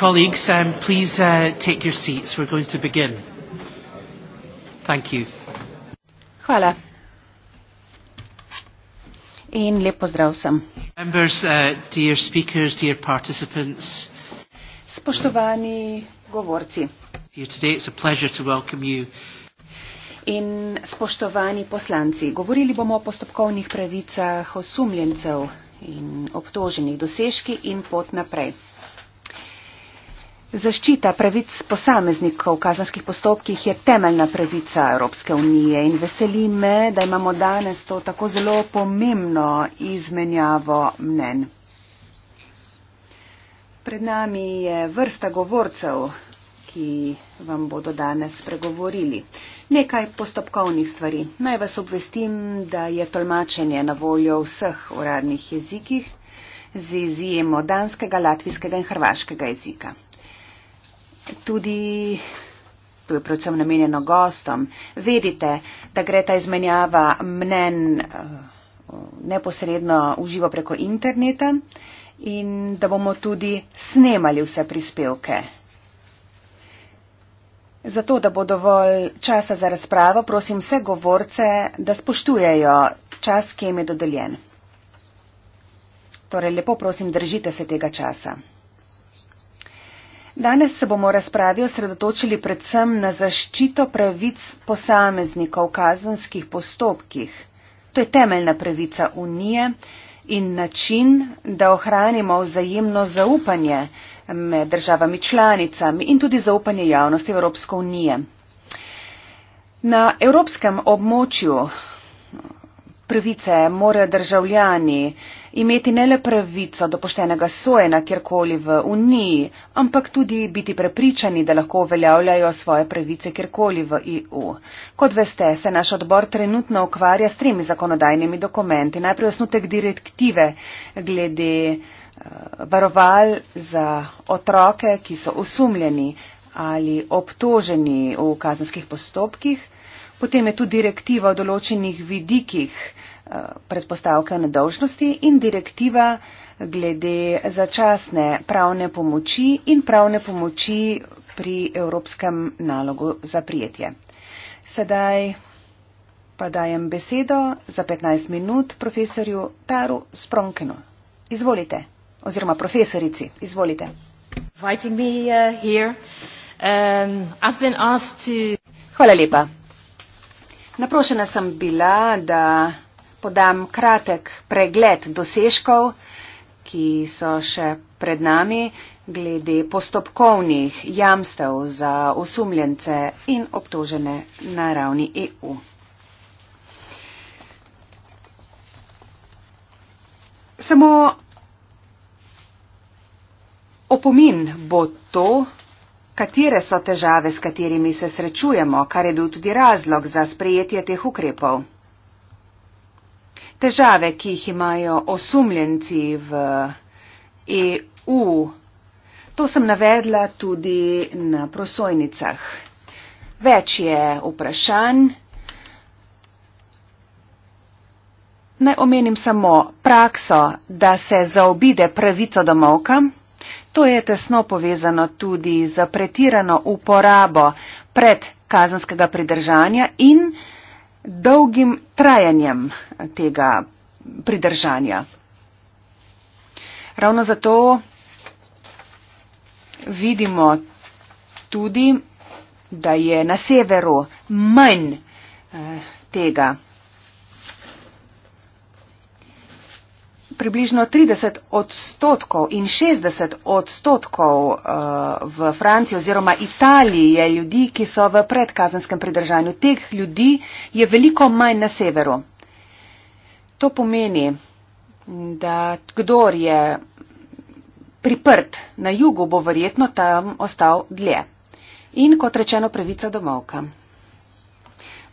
colleagues, um, please uh, take your seats. We're going to begin. Thank you. Hvala. In lep pozdrav sem. Members, uh, dear speakers, dear participants. Spoštovani govorci. Here today it's a pleasure to welcome you. In spoštovani poslanci, govorili bomo o postopkovnih pravicah osumljencev in obtoženih dosežki in pot naprej. Zaščita pravic posameznikov v kazanskih postopkih je temeljna pravica Evropske unije in veseli me, da imamo danes to tako zelo pomembno izmenjavo mnen. Pred nami je vrsta govorcev, ki vam bodo danes pregovorili. Nekaj postopkovnih stvari. Naj vas obvestim, da je tolmačenje na voljo vseh uradnih jezikih z izjemo danskega, latvijskega in hrvaškega jezika tudi, tu je predvsem namenjeno gostom, vedite, da gre ta izmenjava mnen eh, neposredno uživo preko interneta in da bomo tudi snemali vse prispevke. Zato, da bo dovolj časa za razpravo, prosim vse govorce, da spoštujejo čas, ki jim je dodeljen. Torej, lepo prosim, držite se tega časa. Danes se bomo razpravi osredotočili predvsem na zaščito pravic posameznikov v kazenskih postopkih. To je temeljna pravica Unije in način, da ohranimo vzajemno zaupanje med državami članicami in tudi zaupanje javnosti Evropske unije. Na evropskem območju pravice morajo državljani eh, imeti ne le pravico do poštenega sojena kjerkoli v Uniji, ampak tudi biti prepričani, da lahko uveljavljajo svoje pravice kjerkoli v EU. Kot veste, se naš odbor trenutno ukvarja s tremi zakonodajnimi dokumenti. Najprej osnutek direktive glede eh, varoval za otroke, ki so osumljeni ali obtoženi v kazenskih postopkih. Potem je tu direktiva o določenih vidikih Eh, predpostavke o nedolžnosti in direktiva glede začasne pravne pomoči in pravne pomoči pri Evropskem nalogu za prijetje. Sedaj pa dajem besedo za 15 minut profesorju Taru Spronkenu. Izvolite, oziroma profesorici, izvolite. Uh, um, Hvala lepa. Naprošena sem bila, da podam kratek pregled dosežkov, ki so še pred nami glede postopkovnih jamstev za osumljence in obtožene na ravni EU. Samo opomin bo to, katere so težave, s katerimi se srečujemo, kar je bil tudi razlog za sprejetje teh ukrepov težave, ki jih imajo osumljenci v EU. To sem navedla tudi na prosojnicah. Več je vprašanj. Naj omenim samo prakso, da se zaobide pravico do molka. To je tesno povezano tudi z pretirano uporabo predkazanskega pridržanja in dolgim trajanjem tega pridržanja. Ravno zato vidimo tudi, da je na severu manj eh, tega. približno 30 odstotkov in 60 odstotkov eh, v Franciji oziroma Italiji je ljudi, ki so v predkazenskem pridržanju. Teh ljudi je veliko manj na severu. To pomeni, da kdor je priprt na jugu, bo verjetno tam ostal dlje. In kot rečeno, pravica domovka.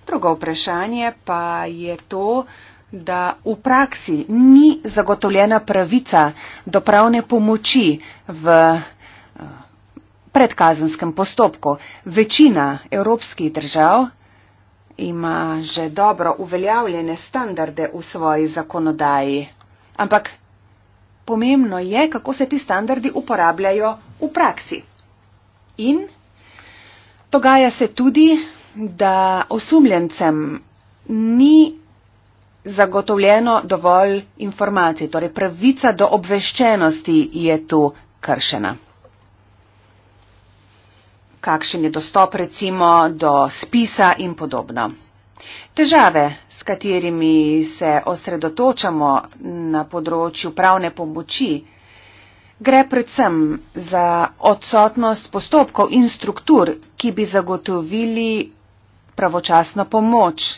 Drugo vprašanje pa je to, da v praksi ni zagotovljena pravica do pravne pomoči v eh, predkazanskem postopku. Večina evropskih držav ima že dobro uveljavljene standarde v svoji zakonodaji, ampak pomembno je, kako se ti standardi uporabljajo v praksi. In dogaja se tudi, da osumljencem ni zagotovljeno dovolj informacij. Torej pravica do obveščenosti je tu kršena. Kakšen je dostop recimo do spisa in podobno. Težave, s katerimi se osredotočamo na področju pravne pomoči, gre predvsem za odsotnost postopkov in struktur, ki bi zagotovili pravočasno pomoč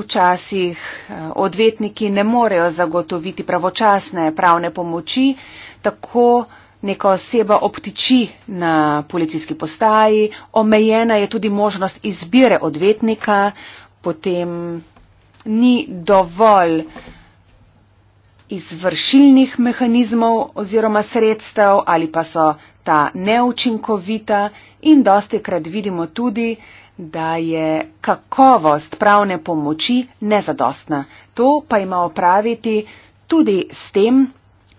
Včasih eh, odvetniki ne morejo zagotoviti pravočasne pravne pomoči, tako neka oseba obtiči na policijski postaji, omejena je tudi možnost izbire odvetnika, potem ni dovolj izvršilnih mehanizmov oziroma sredstev ali pa so ta neučinkovita in dosti krat vidimo tudi, da je kakovost pravne pomoči nezadostna. To pa ima opraviti tudi s tem,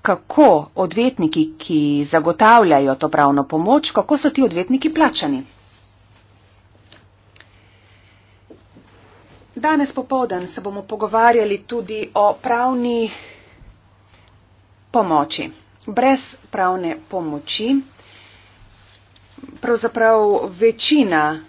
kako odvetniki, ki zagotavljajo to pravno pomoč, kako so ti odvetniki plačani. Danes popovdan se bomo pogovarjali tudi o pravni pomoči. Brez pravne pomoči pravzaprav večina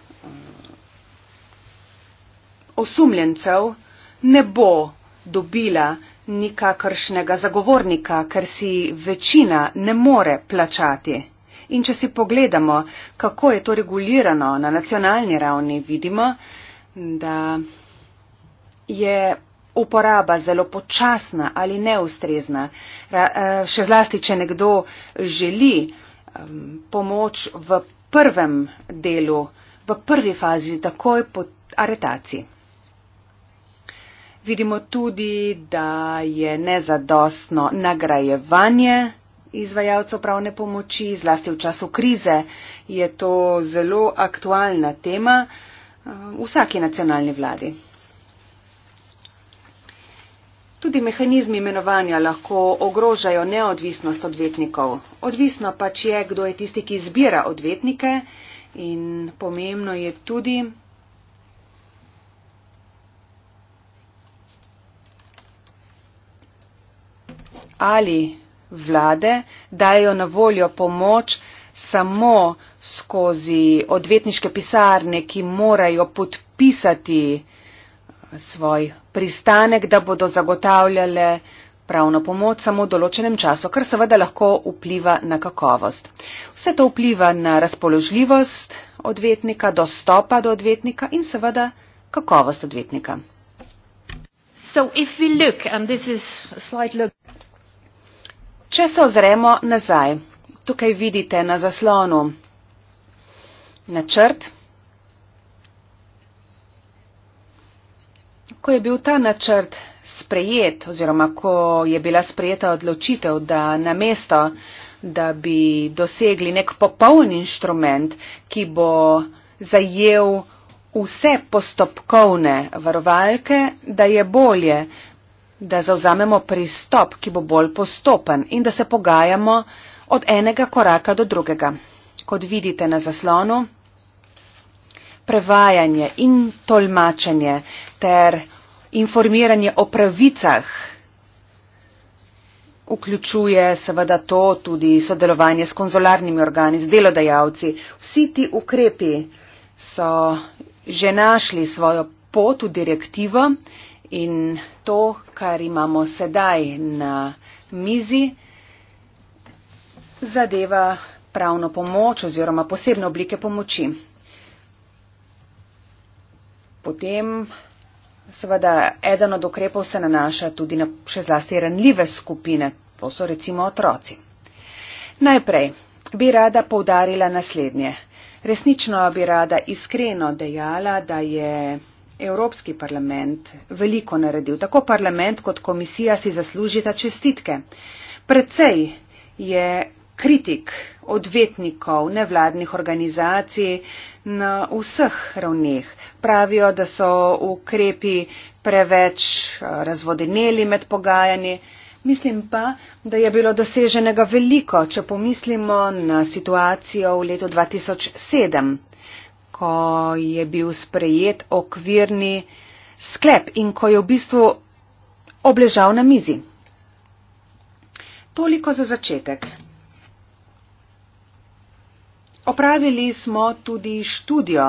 osumljencev ne bo dobila nikakršnega zagovornika, ker si večina ne more plačati. In če si pogledamo, kako je to regulirano na nacionalni ravni, vidimo, da je uporaba zelo počasna ali neustrezna. Eh, še zlasti, če nekdo želi pomoč v prvem delu, v prvi fazi, takoj po aretaciji. Vidimo tudi, da je nezadostno nagrajevanje izvajalcev pravne pomoči, zlasti v času krize je to zelo aktualna tema eh, vsaki nacionalni vladi. Tudi mehanizmi imenovanja lahko ogrožajo neodvisnost odvetnikov. Odvisno pač je, kdo je tisti, ki izbira odvetnike in pomembno je tudi, ali vlade dajo na voljo pomoč samo skozi odvetniške pisarne, ki morajo podpisati eh, svoj pristanek, da bodo zagotavljale pravno pomoč samo v določenem času, kar seveda lahko vpliva na kakovost. Vse to vpliva na razpoložljivost odvetnika, dostopa do odvetnika in seveda kakovost odvetnika. So if we look, and this is a slight look. Če se ozremo nazaj, tukaj vidite na zaslonu načrt. Ko je bil ta načrt sprejet oziroma ko je bila sprejeta odločitev, da na mesto, da bi dosegli nek popoln inštrument, ki bo zajel vse postopkovne varovalke, da je bolje, da zauzamemo pristop, ki bo bolj postopen in da se pogajamo od enega koraka do drugega. Kot vidite na zaslonu, prevajanje in tolmačenje ter informiranje o pravicah vključuje seveda to tudi sodelovanje s konzularnimi organi, z delodajalci. Vsi ti ukrepi so že našli svojo pot v direktivo in to, kar imamo sedaj na mizi, zadeva pravno pomoč oziroma posebne oblike pomoči. Potem seveda eden od ukrepov se nanaša tudi na še zlasti ranljive skupine, to so recimo otroci. Najprej bi rada povdarila naslednje. Resnično bi rada iskreno dejala, da je Evropski parlament veliko naredil. Tako parlament kot komisija si zaslužita čestitke. Predvsej je kritik odvetnikov nevladnih organizacij na vseh ravneh. Pravijo, da so ukrepi preveč eh, razvodeneli med pogajanji. Mislim pa, da je bilo doseženega veliko, če pomislimo na situacijo v letu 2007 ko je bil sprejet okvirni sklep in ko je v bistvu obležal na mizi. Toliko za začetek. Opravili smo tudi študijo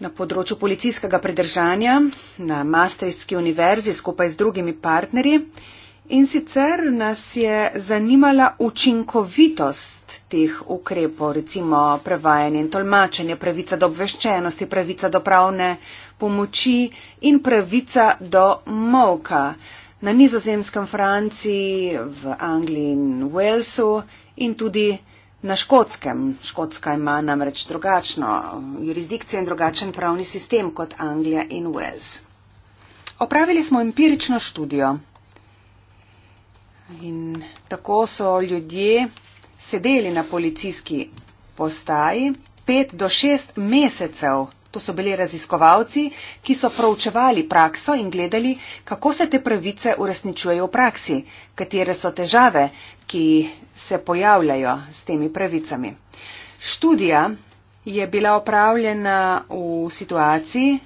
na področju policijskega pridržanja na Maastrichtski univerzi skupaj z drugimi partnerji. In sicer nas je zanimala učinkovitost teh ukrepov, recimo prevajanje in tolmačenje, pravica do obveščenosti, pravica do pravne pomoči in pravica do molka. Na nizozemskem Franciji, v Angliji in Walesu in tudi na škotskem. Škotska ima namreč drugačno jurisdikcijo in drugačen pravni sistem kot Anglija in Wales. Opravili smo empirično študijo. In tako so ljudje sedeli na policijski postaji pet do šest mesecev. To so bili raziskovalci, ki so proučevali prakso in gledali, kako se te pravice uresničujejo v praksi, katere so težave, ki se pojavljajo s temi pravicami. Študija je bila opravljena v situaciji,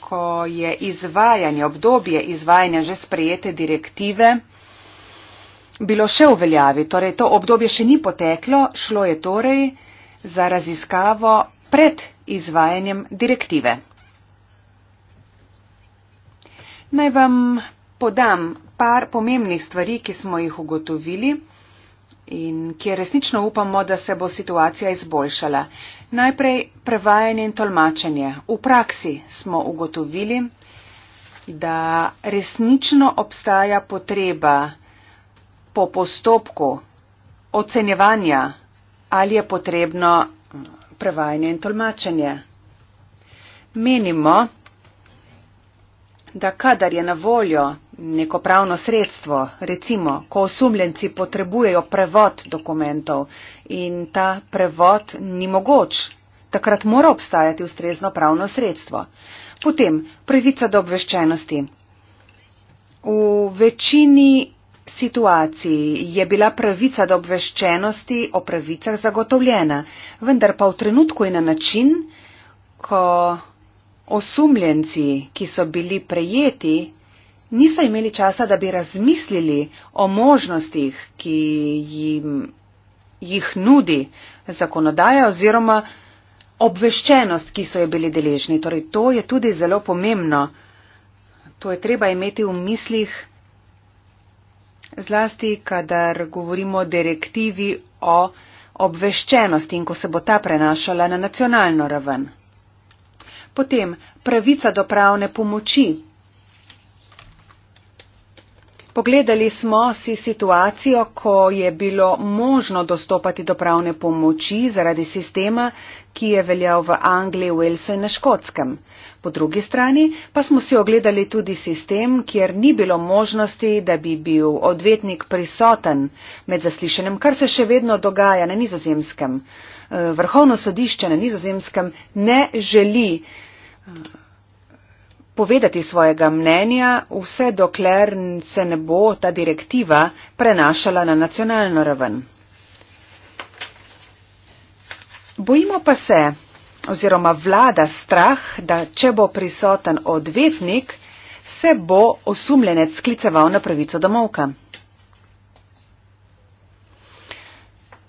ko je izvajanje, obdobje izvajanja že sprejete direktive bilo še v veljavi, torej to obdobje še ni poteklo, šlo je torej za raziskavo pred izvajanjem direktive. Naj vam podam par pomembnih stvari, ki smo jih ugotovili in kjer resnično upamo, da se bo situacija izboljšala. Najprej prevajanje in tolmačenje. V praksi smo ugotovili, da resnično obstaja potreba po postopku ocenjevanja, ali je potrebno mm, prevajanje in tolmačenje. Menimo, da kadar je na voljo neko pravno sredstvo, recimo, ko osumljenci potrebujejo prevod dokumentov in ta prevod ni mogoč, takrat mora obstajati ustrezno pravno sredstvo. Potem, pravica do obveščenosti. V večini situaciji je bila pravica do obveščenosti o pravicah zagotovljena, vendar pa v trenutku in na način, ko osumljenci, ki so bili prejeti, niso imeli časa, da bi razmislili o možnostih, ki jim jih nudi zakonodaja oziroma obveščenost, ki so jo bili deležni. Torej, to je tudi zelo pomembno. To je treba imeti v mislih zlasti, kadar govorimo o direktivi o obveščenosti in ko se bo ta prenašala na nacionalno raven. Potem pravica do pravne pomoči, Pogledali smo si situacijo, ko je bilo možno dostopati do pravne pomoči zaradi sistema, ki je veljal v Angliji, Walesu in na Škotskem. Po drugi strani pa smo si ogledali tudi sistem, kjer ni bilo možnosti, da bi bil odvetnik prisoten med zaslišanjem, kar se še vedno dogaja na nizozemskem. Eh, Vrhovno sodišče na nizozemskem ne želi eh, povedati svojega mnenja, vse dokler se ne bo ta direktiva prenašala na nacionalno raven. Bojimo pa se, oziroma vlada strah, da če bo prisoten odvetnik, se bo osumljenec skliceval na pravico domovka.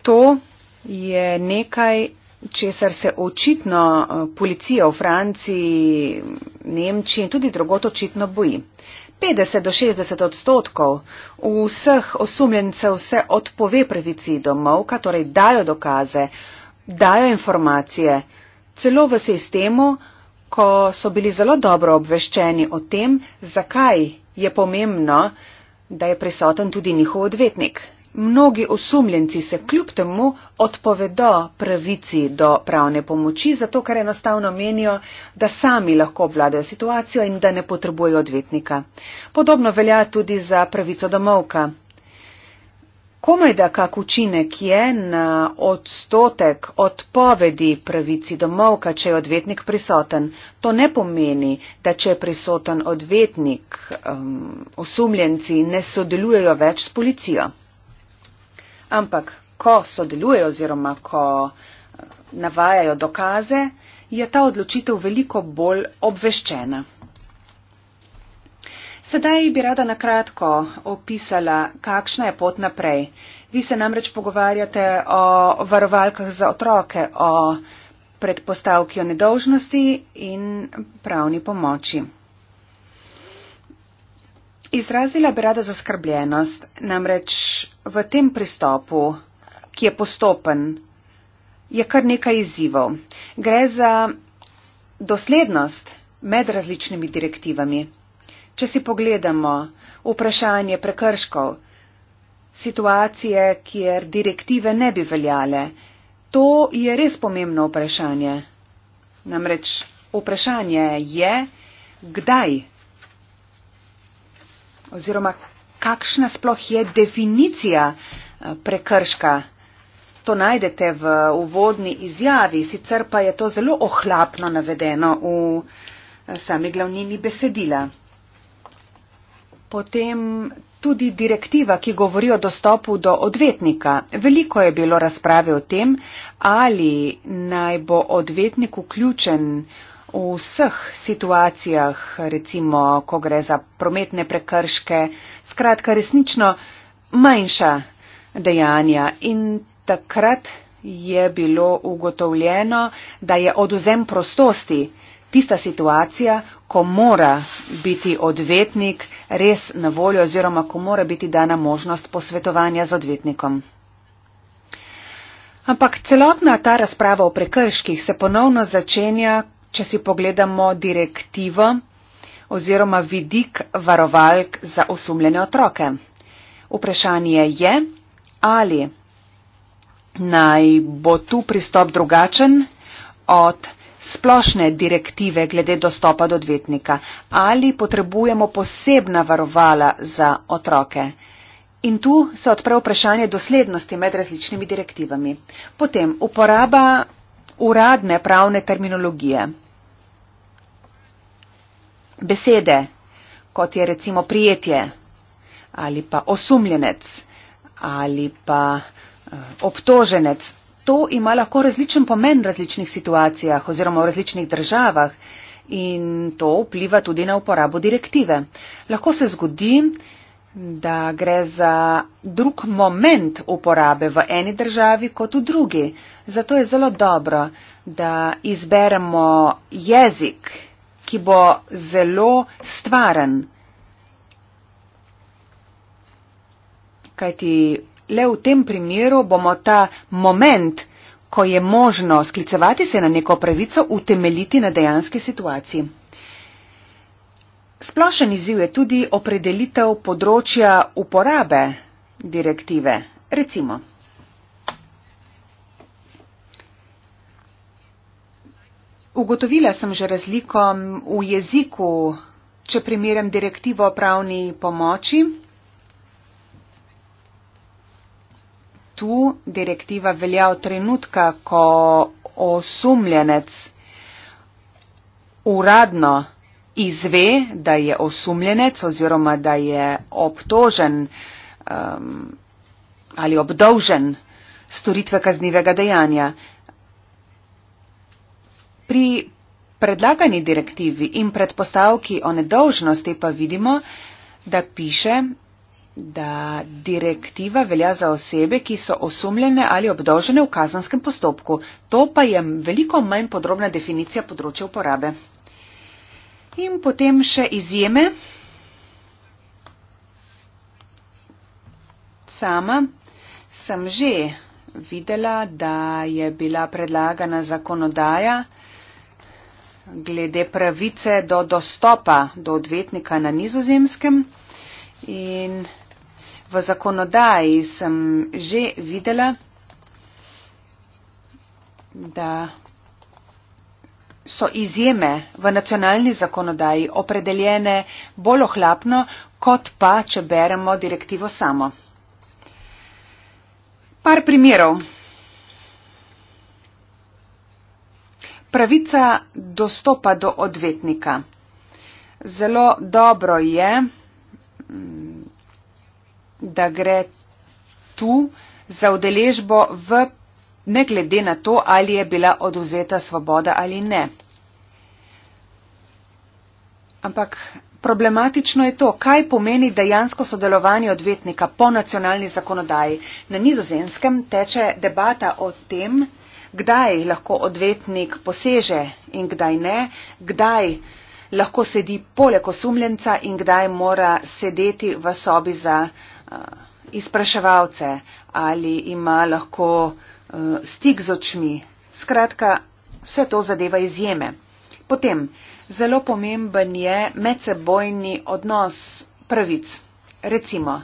To je nekaj, česar se očitno eh, policija v Franciji, Nemčiji in tudi drugot očitno boji. 50 do 60 odstotkov vseh osumljencev se odpove pravici domov, torej dajo dokaze, dajo informacije, celo v sistemu, ko so bili zelo dobro obveščeni o tem, zakaj je pomembno, da je prisoten tudi njihov odvetnik mnogi osumljenci se kljub temu odpovedo pravici do pravne pomoči, zato ker enostavno menijo, da sami lahko obvladajo situacijo in da ne potrebujejo odvetnika. Podobno velja tudi za pravico domovka. Komaj da kak učinek je na odstotek odpovedi pravici domovka, če je odvetnik prisoten. To ne pomeni, da če je prisoten odvetnik, um, osumljenci ne sodelujejo več s policijo ampak ko sodelujejo oziroma ko eh, navajajo dokaze, je ta odločitev veliko bolj obveščena. Sedaj bi rada na kratko opisala, kakšna je pot naprej. Vi se namreč pogovarjate o varovalkah za otroke, o predpostavki o nedolžnosti in pravni pomoči. Izrazila bi rada zaskrbljenost, namreč v tem pristopu, ki je postopen, je kar nekaj izzivov. Gre za doslednost med različnimi direktivami. Če si pogledamo vprašanje prekrškov, situacije, kjer direktive ne bi veljale, to je res pomembno vprašanje. Namreč vprašanje je, kdaj oziroma kakšna sploh je definicija eh, prekrška. To najdete v uvodni izjavi, sicer pa je to zelo ohlapno navedeno v eh, sami glavnini besedila. Potem tudi direktiva, ki govori o dostopu do odvetnika. Veliko je bilo razprave o tem, ali naj bo odvetnik vključen v vseh situacijah, recimo, ko gre za prometne prekrške, skratka, resnično manjša dejanja. In takrat je bilo ugotovljeno, da je oduzem prostosti tista situacija, ko mora biti odvetnik res na voljo oziroma ko mora biti dana možnost posvetovanja z odvetnikom. Ampak celotna ta razprava o prekrških se ponovno začenja, če si pogledamo direktivo oziroma vidik varovalk za osumljene otroke. Vprašanje je, ali naj bo tu pristop drugačen od splošne direktive glede dostopa do odvetnika, ali potrebujemo posebna varovala za otroke. In tu se odpre vprašanje doslednosti med različnimi direktivami. Potem uporaba uradne pravne terminologije besede, kot je recimo prijetje ali pa osumljenec ali pa eh, obtoženec. To ima lahko različen pomen v različnih situacijah oziroma v različnih državah in to vpliva tudi na uporabo direktive. Lahko se zgodi, da gre za drug moment uporabe v eni državi kot v drugi. Zato je zelo dobro, da izberemo jezik ki bo zelo stvaren. Kajti le v tem primeru bomo ta moment, ko je možno sklicevati se na neko pravico, utemeljiti na dejanski situaciji. Splošen izziv je tudi opredelitev področja uporabe direktive. Recimo. Ugotovila sem že razliko v jeziku, če primerjam direktivo o pravni pomoči. Tu direktiva velja od trenutka, ko osumljenec uradno izve, da je osumljenec oziroma da je obtožen um, ali obdolžen storitve kaznivega dejanja. Pri predlagani direktivi in predpostavki o nedolžnosti pa vidimo, da piše, da direktiva velja za osebe, ki so osumljene ali obdolžene v kazanskem postopku. To pa je veliko manj podrobna definicija področja uporabe. In potem še izjeme. Sama sem že videla, da je bila predlagana zakonodaja glede pravice do dostopa do odvetnika na nizozemskem. In v zakonodaji sem že videla, da so izjeme v nacionalni zakonodaji opredeljene bolj ohlapno, kot pa, če beremo direktivo samo. Par primerov. pravica dostopa do odvetnika. Zelo dobro je, mm, da gre tu za udeležbo v ne glede na to, ali je bila oduzeta svoboda ali ne. Ampak problematično je to, kaj pomeni dejansko sodelovanje odvetnika po nacionalni zakonodaji. Na nizozemskem teče debata o tem, kdaj lahko odvetnik poseže in kdaj ne, kdaj lahko sedi poleg osumljenca in kdaj mora sedeti v sobi za uh, izpraševalce ali ima lahko uh, stik z očmi. Skratka, vse to zadeva izjeme. Potem, zelo pomemben je medsebojni odnos pravic. Recimo,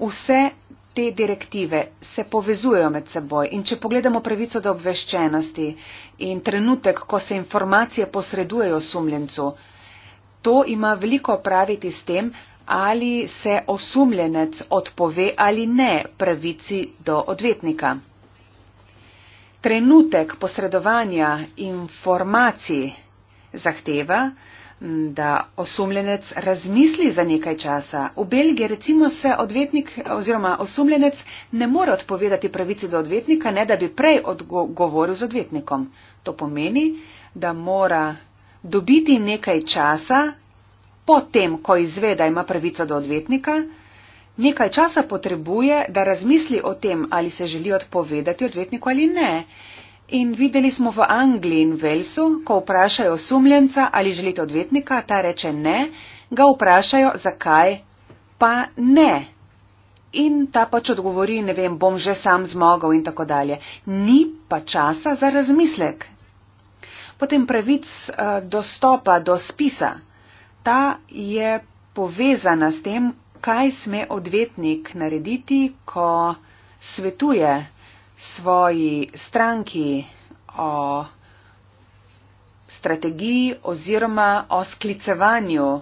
vse te direktive se povezujejo med seboj in če pogledamo pravico do obveščenosti in trenutek, ko se informacije posredujejo osumljencu, to ima veliko opraviti s tem, ali se osumljenec odpove ali ne pravici do odvetnika. Trenutek posredovanja informacij zahteva, da osumljenec razmisli za nekaj časa. V Belgiji recimo se odvetnik oziroma osumljenec ne more odpovedati pravici do odvetnika, ne da bi prej odgovoril z odvetnikom. To pomeni, da mora dobiti nekaj časa potem, ko izve, da ima pravico do odvetnika, nekaj časa potrebuje, da razmisli o tem, ali se želi odpovedati odvetniku ali ne. In videli smo v Angliji in Velsu, ko vprašajo osumljenca, ali želite odvetnika, ta reče ne, ga vprašajo, zakaj pa ne. In ta pač odgovori, ne vem, bom že sam zmogel in tako dalje. Ni pa časa za razmislek. Potem pravic eh, dostopa do spisa. Ta je povezana s tem, kaj sme odvetnik narediti, ko svetuje svoji stranki o strategiji oziroma o sklicevanju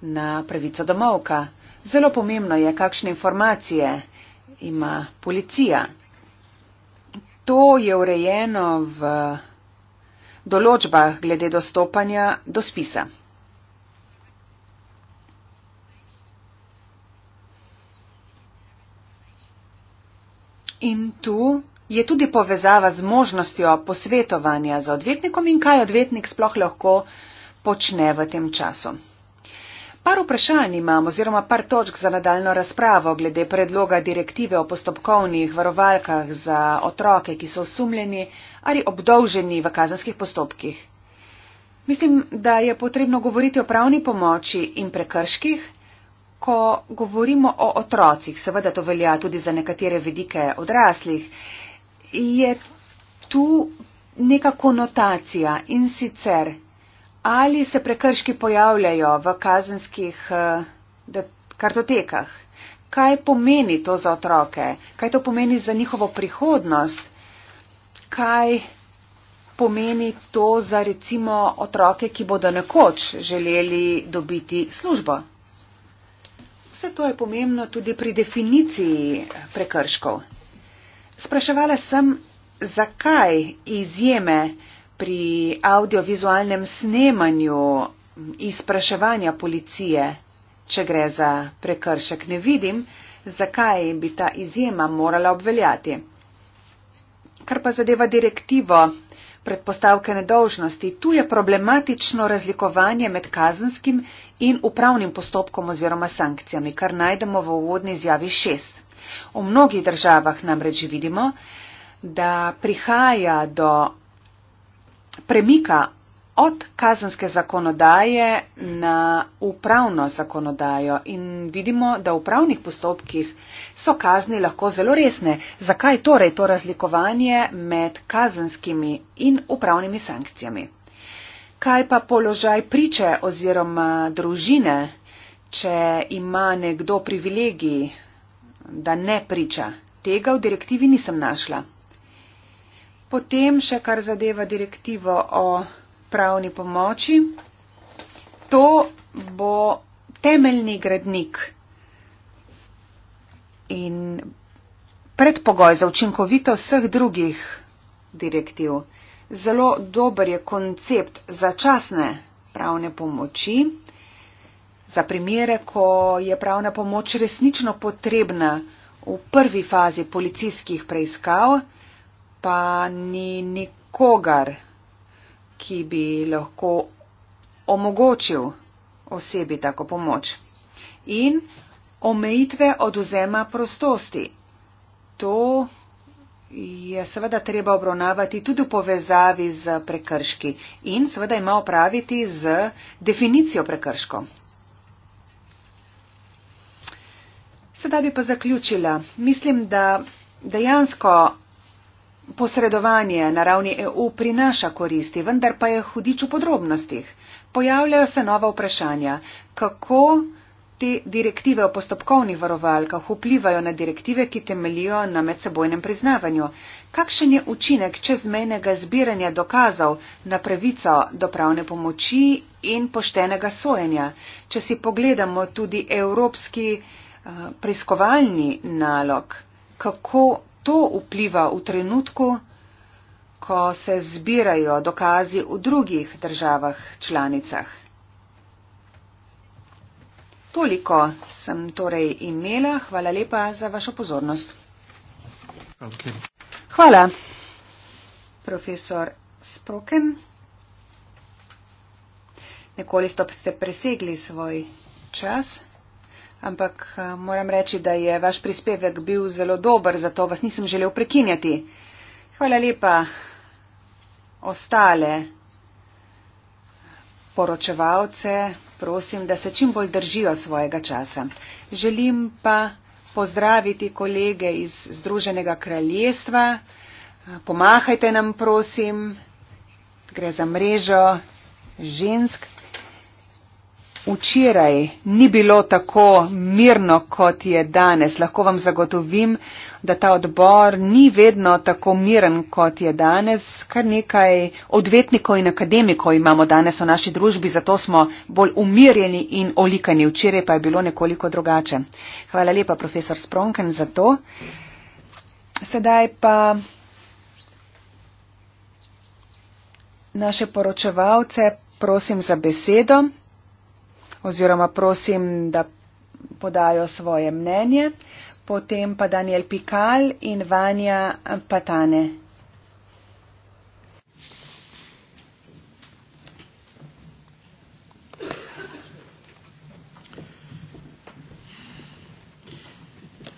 na pravico domovka. Zelo pomembno je, kakšne informacije ima policija. To je urejeno v določbah glede dostopanja do spisa. In tu je tudi povezava z možnostjo posvetovanja za odvetnikom in kaj odvetnik sploh lahko počne v tem času. Par vprašanj imamo oziroma par točk za nadaljno razpravo glede predloga direktive o postopkovnih varovalkah za otroke, ki so osumljeni ali obdolženi v kazanskih postopkih. Mislim, da je potrebno govoriti o pravni pomoči in prekrških. Ko govorimo o otrocih, seveda to velja tudi za nekatere vidike odraslih, je tu neka konotacija in sicer ali se prekrški pojavljajo v kazenskih eh, kartotekah. Kaj pomeni to za otroke? Kaj to pomeni za njihovo prihodnost? Kaj pomeni to za recimo otroke, ki bodo nekoč želeli dobiti službo? Vse to je pomembno tudi pri definiciji prekrškov. Spraševala sem, zakaj izjeme pri audiovizualnem snemanju izpraševanja policije, če gre za prekršek, ne vidim, zakaj bi ta izjema morala obveljati. Kar pa zadeva direktivo predpostavke nedolžnosti, tu je problematično razlikovanje med kazenskim in upravnim postopkom oziroma sankcijami, kar najdemo v uvodni izjavi 6. V mnogih državah namreč vidimo, da prihaja do premika od kazenske zakonodaje na upravno zakonodajo in vidimo, da v upravnih postopkih so kazni lahko zelo resne. Zakaj torej to razlikovanje med kazenskimi in upravnimi sankcijami? Kaj pa položaj priče oziroma družine, če ima nekdo privilegiji da ne priča. Tega v direktivi nisem našla. Potem še kar zadeva direktivo o pravni pomoči. To bo temeljni gradnik in predpogoj za učinkovito vseh drugih direktiv. Zelo dober je koncept začasne pravne pomoči za primere, ko je pravna pomoč resnično potrebna v prvi fazi policijskih preiskav, pa ni nikogar, ki bi lahko omogočil osebi tako pomoč. In omejitve oduzema prostosti. To je seveda treba obravnavati tudi v povezavi z prekrški in seveda ima opraviti z definicijo prekrško. Sedaj bi pa zaključila. Mislim, da dejansko posredovanje na ravni EU prinaša koristi, vendar pa je hudič v podrobnostih. Pojavljajo se nova vprašanja, kako te direktive o postopkovnih varovalkah vplivajo na direktive, ki temelijo na medsebojnem priznavanju. Kakšen je učinek čezmejnega zbiranja dokazov na pravico do pravne pomoči in poštenega sojenja? Če si pogledamo tudi evropski Eh, preiskovalni nalog, kako to vpliva v trenutku, ko se zbirajo dokazi v drugih državah članicah. Toliko sem torej imela. Hvala lepa za vašo pozornost. Okay. Hvala, profesor Sproken. Nekoli ste presegli svoj čas ampak eh, moram reči, da je vaš prispevek bil zelo dober, zato vas nisem želel prekinjati. Hvala lepa ostale poročevalce, prosim, da se čim bolj držijo svojega časa. Želim pa pozdraviti kolege iz Združenega kraljestva, pomahajte nam, prosim, gre za mrežo žensk včeraj ni bilo tako mirno, kot je danes. Lahko vam zagotovim, da ta odbor ni vedno tako miren, kot je danes. Kar nekaj odvetnikov in akademikov imamo danes v naši družbi, zato smo bolj umirjeni in olikani. Včeraj pa je bilo nekoliko drugače. Hvala lepa, profesor Spronken, za to. Sedaj pa. Naše poročevalce prosim za besedo oziroma prosim, da podajo svoje mnenje. Potem pa Daniel Pikal in Vanja Patane.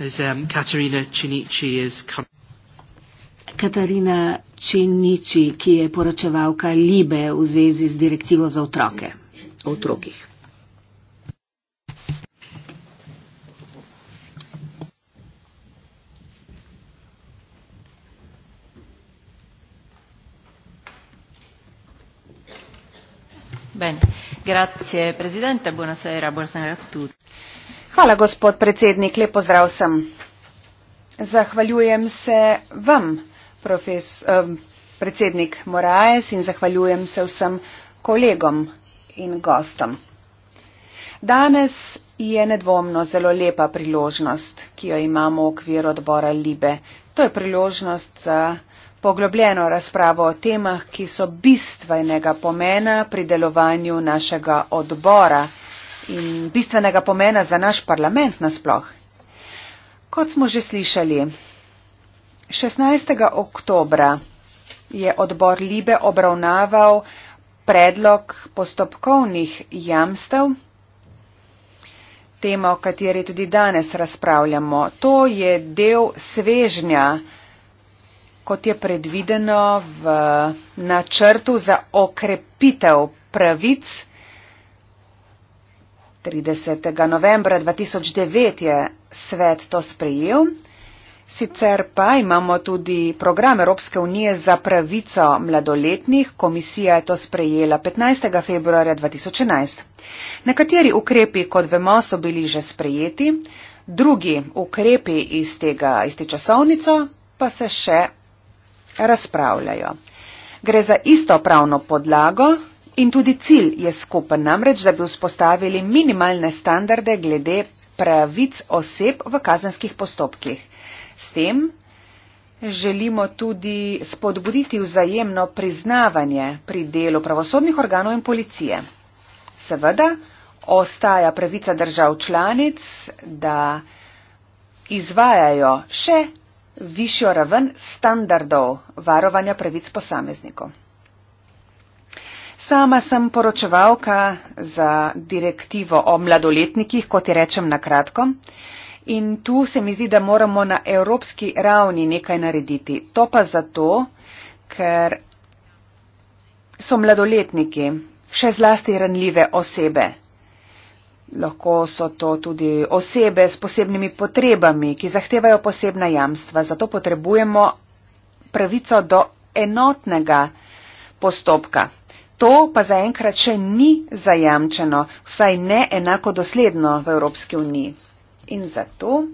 Um, Katarina Činiči, ki je poročevalka Libe v zvezi z direktivo za otroke, o otrokih. Bene. Grazie Presidente, buonasera, buonasera a tutti. Hvala gospod predsednik, lepo zdrav sem. Zahvaljujem se vam, profes, eh, predsednik Moraes, in zahvaljujem se vsem kolegom in gostom. Danes je nedvomno zelo lepa priložnost, ki jo imamo v okviru odbora Libe. To je priložnost za. Eh, poglobljeno razpravo o temah, ki so bistvenega pomena pri delovanju našega odbora in bistvenega pomena za naš parlament nasploh. Kot smo že slišali, 16. oktobra je odbor Libe obravnaval predlog postopkovnih jamstev, tema, o kateri tudi danes razpravljamo. To je del svežnja kot je predvideno v načrtu za okrepitev pravic. 30. novembra 2009 je svet to sprejel. Sicer pa imamo tudi program Evropske unije za pravico mladoletnih. Komisija je to sprejela 15. februarja 2011. Nekateri ukrepi, kot vemo, so bili že sprejeti, drugi ukrepi iz, tega, iz te časovnico pa se še razpravljajo. Gre za isto pravno podlago in tudi cilj je skupen namreč, da bi vzpostavili minimalne standarde glede pravic oseb v kazenskih postopkih. S tem želimo tudi spodbuditi vzajemno priznavanje pri delu pravosodnih organov in policije. Seveda ostaja pravica držav članic, da izvajajo še višjo raven standardov varovanja pravic posameznikov. Sama sem poročevalka za direktivo o mladoletnikih, kot je rečem na kratko. In tu se mi zdi, da moramo na evropski ravni nekaj narediti. To pa zato, ker so mladoletniki še zlasti ranljive osebe lahko so to tudi osebe s posebnimi potrebami, ki zahtevajo posebna jamstva. Zato potrebujemo pravico do enotnega postopka. To pa zaenkrat še ni zajamčeno, vsaj ne enako dosledno v Evropski uniji. In zato,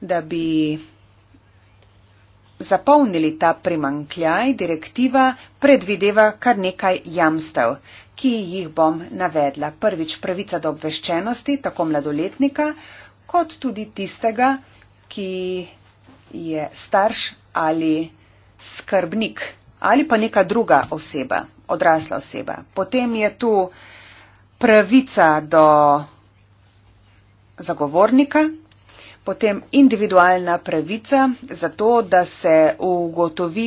da bi zapolnili ta primankljaj, direktiva predvideva kar nekaj jamstev ki jih bom navedla. Prvič pravica do obveščenosti, tako mladoletnika, kot tudi tistega, ki je starš ali skrbnik ali pa neka druga oseba, odrasla oseba. Potem je tu pravica do zagovornika, potem individualna pravica za to, da se ugotovi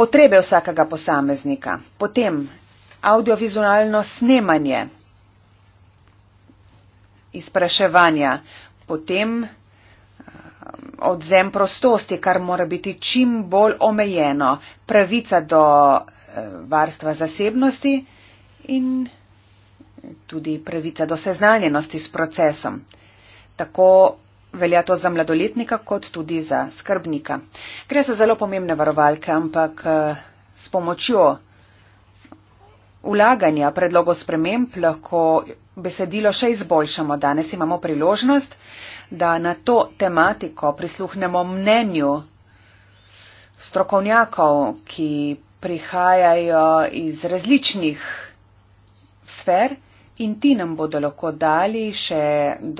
potrebe vsakega posameznika, potem audiovizualno snemanje izpraševanja, potem eh, odzem prostosti, kar mora biti čim bolj omejeno, pravica do eh, varstva zasebnosti in tudi pravica do seznanjenosti s procesom. Tako velja to za mladoletnika kot tudi za skrbnika. Gre za zelo pomembne varovalke, ampak eh, s pomočjo vlaganja predlogov sprememb lahko besedilo še izboljšamo. Danes imamo priložnost, da na to tematiko prisluhnemo mnenju strokovnjakov, ki prihajajo iz različnih sfer in ti nam bodo lahko dali še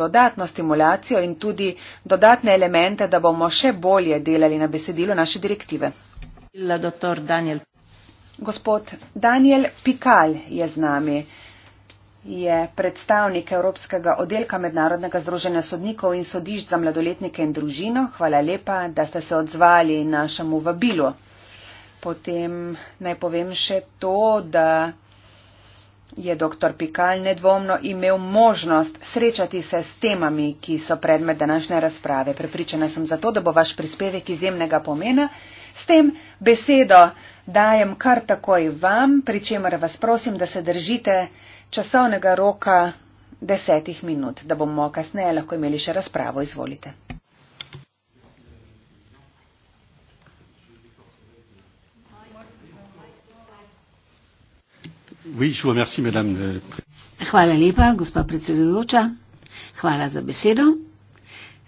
dodatno stimulacijo in tudi dodatne elemente, da bomo še bolje delali na besedilo naše direktive. La, doktor Daniel. Gospod Daniel Pikal je z nami, je predstavnik Evropskega oddelka Mednarodnega združenja sodnikov in sodišč za mladoletnike in družino. Hvala lepa, da ste se odzvali našemu vabilu. Potem naj povem še to, da je dr. Pikal nedvomno imel možnost srečati se s temami, ki so predmet današnje razprave. Prepričana sem zato, da bo vaš prispevek izjemnega pomena. S tem besedo dajem kar takoj vam, pri čemer vas prosim, da se držite časovnega roka desetih minut, da bomo kasneje lahko imeli še razpravo. Izvolite. Hvala lepa, gospa predsedujoča. Hvala za besedo.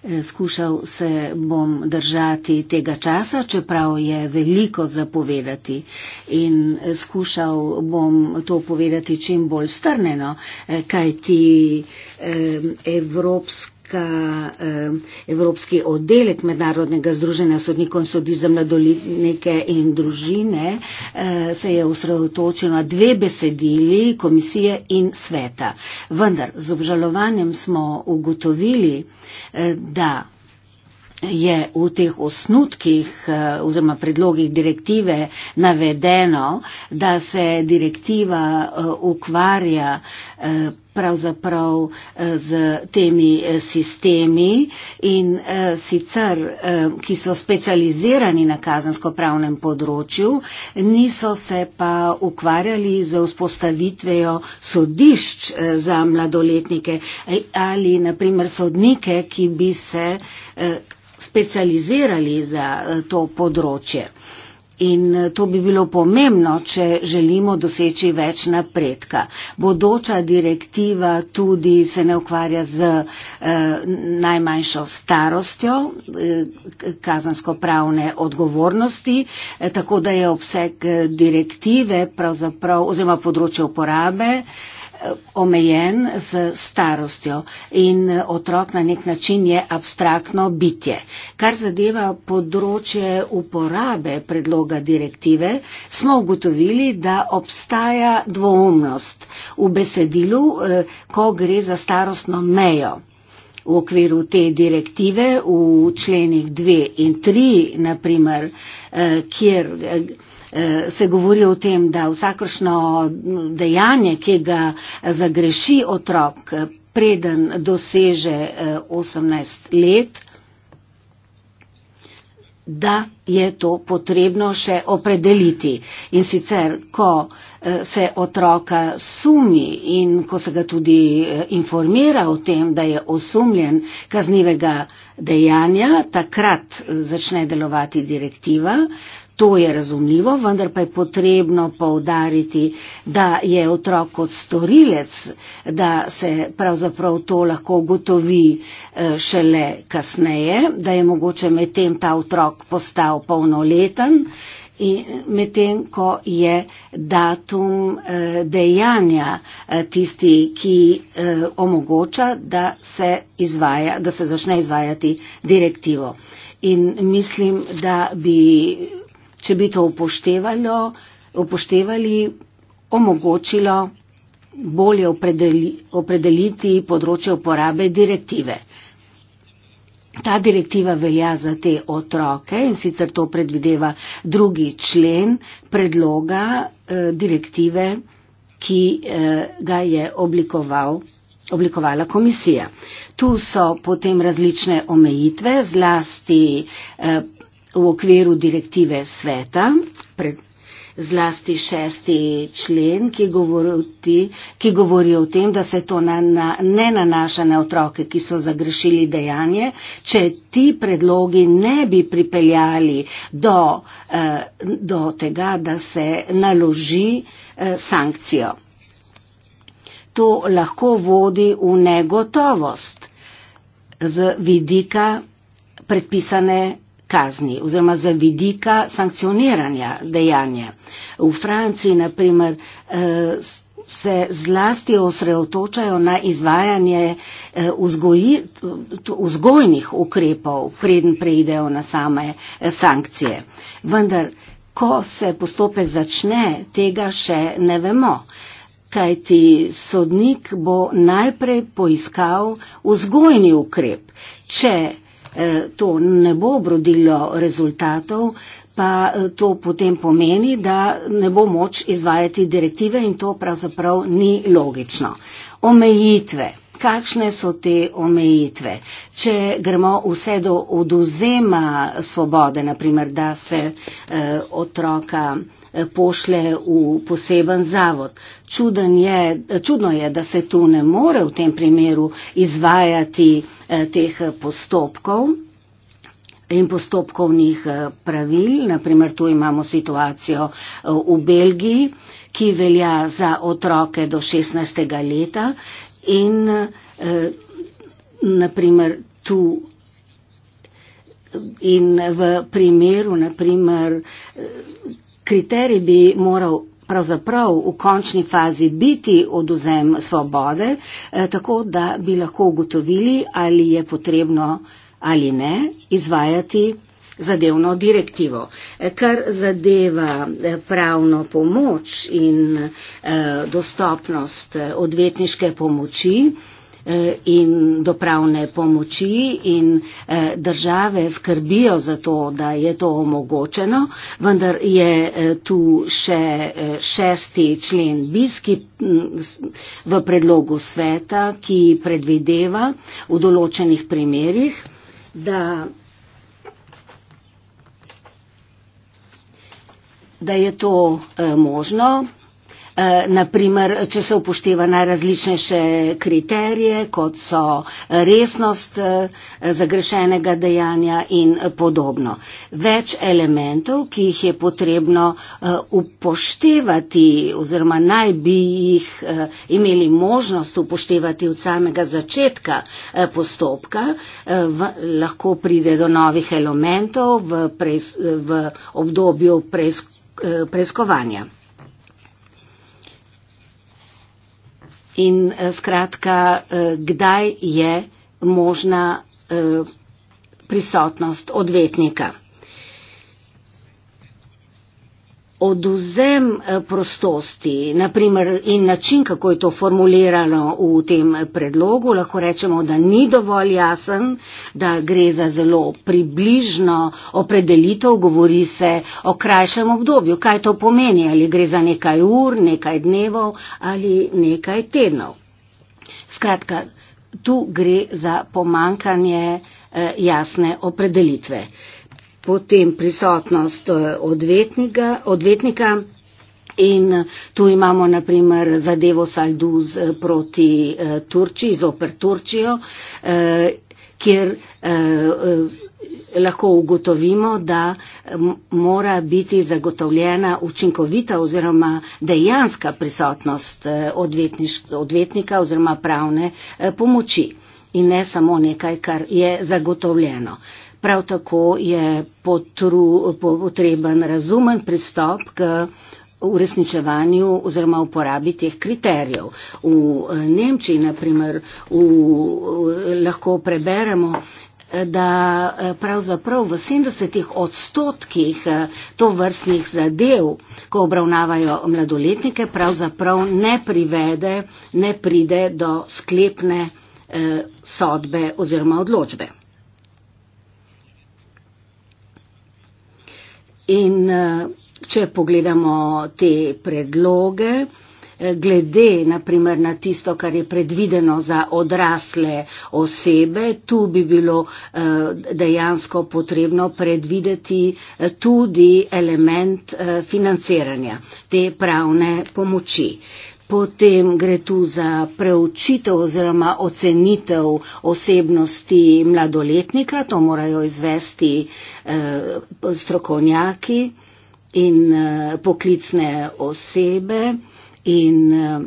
Eh, skušal se bom držati tega časa, čeprav je veliko zapovedati in eh, skušal bom to povedati čim bolj strneno, eh, kajti evropsko poteka eh, Evropski oddelek Mednarodnega združenja sodnikov in sodi za mladoletnike in družine, eh, se je usredotočil na dve besedili komisije in sveta. Vendar z obžalovanjem smo ugotovili, eh, da je v teh osnutkih oziroma predlogih direktive navedeno, da se direktiva ukvarja pravzaprav eh, z temi eh, sistemi in eh, sicer, ki so specializirani na kazensko pravnem področju, niso se pa ukvarjali z vzpostavitvejo sodišč za mladoletnike ali naprimer sodnike, ki bi se specializirali za to področje. In eh, to bi bilo pomembno, če želimo doseči več napredka. Bodoča direktiva tudi se ne ukvarja z eh, najmanjšo starostjo eh, kazansko-pravne odgovornosti, eh, tako da je obseg eh, direktive, oziroma področje uporabe, eh, omejen z starostjo in otrok na nek način je abstraktno bitje. Kar zadeva področje uporabe predloga direktive, smo ugotovili, da obstaja dvoumnost v besedilu, eh, ko gre za starostno mejo. V okviru te direktive v členih 2 in 3, naprimer, eh, kjer eh, Eh, se govori o tem, da vsakršno dejanje, ki ga zagreši otrok, preden doseže 18 eh, let, da je to potrebno še opredeliti. In sicer, ko eh, se otroka sumi in ko se ga tudi informira o tem, da je osumljen kaznivega dejanja, takrat začne delovati direktiva, To je razumljivo, vendar pa je potrebno povdariti, da je otrok kot storilec, da se pravzaprav to lahko ugotovi eh, šele kasneje, da je mogoče medtem ta otrok postal polnoleten in medtem, ko je datum eh, dejanja eh, tisti, ki omogoča, da se, izvaja, da se začne izvajati direktivo. In mislim, da bi če bi to upoštevalo, upoštevali, omogočilo bolje opredeli, opredeliti področje uporabe direktive. Ta direktiva velja za te otroke in sicer to predvideva drugi člen predloga eh, direktive, ki eh, ga je oblikoval, oblikovala komisija. Tu so potem različne omejitve, zlasti eh, v okviru direktive sveta, pred, zlasti šesti člen, ki govori, ti, ki govori o tem, da se to na, na, ne nanaša na otroke, ki so zagrešili dejanje, če ti predlogi ne bi pripeljali do, eh, do tega, da se naloži eh, sankcijo. To lahko vodi v negotovost z vidika predpisane kazni oziroma z vidika sankcioniranja dejanja. V Franciji, na primer, eh, se zlasti osredotočajo na izvajanje eh, vzgoji, vzgojnih ukrepov, preden preidejo na same eh, sankcije. Vendar, ko se postopek začne, tega še ne vemo. Kaj ti sodnik bo najprej poiskal vzgojni ukrep. Če Eh, to ne bo obrodilo rezultatov, pa eh, to potem pomeni, da ne bo moč izvajati direktive in to pravzaprav ni logično. Omejitve. Kakšne so te omejitve? Če gremo vse do oduzema svobode, naprimer, da se eh, otroka. Eh, pošle v poseben zavod. Je, eh, čudno je, da se tu ne more v tem primeru izvajati eh, teh postopkov in postopkovnih pravil. Naprimer, tu imamo situacijo v Belgiji, ki velja za otroke do 16. leta in naprimer tu. In v primeru, naprimer, kriterij bi moral pravzaprav v končni fazi biti oduzem svobode, eh, tako da bi lahko ugotovili, ali je potrebno ali ne izvajati zadevno direktivo. Eh, kar zadeva eh, pravno pomoč in dostopnost odvetniške pomoči, Eh, in do pravne pomoči in eh, države skrbijo za to, da je to omogočeno, vendar je eh, tu še šesti člen biski v predlogu sveta, ki predvideva v določenih primerjih, da da je to možno, Eh, naprimer, če se upošteva najrazličnejše kriterije, kot so eh, resnost eh, zagrešenega dejanja in podobno. Več elementov, ki jih je potrebno upoštevati oziroma naj bi jih imeli možnost upoštevati od samega začetka postopka, lahko pride do novih elementov v, preiz, v obdobju preiz, preiskovanja. in eh, skratka, eh, kdaj je možna eh, prisotnost odvetnika. Oduzem eh, prostosti naprimer, in način, kako je to formulirano v tem predlogu, lahko rečemo, da ni dovolj jasen, da gre za zelo približno opredelitev, govori se o krajšem obdobju. Kaj to pomeni? Ali gre za nekaj ur, nekaj dnevov ali nekaj tednov? Skratka, tu gre za pomankanje eh, jasne opredelitve potem prisotnost eh, odvetnika, odvetnika in eh, tu imamo naprimer zadevo Salduz eh, proti Turčiji, zoper Turčijo, kjer lahko ugotovimo, da mora biti zagotovljena učinkovita oziroma dejanska prisotnost odvetnika oziroma pravne pomoči in ne samo nekaj, kar je zagotovljeno. Prav tako je potru, potreben razumen pristop k uresničevanju oziroma uporabi teh kriterijev. V eh, Nemčiji, na primer, lahko preberemo, eh, da eh, pravzaprav v 70 odstotkih to vrstnih zadev, ko obravnavajo mladoletnike, pravzaprav ne privede, ne pride do sklepne sodbe oziroma odločbe. In eh, če pogledamo te predloge, eh, glede naprimer na tisto, kar je predvideno za odrasle osebe, tu bi bilo eh, dejansko potrebno predvideti tudi element financiranja te pravne pomoči potem gre tu za preučitev oziroma ocenitev osebnosti mladoletnika, to morajo izvesti eh, strokovnjaki in eh, poklicne osebe. In, eh,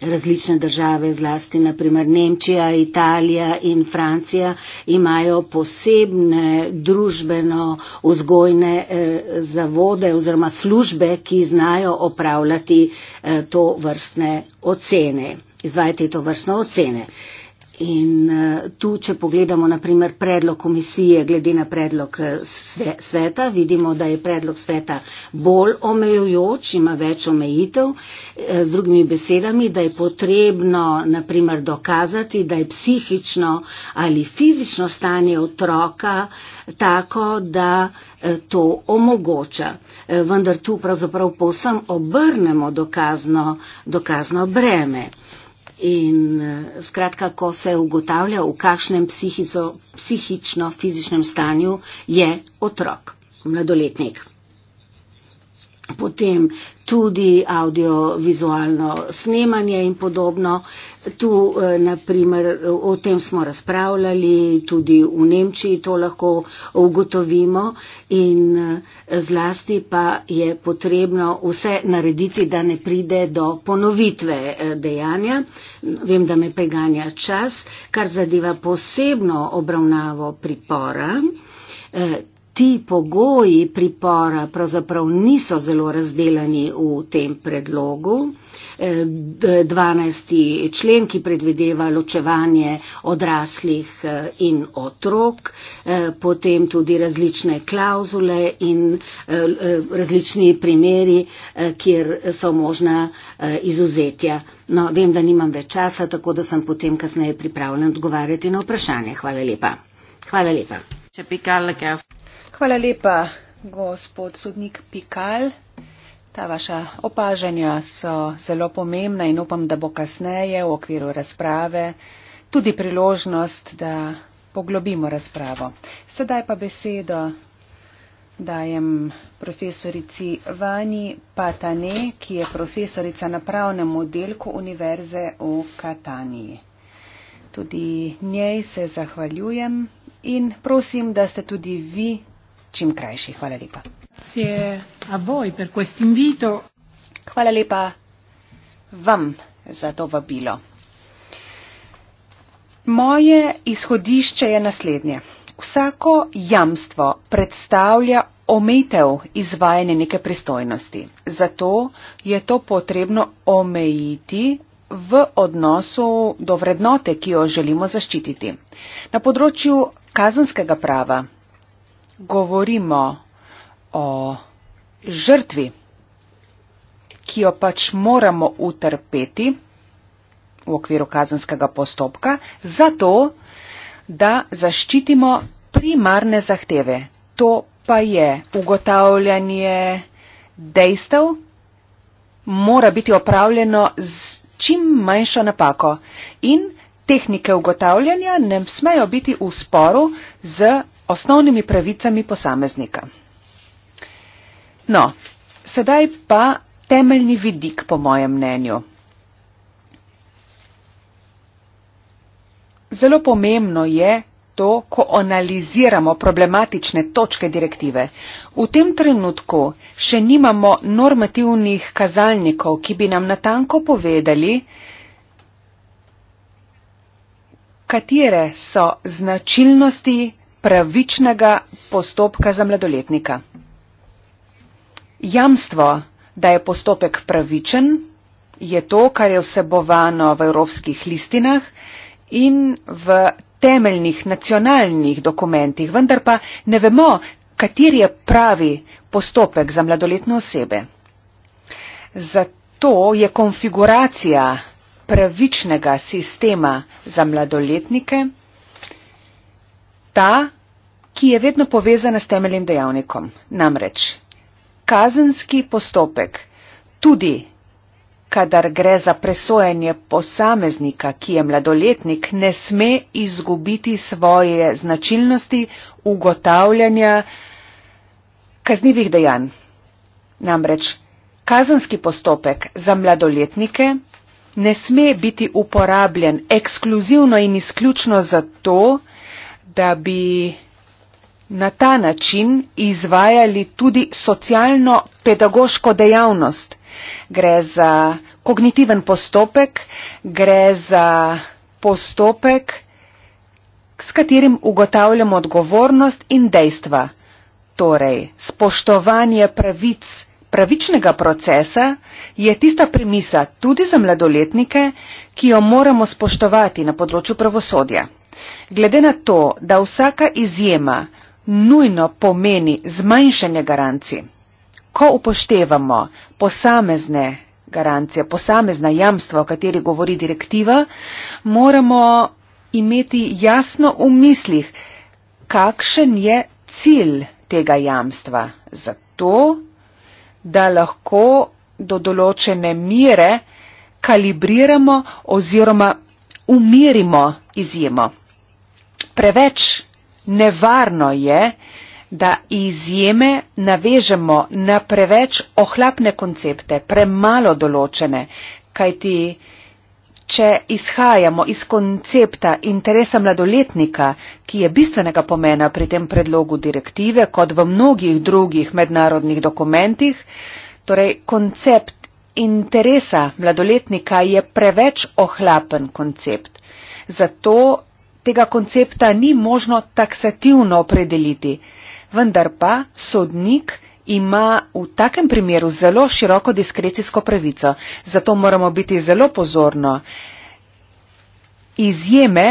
Različne države, zlasti naprimer Nemčija, Italija in Francija, imajo posebne družbeno vzgojne eh, zavode oziroma službe, ki znajo opravljati eh, to vrstne ocene, izvajati to vrstne ocene. Eh, In eh, tu, če pogledamo naprimer predlog komisije glede na predlog eh, sveta, vidimo, da je predlog sveta bolj omejujoč, ima več omejitev, eh, z drugimi besedami, da je potrebno naprimer dokazati, da je psihično ali fizično stanje otroka tako, da to omogoča. Vendar tu pravzaprav povsem obrnemo dokazno, dokazno breme. In eh, skratka, ko se ugotavlja, v kakšnem psihizo, psihično, fizičnem stanju je otrok, mladoletnik. Potem tudi audiovizualno snemanje in podobno. Tu, eh, naprimer, o tem smo razpravljali, tudi v Nemčiji to lahko ugotovimo in eh, zlasti pa je potrebno vse narediti, da ne pride do ponovitve eh, dejanja. Vem, da me preganja čas, kar zadeva posebno obravnavo pripora ti pogoji pripora pravzaprav niso zelo razdeljeni v tem predlogu. 12. Eh, člen, ki predvideva ločevanje odraslih eh, in otrok, eh, potem tudi različne klauzule in različni primeri, kjer so možna izuzetja. No, vem, da nimam več časa, tako da sem potem kasneje pripravljen odgovarjati na vprašanje. Hvala lepa. Hvala lepa. Če bi kar lekel. Hvala lepa, gospod sodnik Pikal. Ta vaša opažanja so zelo pomembna in upam, da bo kasneje v okviru razprave tudi priložnost, da poglobimo razpravo. Sedaj pa besedo dajem profesorici Vani Patane, ki je profesorica na pravnem oddelku Univerze v Kataniji. Tudi njej se zahvaljujem in prosim, da ste tudi vi čim krajši. Hvala lepa. Hvala lepa vam za to vabilo. Moje izhodišče je naslednje. Vsako jamstvo predstavlja omejitev izvajanja neke pristojnosti. Zato je to potrebno omejiti v odnosu do vrednote, ki jo želimo zaščititi. Na področju kazanskega prava govorimo o žrtvi, ki jo pač moramo utrpeti v okviru kazanskega postopka, zato, da zaščitimo primarne zahteve. To pa je ugotavljanje dejstev, mora biti opravljeno z čim manjšo napako in tehnike ugotavljanja ne smejo biti v sporu z osnovnimi pravicami posameznika. No, sedaj pa temeljni vidik, po mojem mnenju. Zelo pomembno je to, ko analiziramo problematične točke direktive. V tem trenutku še nimamo normativnih kazalnikov, ki bi nam natanko povedali, katere so značilnosti pravičnega postopka za mladoletnika. Jamstvo, da je postopek pravičen, je to, kar je vsebovano v evropskih listinah in v temeljnih nacionalnih dokumentih, vendar pa ne vemo, kateri je pravi postopek za mladoletne osebe. Zato je konfiguracija pravičnega sistema za mladoletnike ta, ki je vedno povezana s temeljnim dejavnikom. Namreč kazenski postopek, tudi kadar gre za presojanje posameznika, ki je mladoletnik, ne sme izgubiti svoje značilnosti ugotavljanja kaznjivih dejanj. Namreč kazenski postopek za mladoletnike ne sme biti uporabljen ekskluzivno in izključno zato, da bi na ta način izvajali tudi socialno-pedagoško dejavnost. Gre za kognitiven postopek, gre za postopek, s katerim ugotavljamo odgovornost in dejstva. Torej, spoštovanje pravic pravičnega procesa je tista premisa tudi za mladoletnike, ki jo moramo spoštovati na področju pravosodja. Glede na to, da vsaka izjema nujno pomeni zmanjšanje garancij. Ko upoštevamo posamezne garancije, posamezna jamstva, o kateri govori direktiva, moramo imeti jasno v mislih, kakšen je cilj tega jamstva. Zato, da lahko do določene mire kalibriramo oziroma umirimo izjemo. Preveč nevarno je, da izjeme navežemo na preveč ohlapne koncepte, premalo določene, kajti če izhajamo iz koncepta interesa mladoletnika, ki je bistvenega pomena pri tem predlogu direktive, kot v mnogih drugih mednarodnih dokumentih, torej koncept interesa mladoletnika je preveč ohlapen koncept. Zato tega koncepta ni možno taksativno opredeliti, vendar pa sodnik ima v takem primeru zelo široko diskrecijsko pravico. Zato moramo biti zelo pozorno. Izjeme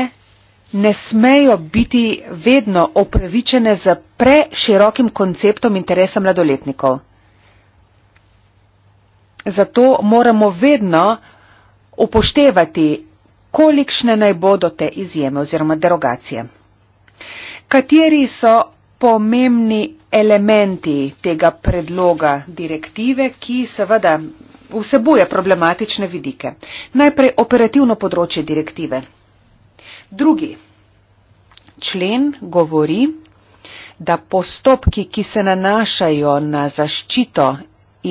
ne smejo biti vedno opravičene z preširokim konceptom interesa mladoletnikov. Zato moramo vedno upoštevati kolikšne naj bodo te izjeme oziroma derogacije. Kateri so pomembni elementi tega predloga direktive, ki seveda vsebuje problematične vidike? Najprej operativno področje direktive. Drugi člen govori, da postopki, ki se nanašajo na zaščito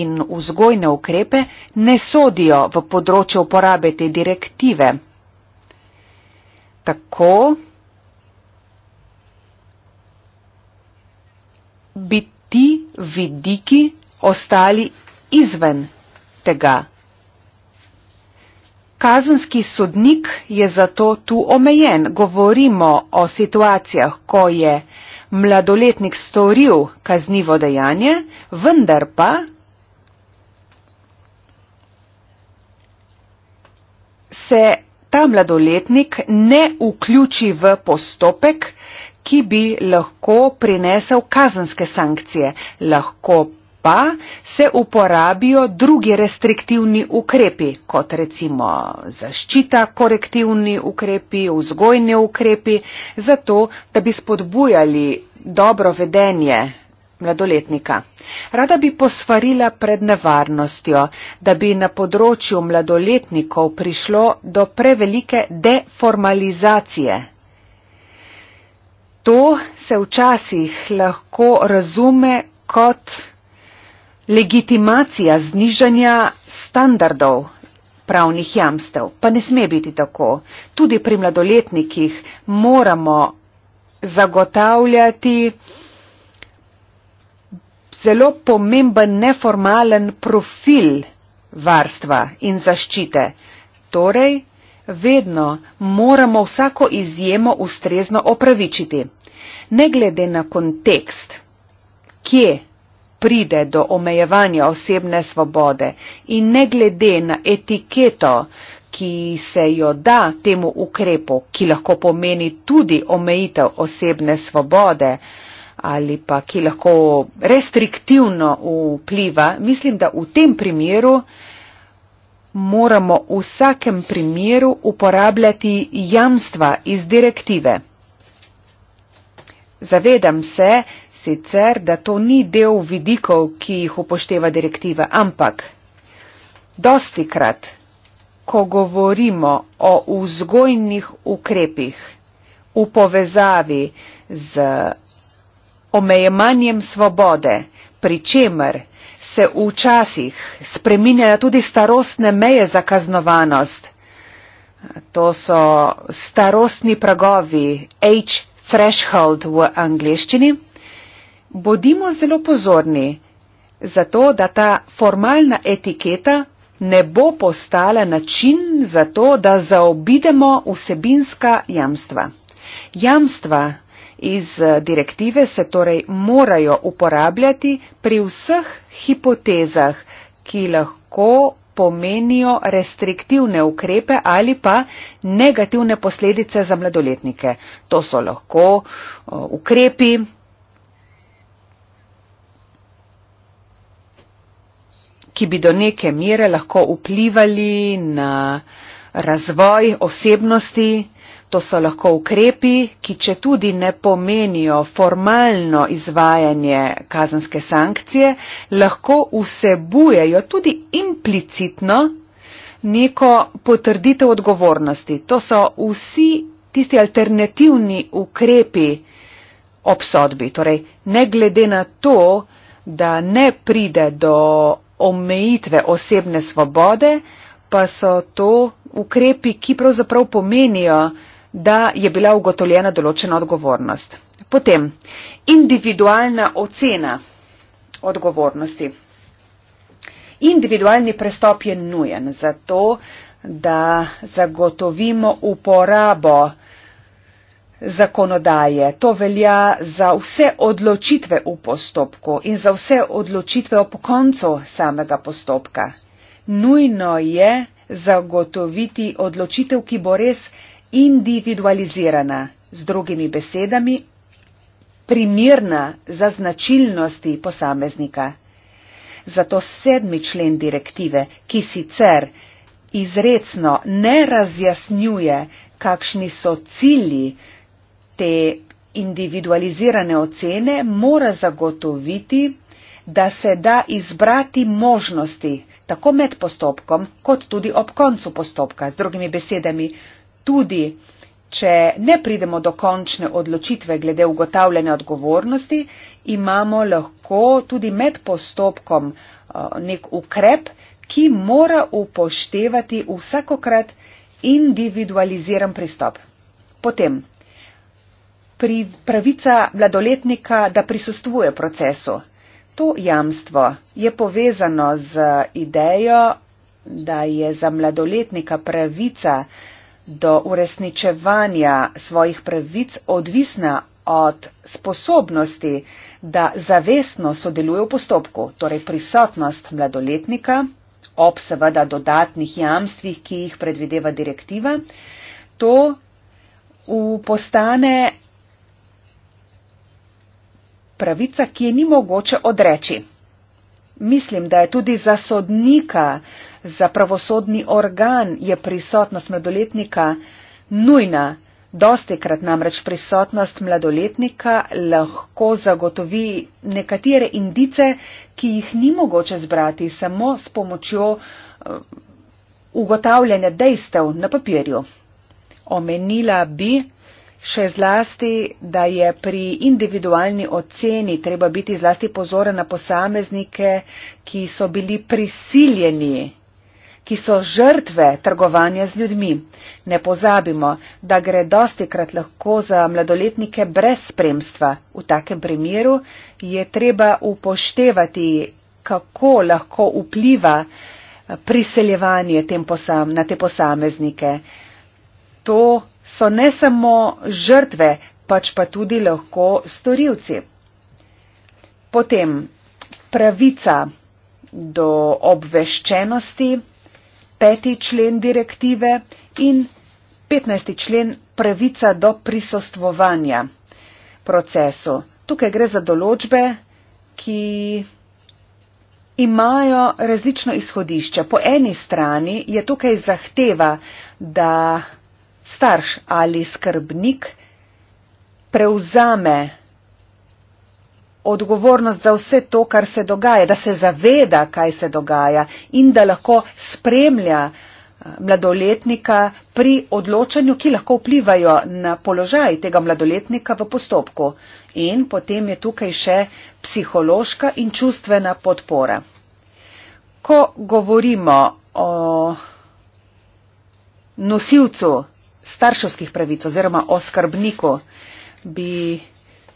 in vzgojne ukrepe, ne sodijo v področje uporabe te direktive tako bi ti vidiki ostali izven tega. Kazenski sodnik je zato tu omejen. Govorimo o situacijah, ko je mladoletnik storil kaznivo dejanje, vendar pa se ta mladoletnik ne vključi v postopek, ki bi lahko prinesel kazenske sankcije. Lahko pa se uporabijo drugi restriktivni ukrepi, kot recimo zaščita, korektivni ukrepi, vzgojni ukrepi, zato da bi spodbujali dobro vedenje mladoletnika. Rada bi posvarila pred nevarnostjo, da bi na področju mladoletnikov prišlo do prevelike deformalizacije. To se včasih lahko razume kot legitimacija znižanja standardov pravnih jamstev. Pa ne sme biti tako. Tudi pri mladoletnikih moramo zagotavljati uh, zelo pomemben neformalen profil varstva in zaščite. Torej, vedno moramo vsako izjemo ustrezno opravičiti. Ne glede na kontekst, kje pride do omejevanja osebne svobode in ne glede na etiketo, ki se jo da temu ukrepu, ki lahko pomeni tudi omejitev osebne svobode, ali pa ki lahko restriktivno vpliva, mislim, da v tem primeru moramo v vsakem primeru uporabljati jamstva iz direktive. Zavedam se sicer, da to ni del vidikov, ki jih upošteva direktiva, ampak dostikrat, ko govorimo o vzgojnih ukrepih v povezavi z omejevanjem svobode pri čemer se včasih spreminjajo tudi starostne meje za kaznovanost. To so starostni pragovi, age threshold v angliščini. Bodimo zelo pozorni, zato da ta formalna etiketa ne bo postala način za to, da zaobidemo vsebinska jamstva. Jamstva iz eh, direktive se torej morajo uporabljati pri vseh hipotezah, ki lahko pomenijo restriktivne ukrepe ali pa negativne posledice za mladoletnike. To so lahko eh, ukrepi, ki bi do neke mere lahko vplivali na razvoj osebnosti, to so lahko ukrepi, ki če tudi ne pomenijo formalno izvajanje kazanske sankcije, lahko vsebujejo tudi implicitno neko potrditev odgovornosti. To so vsi tisti alternativni ukrepi obsodbi. Torej, ne glede na to, da ne pride do omejitve osebne svobode, pa so to ukrepi, ki pravzaprav pomenijo, da je bila ugotovljena določena odgovornost. Potem individualna ocena odgovornosti. Individualni prestop je nujen zato, da zagotovimo uporabo zakonodaje. To velja za vse odločitve v postopku in za vse odločitve ob koncu samega postopka. Nujno je zagotoviti odločitev, ki bo res individualizirana, z drugimi besedami, primirna za značilnosti posameznika. Zato sedmi člen direktive, ki sicer izredno ne razjasnjuje, kakšni so cilji te individualizirane ocene, mora zagotoviti, da se da izbrati možnosti tako med postopkom, kot tudi ob koncu postopka. Z drugimi besedami, tudi če ne pridemo do končne odločitve glede ugotavljanja odgovornosti, imamo lahko tudi med postopkom eh, nek ukrep, ki mora upoštevati vsakokrat individualiziran pristop. Potem, pri pravica mladoletnika, da prisustvuje procesu. To jamstvo je povezano z idejo, da je za mladoletnika pravica, do uresničevanja svojih pravic odvisna od sposobnosti, da zavestno sodeluje v postopku, torej prisotnost mladoletnika, ob seveda dodatnih jamstvih, ki jih predvideva direktiva, to postane pravica, ki je ni mogoče odreči. Mislim, da je tudi za sodnika za pravosodni organ je prisotnost mladoletnika nujna. Dosti krat namreč prisotnost mladoletnika lahko zagotovi nekatere indice, ki jih ni mogoče zbrati samo s pomočjo eh, ugotavljanja dejstev na papirju. Omenila bi še zlasti, da je pri individualni oceni treba biti zlasti pozoren na posameznike, ki so bili prisiljeni ki so žrtve trgovanja z ljudmi. Ne pozabimo, da gre dosti krat lahko za mladoletnike brez spremstva. V takem primeru je treba upoštevati, kako lahko vpliva eh, priseljevanje posam, na te posameznike. To so ne samo žrtve, pač pa tudi lahko storilci. Potem pravica do obveščenosti peti člen direktive in petnajsti člen pravica do prisostvovanja procesu. Tukaj gre za določbe, ki imajo različno izhodišče. Po eni strani je tukaj zahteva, da starš ali skrbnik prevzame odgovornost za vse to, kar se dogaja, da se zaveda, kaj se dogaja in da lahko spremlja eh, mladoletnika pri odločanju, ki lahko vplivajo na položaj tega mladoletnika v postopku. In potem je tukaj še psihološka in čustvena podpora. Ko govorimo o nosilcu starševskih pravic oziroma o skrbniku, bi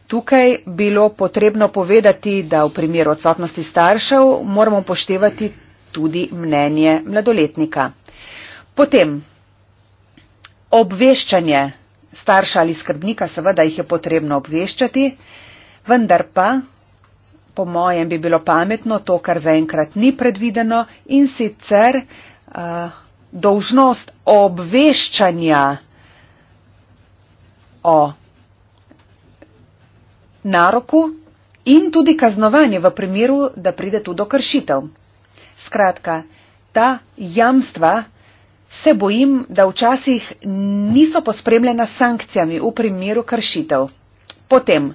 Tukaj bilo potrebno povedati, da v primeru odsotnosti staršev moramo poštevati tudi mnenje mladoletnika. Potem obveščanje starša ali skrbnika, seveda jih je potrebno obveščati, vendar pa, po mojem, bi bilo pametno to, kar zaenkrat ni predvideno in sicer uh, dolžnost obveščanja o na roku in tudi kaznovanje v primeru, da pride tu do kršitev. Skratka, ta jamstva se bojim, da včasih niso pospremljena sankcijami v primeru kršitev. Potem,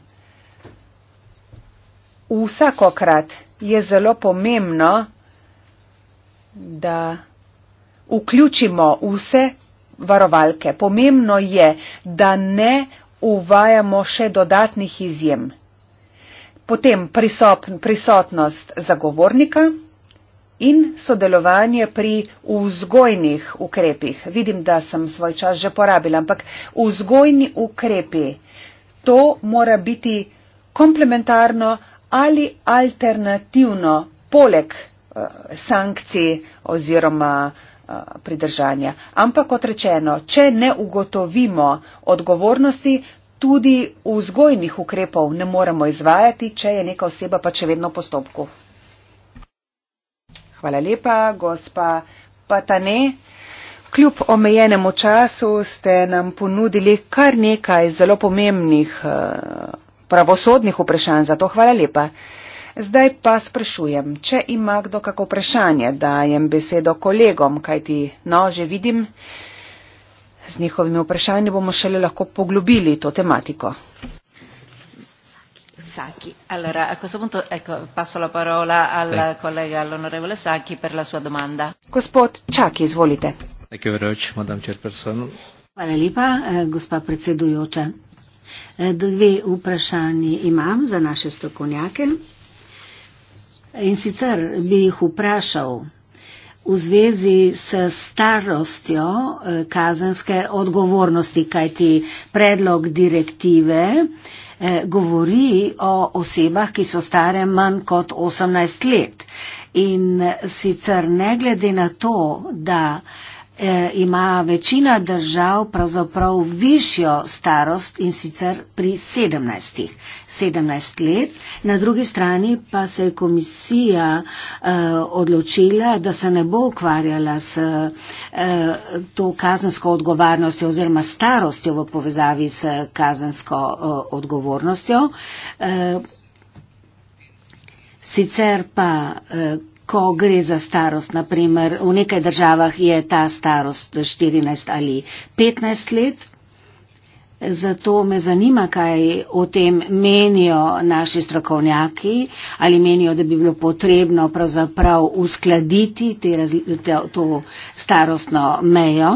vsakokrat je zelo pomembno, da vključimo vse varovalke. Pomembno je, da ne uvajamo še dodatnih izjem. Potem prisopn, prisotnost zagovornika in sodelovanje pri vzgojnih ukrepih. Vidim, da sem svoj čas že porabila, ampak vzgojni ukrepi, to mora biti komplementarno ali alternativno poleg uh, sankcij oziroma uh, Eh, pridržanja. Ampak kot rečeno, če ne ugotovimo odgovornosti, tudi vzgojnih ukrepov ne moremo izvajati, če je neka oseba pa še vedno v postopku. Hvala lepa, gospa Patane. Kljub omejenemu času ste nam ponudili kar nekaj zelo pomembnih eh, pravosodnih vprašanj, zato hvala lepa. Zdaj pa sprašujem, če ima kdo kako vprašanje, dajem besedo kolegom, kaj ti nože vidim. Z njihovimi vprašanji bomo šele lahko poglobili to tematiko. Sacchi. Allora, a questo punto ecco, passo la parola al sì. collega, all'onorevole Sacchi, per la sua domanda. Gospod Čaki, svolite. Thank you very much, madam chairperson. Hvala lepa, eh, gospa predsedujoča. Eh, dve vprašanje imam za naše strokovnjake. In sicer bi jih vprašal v zvezi s starostjo eh, kazenske odgovornosti, kajti predlog direktive eh, govori o osebah, ki so stare manj kot 18 let. In sicer ne glede na to, da eh, ima večina držav pravzaprav višjo starost in sicer pri 17, 17 let. Na drugi strani pa se je komisija eh, odločila, da se ne bo ukvarjala s eh, to kazensko odgovarnostjo oziroma starostjo v povezavi s kazensko eh, odgovornostjo. Eh, sicer pa. Eh, ko gre za starost, naprimer v nekaj državah je ta starost 14 ali 15 let. Zato me zanima, kaj o tem menijo naši strokovnjaki, ali menijo, da bi bilo potrebno pravzaprav uskladiti te te, to starostno mejo.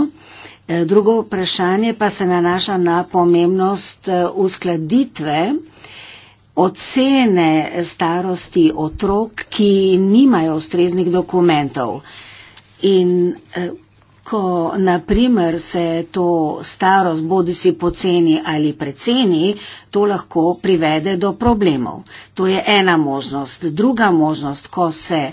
Drugo vprašanje pa se nanaša na pomembnost eh, uskladitve ocene starosti otrok, ki nimajo ustreznih dokumentov. In eh, ko naprimer se to starost bodi si poceni ali preceni, to lahko privede do problemov. To je ena možnost. Druga možnost, ko se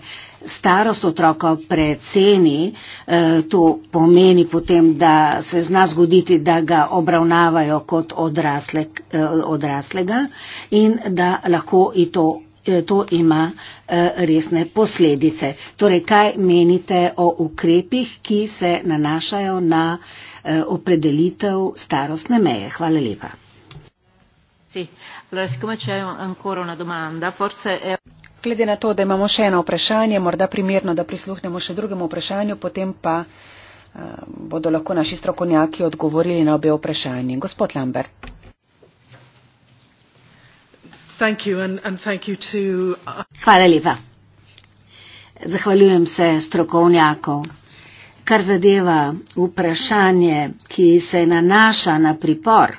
starost otroka preceni, eh, to pomeni potem, da se zna zgoditi, da ga obravnavajo kot odrasle, eh, odraslega in da lahko in to, eh, to ima resne posledice. Torej, kaj menite o ukrepih, ki se nanašajo na opredelitev starostne meje? Hvala lepa. Sì, allora siccome c'è ancora una domanda, forse è. Glede na to, da imamo še eno vprašanje, morda primerno, da prisluhnemo še drugemu vprašanju, potem pa eh, bodo lahko naši strokovnjaki odgovorili na obe vprašanje. Gospod Lambert. Uh, Hvala lepa. Zahvaljujem se strokovnjakov. Kar zadeva vprašanje, ki se nanaša na pripor,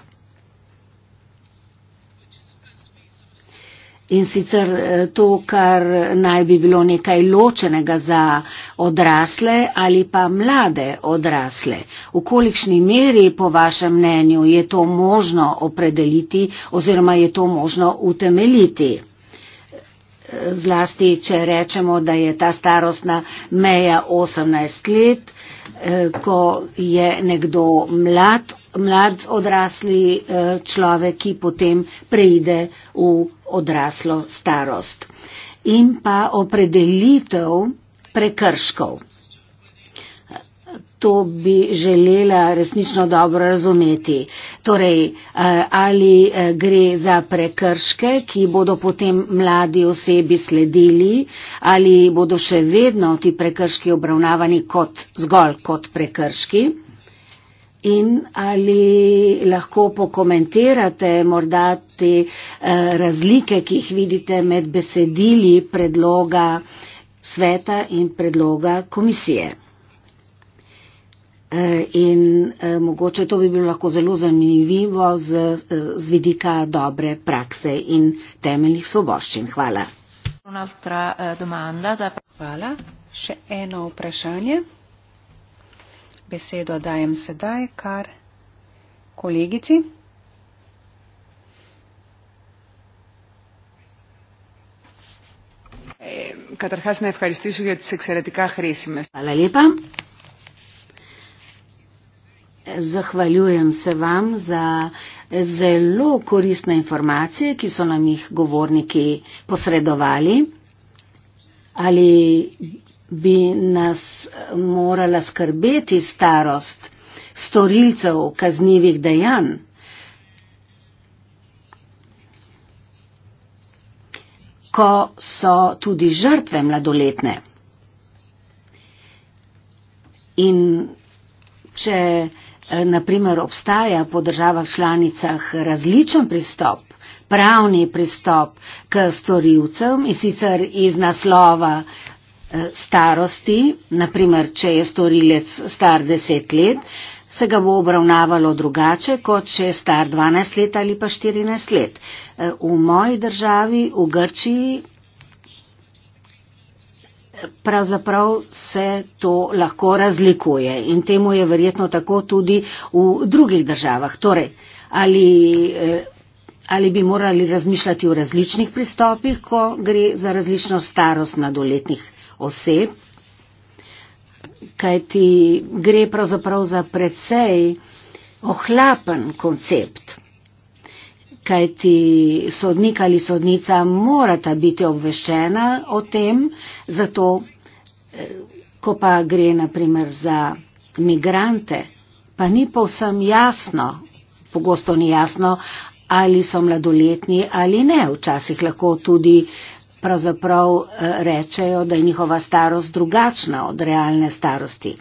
In sicer eh, to, kar naj bi bilo nekaj ločenega za odrasle ali pa mlade odrasle. V kolikšni meri, po vašem mnenju, je to možno opredeliti oziroma je to možno utemeljiti? Eh, zlasti, če rečemo, da je ta starostna meja 18 let, Eh, ko je nekdo mlad, mlad odrasli eh, človek, ki potem preide v odraslo starost. In pa opredelitev prekrškov to bi želela resnično dobro razumeti. Torej, eh, ali eh, gre za prekrške, ki bodo potem mladi osebi sledili, ali bodo še vedno ti prekrški obravnavani kot zgolj kot prekrški. In ali lahko pokomentirate morda te eh, razlike, ki jih vidite med besedili predloga sveta in predloga komisije. Eh, in eh, mogoče to bi bilo lahko zelo zanimivo z, eh, z vidika dobre prakse in temeljnih svoboščin. Hvala. Eh, Hvala. Še eno vprašanje. Besedo dajem sedaj kar kolegici. Hvala lepa. Zahvaljujem se vam za zelo koristne informacije, ki so nam jih govorniki posredovali. Ali bi nas morala skrbeti starost storilcev kaznjivih dejanj? ko so tudi žrtve mladoletne. In če Eh, naprimer obstaja po državah članicah različen pristop, pravni pristop k storilcem in sicer iz naslova eh, starosti, naprimer, če je storilec star 10 let, se ga bo obravnavalo drugače, kot če je star 12 let ali pa 14 let. Eh, v moji državi, v Grčiji, pravzaprav se to lahko razlikuje in temu je verjetno tako tudi v drugih državah. Torej, ali, eh, ali bi morali razmišljati o različnih pristopih, ko gre za različno starost mladoletnih oseb, kajti gre pravzaprav za precej ohlapen koncept kajti sodnik ali sodnica morata biti obveščena o tem, zato eh, ko pa gre naprimer za migrante, pa ni povsem jasno, pogosto ni jasno, ali so mladoletni ali ne. Včasih lahko tudi pravzaprav eh, rečejo, da je njihova starost drugačna od realne starosti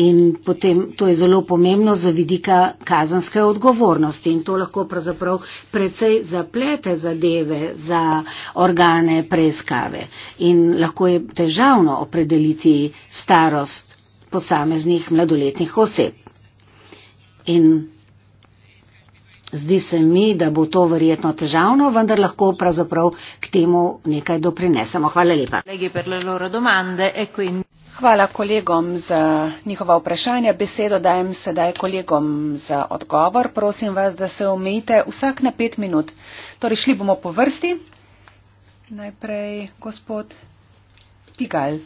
in potem to je zelo pomembno za vidika kazanske odgovornosti in to lahko pravzaprav precej zaplete zadeve za organe preiskave in lahko je težavno opredeliti starost posameznih mladoletnih oseb. In Zdi se mi, da bo to verjetno težavno, vendar lahko pravzaprav k temu nekaj doprinesemo. Hvala lepa hvala kolegom za njihova vprašanja besedo dajem sedaj kolegom za odgovor prosim vas da se omejite vsak na pet minut torej šli bomo po vrsti najprej gospod pigal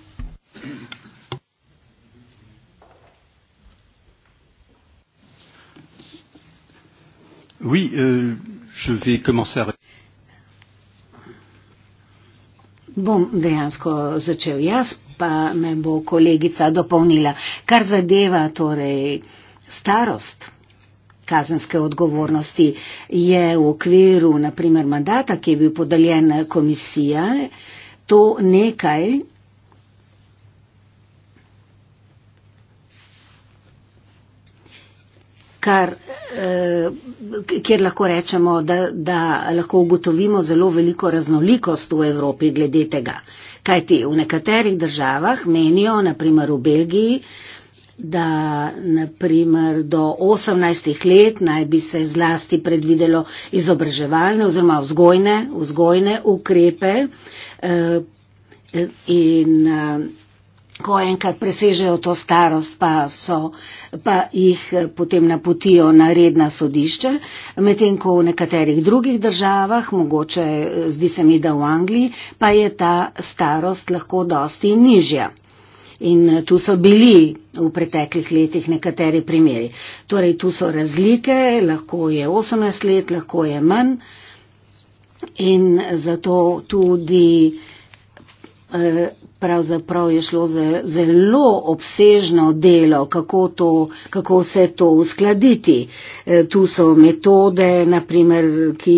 Oui, euh, je vais commencer à... Bom dejansko začel jaz, pa me bo kolegica dopolnila. Kar zadeva torej starost kazenske odgovornosti, je v okviru, naprimer, mandata, ki je bil podeljen komisija, to nekaj, kar, eh, kjer lahko rečemo, da, da lahko ugotovimo zelo veliko raznolikost v Evropi glede tega. Kajti v nekaterih državah menijo, naprimer v Belgiji, da naprimer do 18 let naj bi se zlasti predvidelo izobraževalne oziroma vzgojne, vzgojne ukrepe. Eh, in, eh, ko enkrat presežejo to starost, pa, so, pa jih eh, potem napotijo na redna sodišče, medtem ko v nekaterih drugih državah, mogoče eh, zdi se mi, da v Angliji, pa je ta starost lahko dosti nižja. In eh, tu so bili v preteklih letih nekateri primeri. Torej, tu so razlike, lahko je 18 let, lahko je manj. In zato tudi. Eh, pravzaprav je šlo za zelo obsežno delo, kako, to, kako se to uskladiti. E, tu so metode, naprimer, ki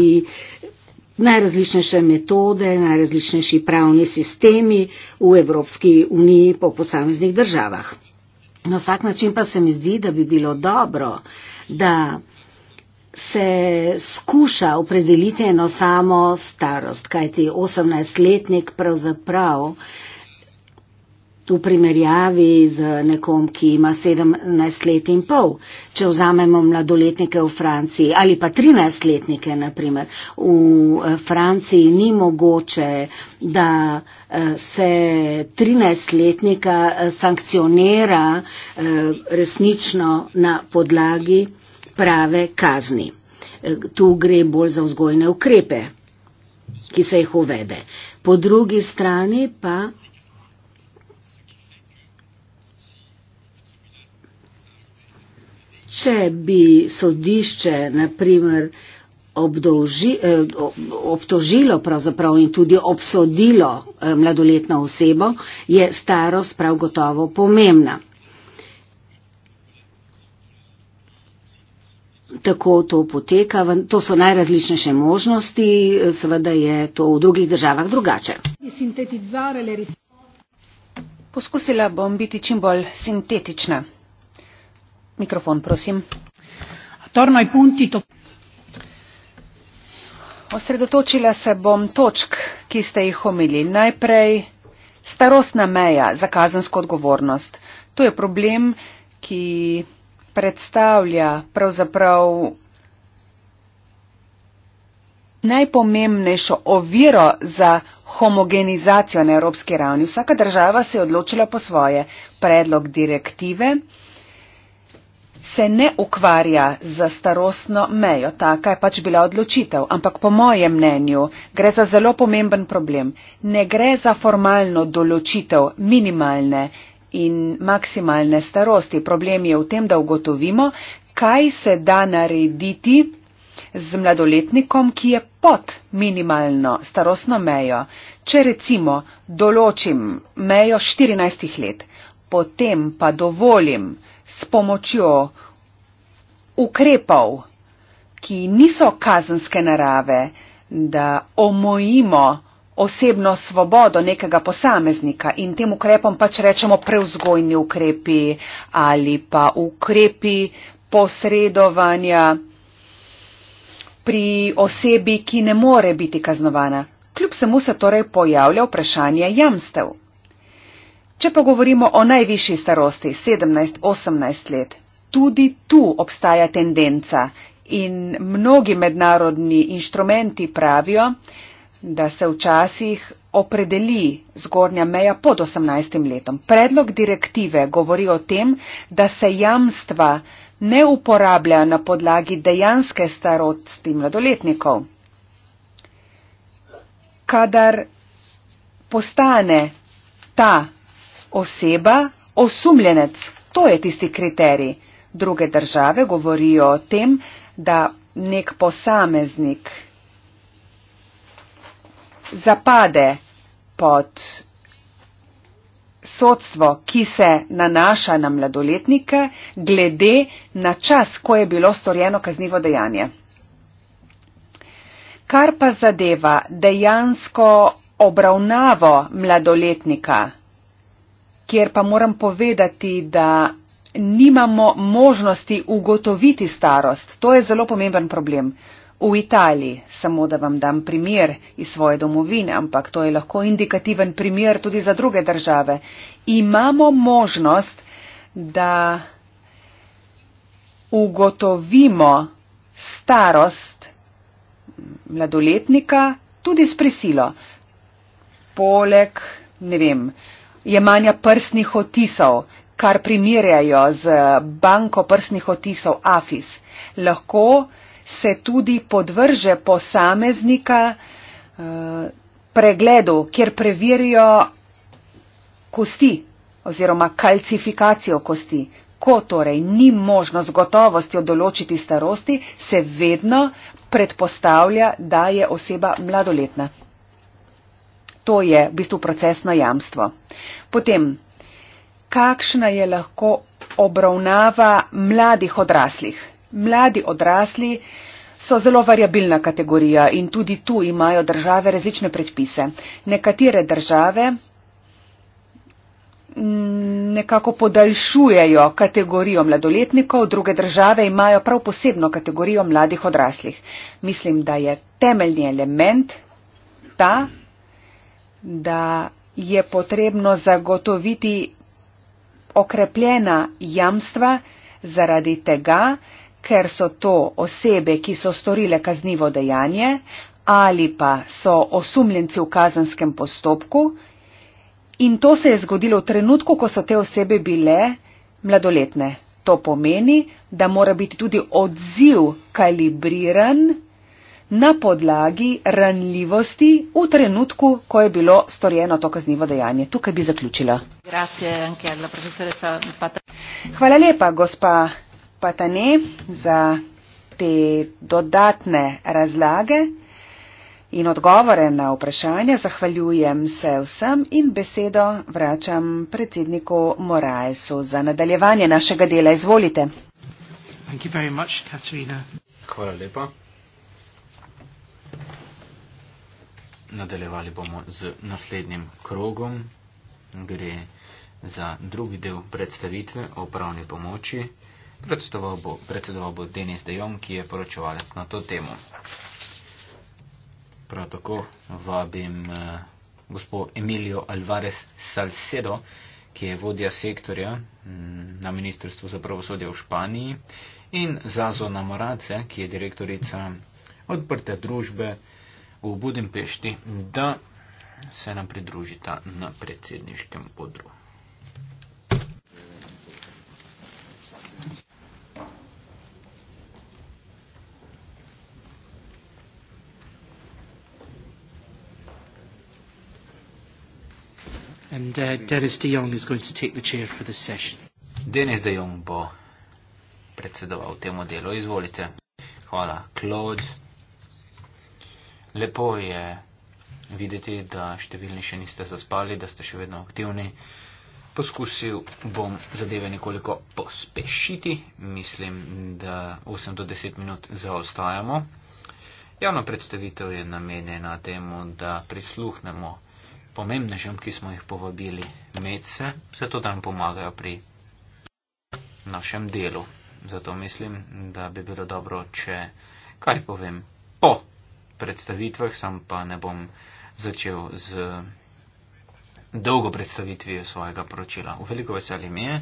najrazličnejše metode, najrazličnejši pravni sistemi v Evropski uniji po posameznih državah. Na vsak način pa se mi zdi, da bi bilo dobro, da se skuša opredeliti eno samo starost, kajti 18-letnik pravzaprav eh, v primerjavi z nekom, ki ima 17 let in pol, če vzamemo mladoletnike v Franciji ali pa 13-letnike, naprimer, v eh, Franciji ni mogoče, da eh, se 13-letnika eh, sankcionira resnično na podlagi prave kazni. Tu gre bolj za vzgojne ukrepe, ki se jih uvede. Po drugi strani pa če bi sodišče, naprimer, obdolži, eh, obtožilo in tudi obsodilo eh, mladoletno osebo, je starost prav gotovo pomembna. Tako to poteka, to so najrazličnejše možnosti, eh, seveda je to v drugih državah drugače. Poskusila bom biti čim bolj sintetična. Mikrofon, prosim. Torno ai punti. To... Osredotočila se bom točk, ki ste jih omili. Najprej starostna meja za kazansko odgovornost. To je problem, ki predstavlja pravzaprav najpomembnejšo oviro za homogenizacijo na evropski ravni. Vsaka država se je odločila po svoje. Predlog direktive se ne ukvarja za starostno mejo, taka je pač bila odločitev, ampak po mojem mnenju gre za zelo pomemben problem. Ne gre za formalno določitev minimalne in maksimalne starosti. Problem je v tem, da ugotovimo, kaj se da narediti z mladoletnikom, ki je pod minimalno starostno mejo. Če recimo določim mejo 14 let, potem pa dovolim, s pomočjo ukrepov, ki niso kazenske narave, da omojimo osebno svobodo nekega posameznika in tem ukrepom pač rečemo preuzgojni ukrepi ali pa ukrepi posredovanja pri osebi, ki ne more biti kaznovana. Kljub vsemu se torej pojavlja vprašanje jamstev. Če pa govorimo o najvišji starosti, 17-18 let, tudi tu obstaja tendenca in mnogi mednarodni inštrumenti pravijo, da se včasih opredeli zgornja meja pod 18 letom. Predlog direktive govori o tem, da se jamstva ne uporabljajo na podlagi dejanske starosti mladoletnikov. Kadar postane ta oseba, osumljenec, to je tisti kriterij. Druge države govorijo o tem, da nek posameznik zapade pod sodstvo, ki se nanaša na mladoletnike, glede na čas, ko je bilo storjeno kaznivo dejanje. Kar pa zadeva dejansko obravnavo mladoletnika, kjer pa moram povedati, da nimamo možnosti ugotoviti starost. To je zelo pomemben problem. V Italiji, samo da vam dam primer iz svoje domovine, ampak to je lahko indikativen primer tudi za druge države, imamo možnost, da ugotovimo starost mladoletnika tudi s prisilo. Poleg, ne vem, jemanja prstnih otisov, kar primerjajo z banko prstnih otisov AFIS, lahko se tudi podvrže posameznika eh, pregledu, kjer preverijo kosti oziroma kalcifikacijo kosti. Ko torej ni možno z gotovostjo določiti starosti, se vedno predpostavlja, da je oseba mladoletna. To je v bistvu procesno jamstvo. Potem, kakšna je lahko obravnava mladih odraslih? Mladi odrasli so zelo variabilna kategorija in tudi tu imajo države različne predpise. Nekatere države nekako podaljšujejo kategorijo mladoletnikov, druge države imajo prav posebno kategorijo mladih odraslih. Mislim, da je temeljni element ta, da je potrebno zagotoviti okrepljena jamstva zaradi tega, ker so to osebe, ki so storile kaznivo dejanje ali pa so osumljenci v kazenskem postopku in to se je zgodilo v trenutku, ko so te osebe bile mladoletne. To pomeni, da mora biti tudi odziv kalibriran na podlagi ranljivosti v trenutku, ko je bilo storjeno to kaznivo dejanje. Tukaj bi zaključila. Hvala lepa, gospa Patane, za te dodatne razlage in odgovore na vprašanje. Zahvaljujem se vsem in besedo vračam predsedniku Moraesu za nadaljevanje našega dela. Izvolite. Hvala lepa. nadaljevali bomo z naslednjim krogom. Gre za drugi del predstavitve o pravni pomoči. Predstavoval bo, bo Denis Dejon, ki je poročevalec na to temo. Prav tako vabim eh, gospod Emilio Alvarez Salcedo, ki je vodja sektorja mm, na Ministrstvu za pravosodje v Španiji, in Zazo Namorace, ki je direktorica odprte družbe v Budimpešti, da se nam pridružita na predsedniškem podru. And uh, Dennis De Jong is going to take the chair for this session. Dennis De Jong bo predsedoval temu delu. Izvolite. Hvala. Claude. Lepo je videti, da številni še niste zaspali, da ste še vedno aktivni. Poskusil bom zadeve nekoliko pospešiti. Mislim, da 8 do 10 minut zaostajamo. Javna predstavitev je namenjena temu, da prisluhnemo pomembnežem, ki smo jih povabili medse, zato da nam pomagajo pri našem delu. Zato mislim, da bi bilo dobro, če kaj povem po predstavitvah, sam pa ne bom začel z dolgo predstavitvijo svojega poročila. V veliko veselje mi je,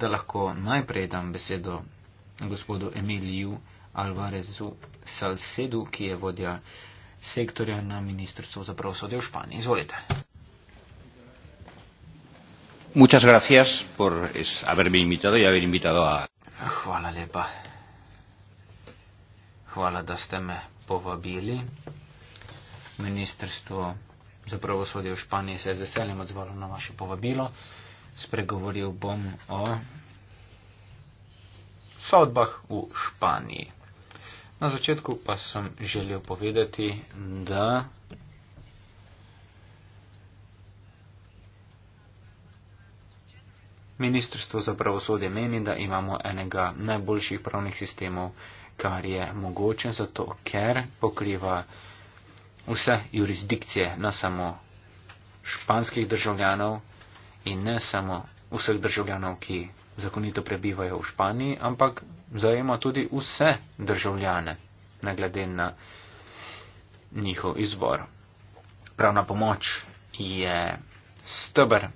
da lahko najprej dam besedo gospodu Emiliju Alvarezu Salcedu, ki je vodja sektorja na Ministrstvu za pravosodje v Španiji. Izvolite. Muchas gracias por haberme invitado y haber invitado a. Hvala lepa. Hvala, da ste me povabili. Ministrstvo za pravosodje v Španiji se je z veseljem odzvalo na vaše povabilo. Spregovoril bom o sodbah v Španiji. Na začetku pa sem želel povedati, da Ministrstvo za pravosodje meni, da imamo enega najboljših pravnih sistemov kar je mogoče zato, ker pokriva vse jurisdikcije, ne samo španskih državljanov in ne samo vseh državljanov, ki zakonito prebivajo v Španiji, ampak zajema tudi vse državljane, ne glede na njihov izvor. Pravna pomoč je stebr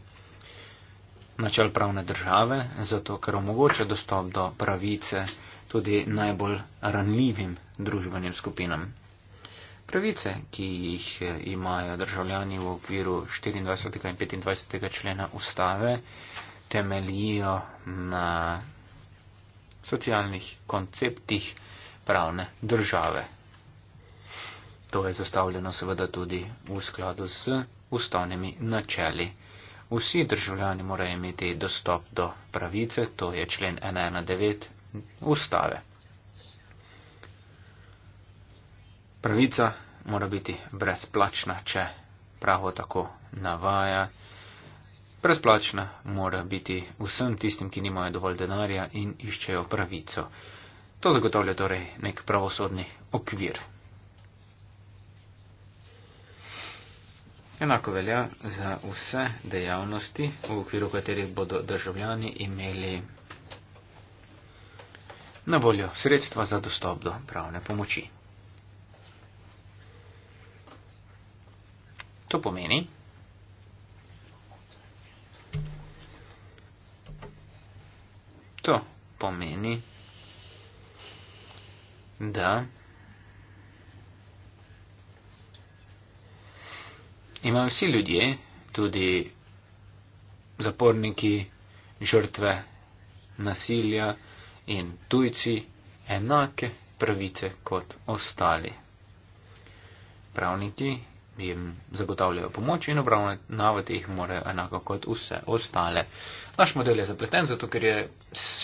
načel pravne države, zato ker omogoča dostop do pravice, tudi najbolj ranljivim družbenim skupinam. Pravice, ki jih eh, imajo državljani v okviru 24. in 25. člena ustave, temelijo na socialnih konceptih pravne države. To je zastavljeno seveda tudi v skladu z ustavnimi načeli. Vsi državljani morajo imeti dostop do pravice, to je člen 119 ustave. Pravica mora biti brezplačna, če pravo tako navaja. Brezplačna mora biti vsem tistim, ki nimajo dovolj denarja in iščejo pravico. To zagotavlja torej nek pravosodni okvir. Enako velja za vse dejavnosti, v okviru katerih bodo državljani imeli na voljo sredstva za dostop do pravne pomoči. To pomeni, to pomeni, da imajo vsi ljudje, tudi zaporniki, žrtve nasilja, in tujci enake pravice kot ostali. Pravniki jim zagotavljajo pomoč in obravnavati jih morajo enako kot vse ostale. Naš model je zapleten, zato ker je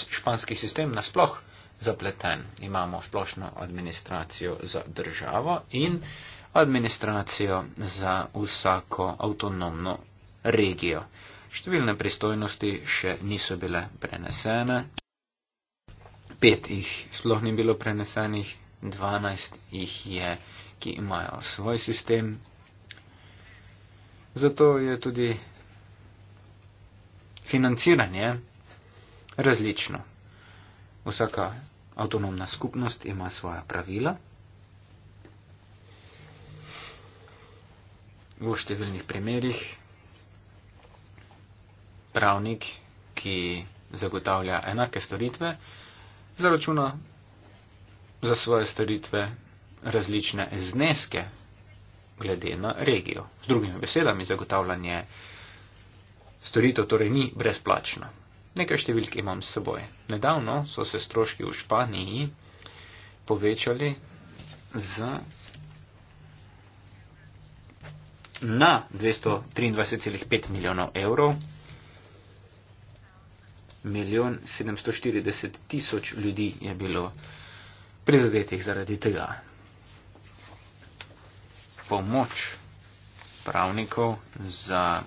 španski sistem nasploh zapleten. Imamo splošno administracijo za državo in administracijo za vsako avtonomno regijo. Številne pristojnosti še niso bile prenesene pet jih sploh ni bilo prenesenih, dvanajst jih je, ki imajo svoj sistem. Zato je tudi financiranje različno. Vsaka avtonomna skupnost ima svoja pravila. V številnih primerjih pravnik, ki zagotavlja enake storitve, zaračuna za svoje storitve različne zneske glede na regijo. Z drugimi besedami, zagotavljanje storitev torej ni brezplačno. Nekaj številk imam s seboj. Nedavno so se stroški v Španiji povečali za na 223,5 milijonov evrov milijon 740 tisoč ljudi je bilo prizadetih zaradi tega. Pomoč pravnikov za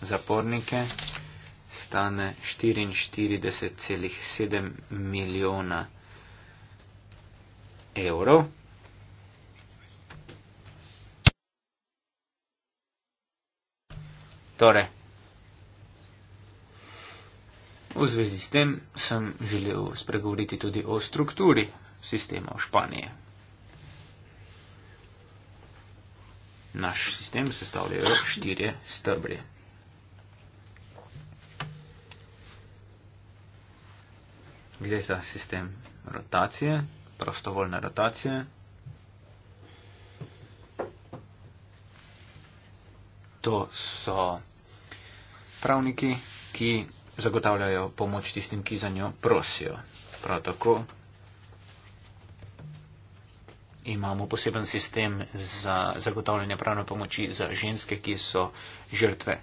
zapornike stane 44,7 milijona evrov. Torej, V zvezi s tem sem želel spregovoriti tudi o strukturi sistema v Španiji. Naš sistem sestavljajo štirje stebri. Gre za sistem rotacije, prostovoljne rotacije, to so pravniki, ki zagotavljajo pomoč tistim, ki za njo prosijo. Prav tako imamo poseben sistem za zagotavljanje pravne pomoči za ženske, ki so žrtve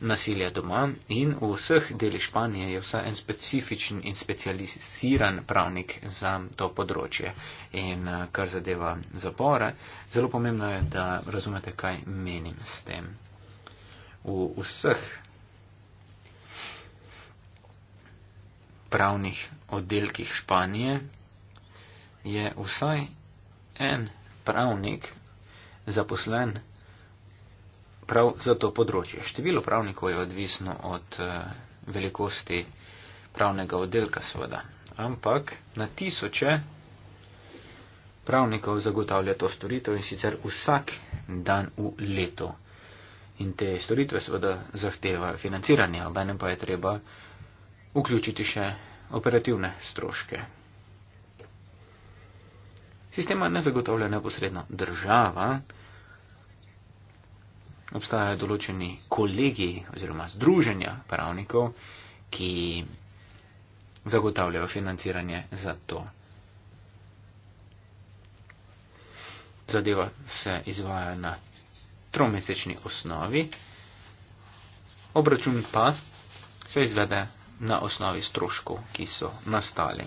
nasilja doma in v vseh delih Španije je vsaj en specifičen in specializiran pravnik za to področje. In eh, kar zadeva zapore, zelo pomembno je, da razumete, kaj menim s tem. V vseh pravnih oddelkih Španije je vsaj en pravnik zaposlen prav za to področje. Število pravnikov je odvisno od eh, velikosti pravnega oddelka, seveda, ampak na tisoče pravnikov zagotavlja to storitev in sicer vsak dan v letu. In te storitve seveda zahtevajo financiranje, obenem pa je treba vključiti še operativne stroške. Sistema ne zagotavlja neposredno država, obstajajo določeni kolegi oziroma združenja pravnikov, ki zagotavljajo financiranje za to. Zadeva se izvaja na tromesečni osnovi, obračun pa se izvede na osnovi stroškov, ki so nastali.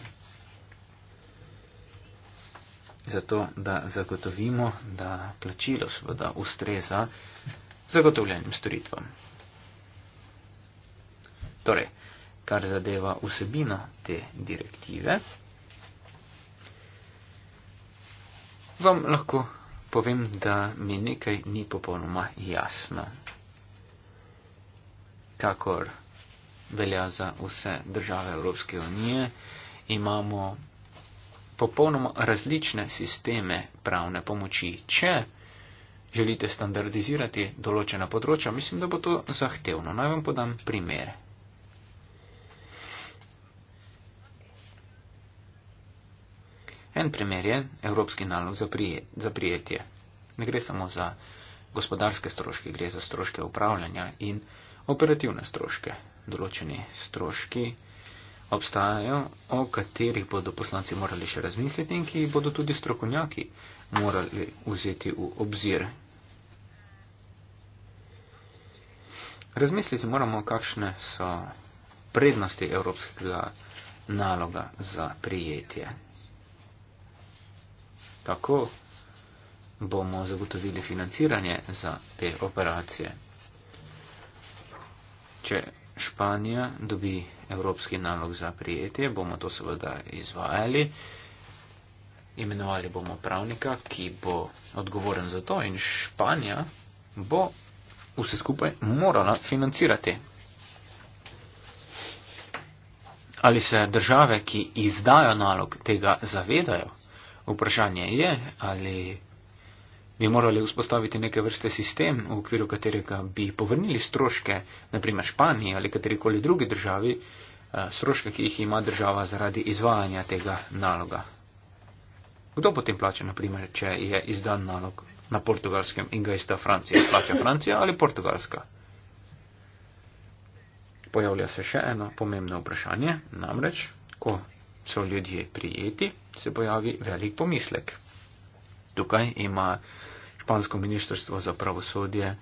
Zato, da zagotovimo, da plačilo seveda ustreza zagotovljenim storitvam. Torej, kar zadeva vsebino te direktive, vam lahko povem, da mi nekaj ni popolnoma jasno. Kakor velja za vse države Evropske unije. Imamo popolnoma različne sisteme pravne pomoči. Če želite standardizirati določena področja, mislim, da bo to zahtevno. Naj vam podam primere. En primer je Evropski nalog za, prije, za prijetje. Ne gre samo za gospodarske stroške, gre za stroške upravljanja in operativne stroške določeni stroški obstajajo, o katerih bodo poslanci morali še razmisliti in ki jih bodo tudi strokovnjaki morali vzeti v obzir. Razmisliti moramo, kakšne so prednosti evropskega naloga za prijetje. Kako bomo zagotovili financiranje za te operacije? Če Španija dobi evropski nalog za prijetje, bomo to seveda izvajali. Imenovali bomo pravnika, ki bo odgovoren za to in Španija bo vse skupaj morala financirati. Ali se države, ki izdajo nalog, tega zavedajo? Vprašanje je, ali bi morali vzpostaviti neke vrste sistem, v okviru katerega bi povrnili stroške, naprimer Španiji ali katerikoli drugi državi, eh, stroške, ki jih ima država zaradi izvajanja tega naloga. Kdo potem plača, naprimer, če je izdan nalog na portugalskem in ga izda Francija? Plača Francija ali Portugalska? Pojavlja se še eno pomembno vprašanje, namreč, ko so ljudje prijeti, se pojavi velik pomislek. Tukaj ima špansko ministrstvo za pravosodje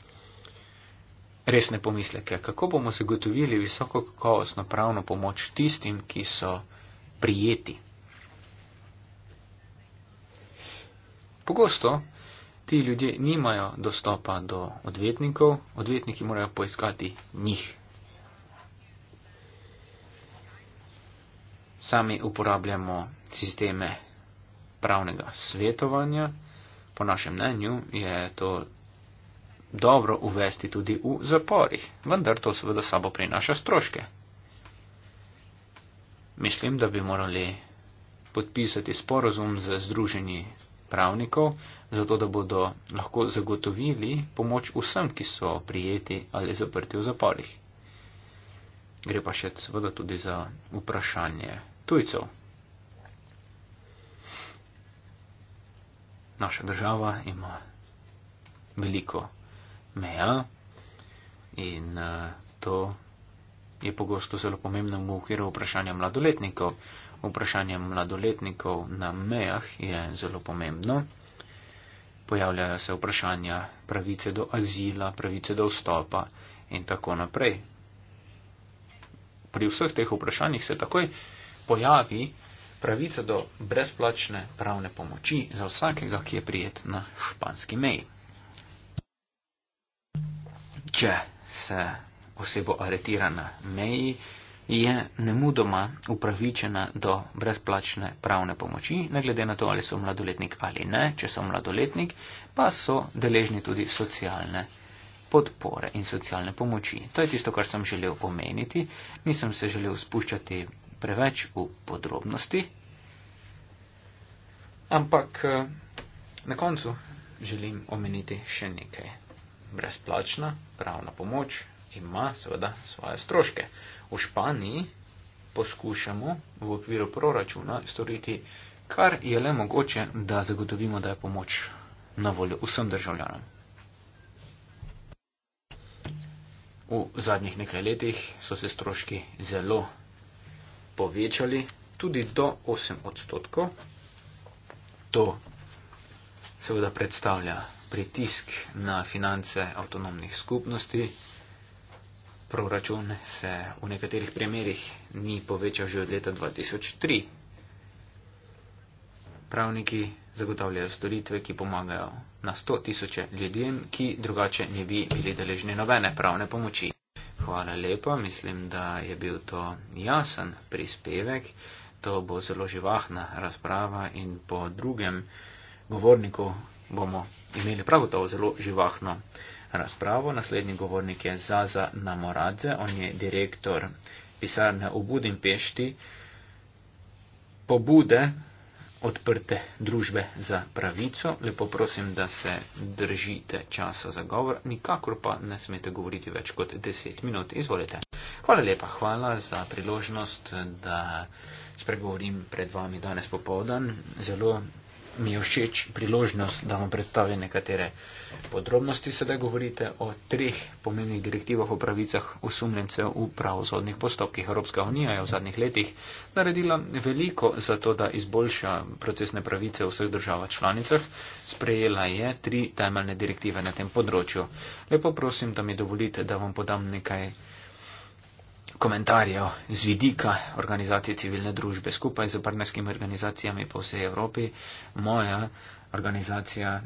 resne pomisleke, kako bomo zagotovili visoko kakovostno pravno pomoč tistim, ki so prijeti. Pogosto ti ljudje nimajo dostopa do odvetnikov, odvetniki morajo poiskati njih. Sami uporabljamo sisteme pravnega svetovanja, po našem mnenju je to dobro uvesti tudi v zaporih, vendar to seveda sabo prinaša stroške. Mislim, da bi morali podpisati sporozum z združenji pravnikov, zato da bodo lahko zagotovili pomoč vsem, ki so prijeti ali zaprti v zaporih. Gre pa še seveda tudi za vprašanje tujcev. naša država ima veliko meja in eh, to je pogosto zelo pomembno v okviru vprašanja mladoletnikov. Vprašanje mladoletnikov na mejah je zelo pomembno. Pojavljajo se vprašanja pravice do azila, pravice do vstopa in tako naprej. Pri vseh teh vprašanjih se takoj pojavi pravica do brezplačne pravne pomoči za vsakega, ki je prijet na španski meji. Če se osebo aretira na meji, je nemudoma upravičena do brezplačne pravne pomoči, ne glede na to, ali so mladoletnik ali ne. Če so mladoletnik, pa so deležni tudi socialne podpore in socialne pomoči. To je tisto, kar sem želel omeniti. Nisem se želel spuščati preveč v podrobnosti. Ampak eh, na koncu želim omeniti še nekaj. Brezplačna pravna pomoč ima seveda svoje stroške. V Španiji poskušamo v okviru proračuna storiti, kar je le mogoče, da zagotovimo, da je pomoč na voljo vsem državljanom. V zadnjih nekaj letih so se stroški zelo povečali tudi do 8 odstotkov. To seveda predstavlja pritisk na finance avtonomnih skupnosti. Proračun se v nekaterih primerjih ni povečal že od leta 2003. Pravniki zagotavljajo storitve, ki pomagajo na 100 tisoče ljudem, ki drugače ne bi bili deležni nobene pravne pomoči. Hvala lepa, mislim, da je bil to jasen prispevek. To bo zelo živahna razprava in po drugem govorniku bomo imeli prav gotovo zelo živahno razpravo. Naslednji govornik je Zaza Namoradze, on je direktor pisarne v Budimpešti. Pobude odprte družbe za pravico. Lepo prosim, da se držite časa za govor, nikakor pa ne smete govoriti več kot 10 minut. Izvolite. Hvala lepa, hvala za priložnost, da spregovorim pred vami danes popovdan. Zelo mi je všeč priložnost, da vam predstavim nekatere podrobnosti. Sedaj govorite o treh pomembnih direktivah o pravicah osumljencev v pravosodnih postopkih. Evropska unija je v zadnjih letih naredila veliko za to, da izboljša procesne pravice v vseh državah članicah. Sprejela je tri temeljne direktive na tem področju. Lepo prosim, da mi dovolite, da vam podam nekaj komentarjev z vidika organizacije civilne družbe skupaj z partnerskimi organizacijami po vsej Evropi. Moja organizacija.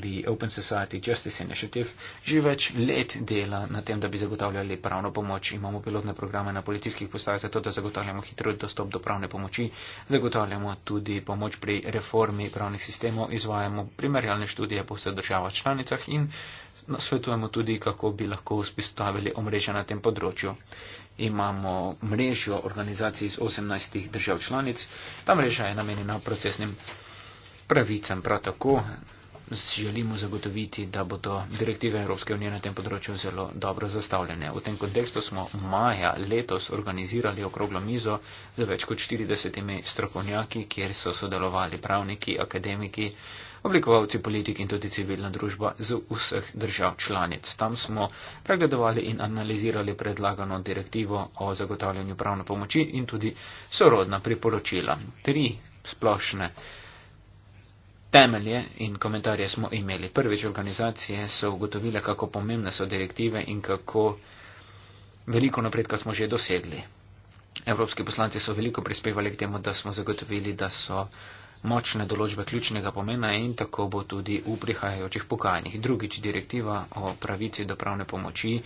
The Open Society Justice Initiative že več let dela na tem, da bi zagotavljali pravno pomoč. Imamo pilotne programe na policijskih postajah, zato da zagotavljamo hitro dostop do pravne pomoči. Zagotavljamo tudi pomoč pri reformi pravnih sistemov, izvajamo primerjalne študije po vseh državah članicah in nasvetujemo tudi, kako bi lahko vzpostavili omrežje na tem področju imamo mrežo organizacij iz 18 držav članic. Ta mreža je namenjena procesnim pravicam prav tako. Želimo zagotoviti, da bodo direktive Evropske unije na tem področju zelo dobro zastavljene. V tem kontekstu smo maja letos organizirali okroglo mizo z več kot 40 strokovnjaki, kjer so sodelovali pravniki, akademiki, oblikovalci politik in tudi civilna družba z vseh držav članic. Tam smo pregledovali in analizirali predlagano direktivo o zagotavljanju pravne pomoči in tudi sorodna priporočila. Tri splošne temelje in komentarje smo imeli. Prvič organizacije so ugotovile, kako pomembne so direktive in kako veliko napredka smo že dosegli. Evropski poslanci so veliko prispevali k temu, da smo zagotovili, da so močne določbe ključnega pomena in tako bo tudi v prihajajočih pokajanjih. Drugič, direktiva o pravici do pravne pomoči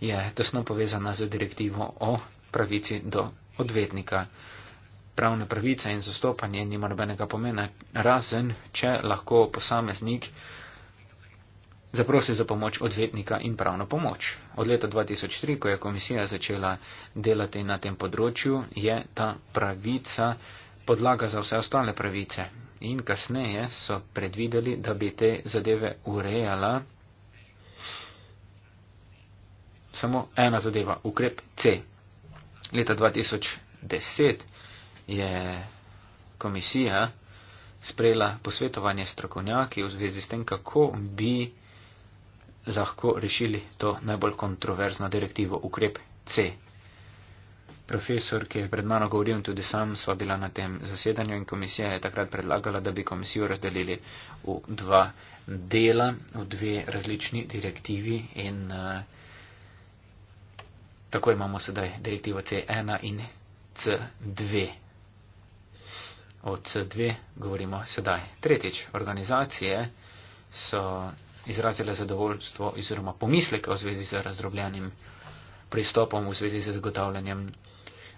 je tesno povezana z direktivo o pravici do odvetnika. Pravne pravice in zastopanje nima nobenega pomena, razen če lahko posameznik zaprosi za pomoč odvetnika in pravno pomoč. Od leta 2003, ko je komisija začela delati na tem področju, je ta pravica podlaga za vse ostale pravice. In kasneje so predvideli, da bi te zadeve urejala samo ena zadeva, ukrep C. Leta 2010 je komisija sprejela posvetovanje strokovnjaki v zvezi s tem, kako bi lahko rešili to najbolj kontroverzno direktivo ukrep C profesor, ki je pred mano govoril, tudi sam sva bila na tem zasedanju in komisija je takrat predlagala, da bi komisijo razdelili v dva dela, v dve različni direktivi in uh, tako imamo sedaj direktivo C1 in C2. O C2 govorimo sedaj. Tretjič, organizacije so izrazile zadovoljstvo oziroma pomisleke v zvezi z razdrobljenim pristopom v zvezi z zagotavljanjem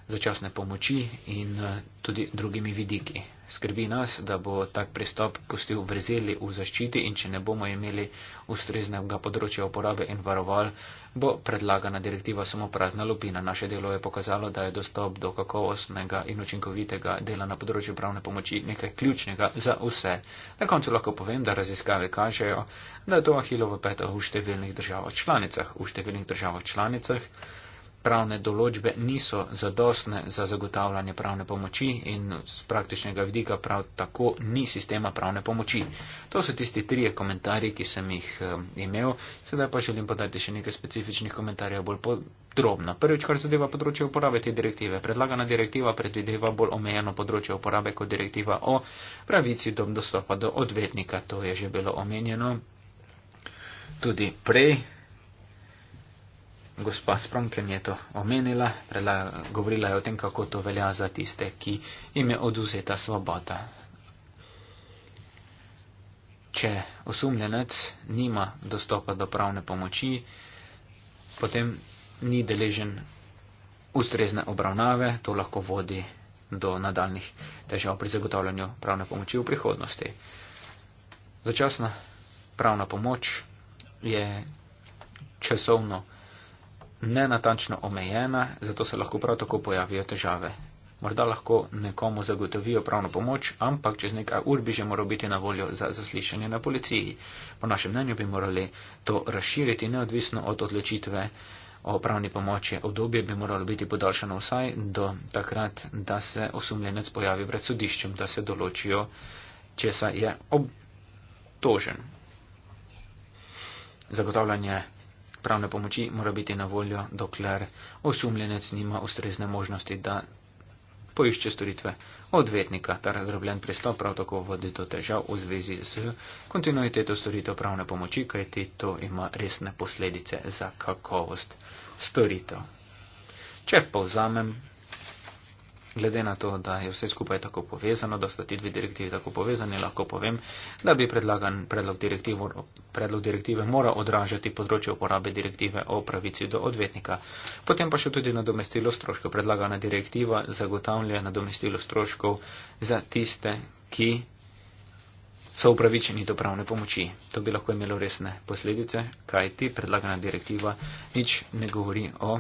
začasne pomoči in eh, tudi drugimi vidiki. Skrbi nas, da bo tak pristop pustil vrzeli v zaščiti in če ne bomo imeli ustreznega področja uporabe in varoval, bo predlagana direktiva samo prazna lupina. Naše delo je pokazalo, da je dostop do kakovostnega in učinkovitega dela na področju pravne pomoči nekaj ključnega za vse. Na koncu lahko povem, da raziskave kažejo, da je to ahilovo peto v številnih državah članicah. V številnih državah članicah pravne določbe niso zadostne za zagotavljanje pravne pomoči in z praktičnega vidika prav tako ni sistema pravne pomoči. To so tisti trije komentarji, ki sem jih imel. Sedaj pa želim podati še nekaj specifičnih komentarjev bolj podrobno. Prvič, kar zadeva področje uporabe te direktive. Predlagana direktiva predvideva bolj omejeno področje uporabe kot direktiva o pravici do dostopa do odvetnika. To je že bilo omenjeno tudi prej gospa Spronke mi je to omenila, predlaga, govorila je o tem, kako to velja za tiste, ki jim je oduzeta svoboda. Če osumljenec nima dostopa do pravne pomoči, potem ni deležen ustrezne obravnave, to lahko vodi do nadaljnih težav pri zagotavljanju pravne pomoči v prihodnosti. Začasna pravna pomoč je časovno nenatančno omejena, zato se lahko prav tako pojavijo težave. Morda lahko nekomu zagotovijo pravno pomoč, ampak čez nekaj ur bi že moral biti na voljo za zaslišanje na policiji. Po našem mnenju bi morali to razširiti neodvisno od odločitve o pravni pomoči. Obdobje bi moralo biti podaljšano vsaj do takrat, da se osumljenec pojavi pred sodiščem, da se določijo, česa je obtožen. Zagotavljanje pravne pomoči mora biti na voljo, dokler osumljenec nima ustrezne možnosti, da poišče storitve odvetnika. Ta razdrobljen pristop prav tako vodi do težav v zvezi z kontinuiteto storitev pravne pomoči, kajti to ima resne posledice za kakovost storitev. Če povzamem, Glede na to, da je vse skupaj tako povezano, da sta ti dve direktivi tako povezani, lahko povem, da bi predlagan predlog, predlog direktive mora odražati področje uporabe direktive o pravici do odvetnika. Potem pa še tudi nadomestilo stroškov. Predlagana direktiva zagotavlja nadomestilo stroškov za tiste, ki so upravičeni do pravne pomoči. To bi lahko imelo resne posledice, kaj ti predlagana direktiva nič ne govori o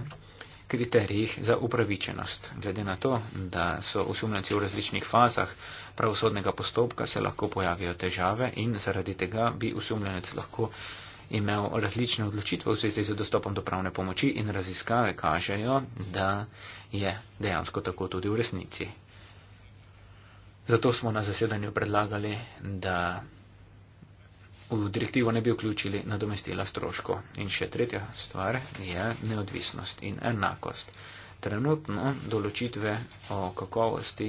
kriterijih za upravičenost. Glede na to, da so osumljenci v različnih fazah pravosodnega postopka, se lahko pojavijo težave in zaradi tega bi osumljenec lahko imel različne odločitve v zvezi z dostopom do pravne pomoči in raziskave kažejo, da je dejansko tako tudi v resnici. Zato smo na zasedanju predlagali, da v direktivo ne bi vključili nadomestila stroško. In še tretja stvar je neodvisnost in enakost. Trenutno določitve o kakovosti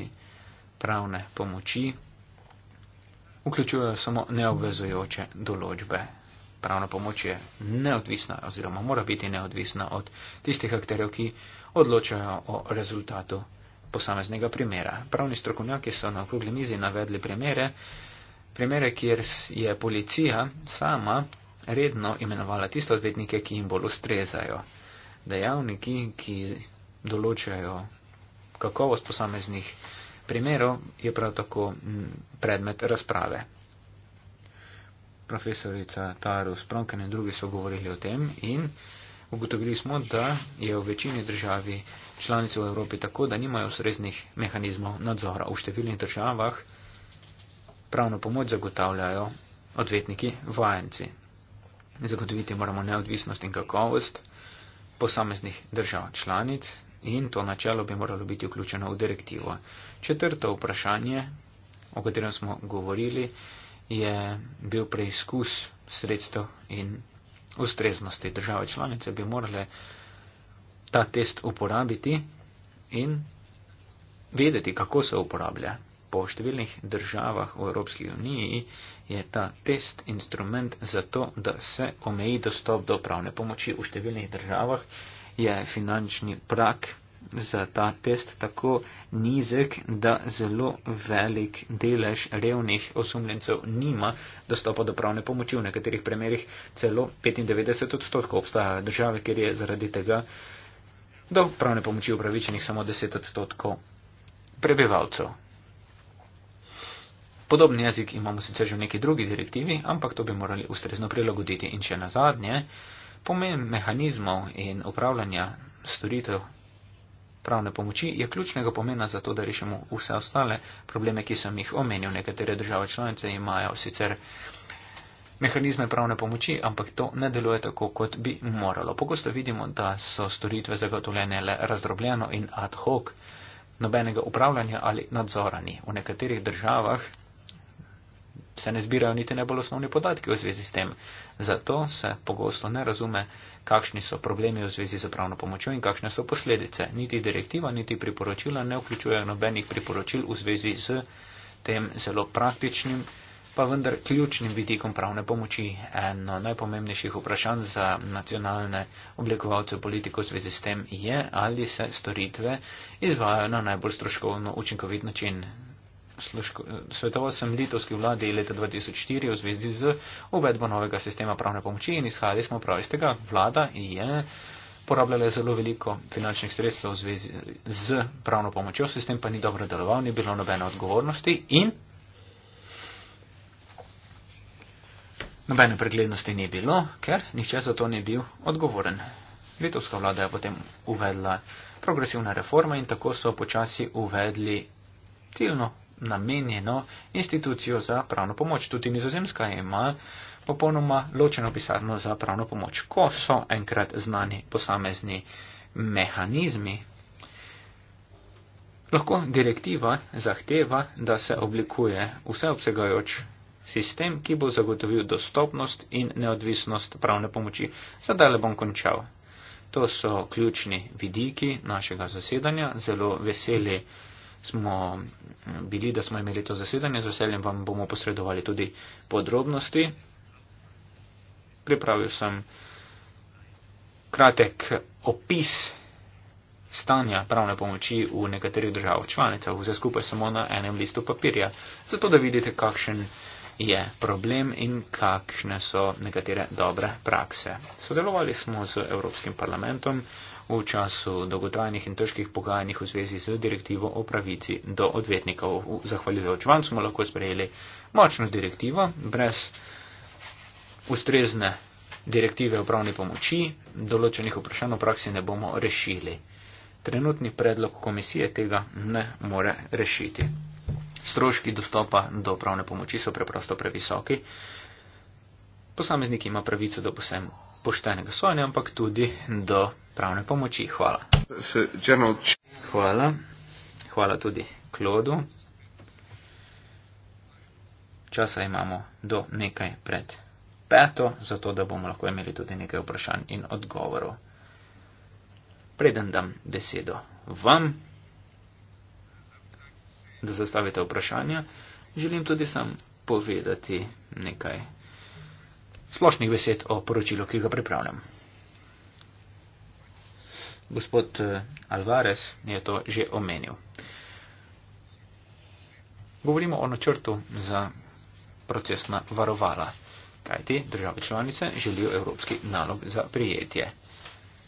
pravne pomoči vključujejo samo neobvezujoče določbe. Pravna pomoč je neodvisna oziroma mora biti neodvisna od tistih akterjev, ki odločajo o rezultatu posameznega primera. Pravni strokovnjaki so na okrogli mizi navedli primere, primere, kjer je policija sama redno imenovala tiste odvetnike, ki jim bolj ustrezajo. Dejavniki, ki določajo kakovost posameznih primerov, je prav tako predmet razprave. Profesorica Tarus Pronken in drugi so govorili o tem in ugotovili smo, da je v večini državi članic v Evropi tako, da nimajo ustreznih mehanizmov nadzora. V številnih državah pravno pomoč zagotavljajo odvetniki vajenci. Zagotoviti moramo neodvisnost in kakovost posameznih držav članic in to načelo bi moralo biti vključeno v direktivo. Četrto vprašanje, o katerem smo govorili, je bil preizkus sredstev in ustreznosti. Države članice bi morale ta test uporabiti in vedeti, kako se uporablja. Po številnih državah v Evropski uniji je ta test instrument za to, da se omeji dostop do pravne pomoči. V številnih državah je finančni prak za ta test tako nizek, da zelo velik delež revnih osumljencev nima dostopa do pravne pomoči. V nekaterih primerjih celo 95 odstotkov obstaja države, kjer je zaradi tega do pravne pomoči upravičenih samo 10 odstotkov prebivalcev. Podoben jezik imamo sicer že v neki drugi direktivi, ampak to bi morali ustrezno prilagoditi. In še na zadnje, pomen mehanizmov in upravljanja storitev pravne pomoči je ključnega pomena za to, da rešimo vse ostale probleme, ki sem jih omenil. Nekatere države članice imajo sicer mehanizme pravne pomoči, ampak to ne deluje tako, kot bi moralo. Pogosto vidimo, da so storitve zagotovljene le razdrobljeno in ad hoc, nobenega upravljanja ali nadzora ni. V nekaterih državah se ne zbirajo niti najbolj osnovni podatki v zvezi s tem. Zato se pogosto ne razume, kakšni so problemi v zvezi z pravno pomočjo in kakšne so posledice. Niti direktiva, niti priporočila ne vključujejo nobenih priporočil v zvezi z tem zelo praktičnim, pa vendar ključnim vidikom pravne pomoči. Eno najpomembnejših vprašanj za nacionalne oblikovalce politiko v zvezi s tem je, ali se storitve izvajo na najbolj stroškovno učinkovit način svetoval sem litovski vladi leta 2004 v zvezdi z uvedbo novega sistema pravne pomoči in izhajali smo prav iz tega. Vlada je porabljala zelo veliko finančnih sredstev v zvezi z pravno pomočjo, sistem pa ni dobro deloval, ni bilo nobene odgovornosti in nobene preglednosti ni bilo, ker nihče za to ni bil odgovoren. Litovska vlada je potem uvedla progresivne reforme in tako so počasi uvedli ciljno namenjeno institucijo za pravno pomoč. Tudi nizozemska ima popolnoma ločeno pisarno za pravno pomoč, ko so enkrat znani posamezni mehanizmi. Lahko direktiva zahteva, da se oblikuje vseobsegajoč sistem, ki bo zagotovil dostopnost in neodvisnost pravne pomoči. Zdaj le bom končal. To so ključni vidiki našega zasedanja. Zelo veseli smo mm, bili, da smo imeli to zasedanje. Z veseljem vam bomo posredovali tudi podrobnosti. Pripravil sem kratek opis stanja pravne pomoči v nekaterih državah članicah, vse skupaj samo na enem listu papirja, zato da vidite, kakšen je problem in kakšne so nekatere dobre prakse. Sodelovali smo z Evropskim parlamentom, v času dolgotrajnih in težkih pogajanjih v zvezi z direktivo o pravici do odvetnikov. Zahvaljujoč vam smo lahko sprejeli močno direktivo, brez ustrezne direktive o pravni pomoči, določenih vprašanj v praksi ne bomo rešili. Trenutni predlog komisije tega ne more rešiti. Stroški dostopa do pravne pomoči so preprosto previsoki. Posameznik ima pravico do posebnega poštenega sojenja, ampak tudi do pravne pomoči. Hvala. Hvala. Hvala tudi Klodu. Časa imamo do nekaj pred peto, zato da bomo lahko imeli tudi nekaj vprašanj in odgovorov. Preden dam besedo vam, da zastavite vprašanja, želim tudi sam povedati nekaj splošnih besed o poročilu, ki ga pripravljam. Gospod eh, Alvarez je to že omenil. Govorimo o načrtu za procesna varovala, kajti države članice želijo evropski nalog za prijetje.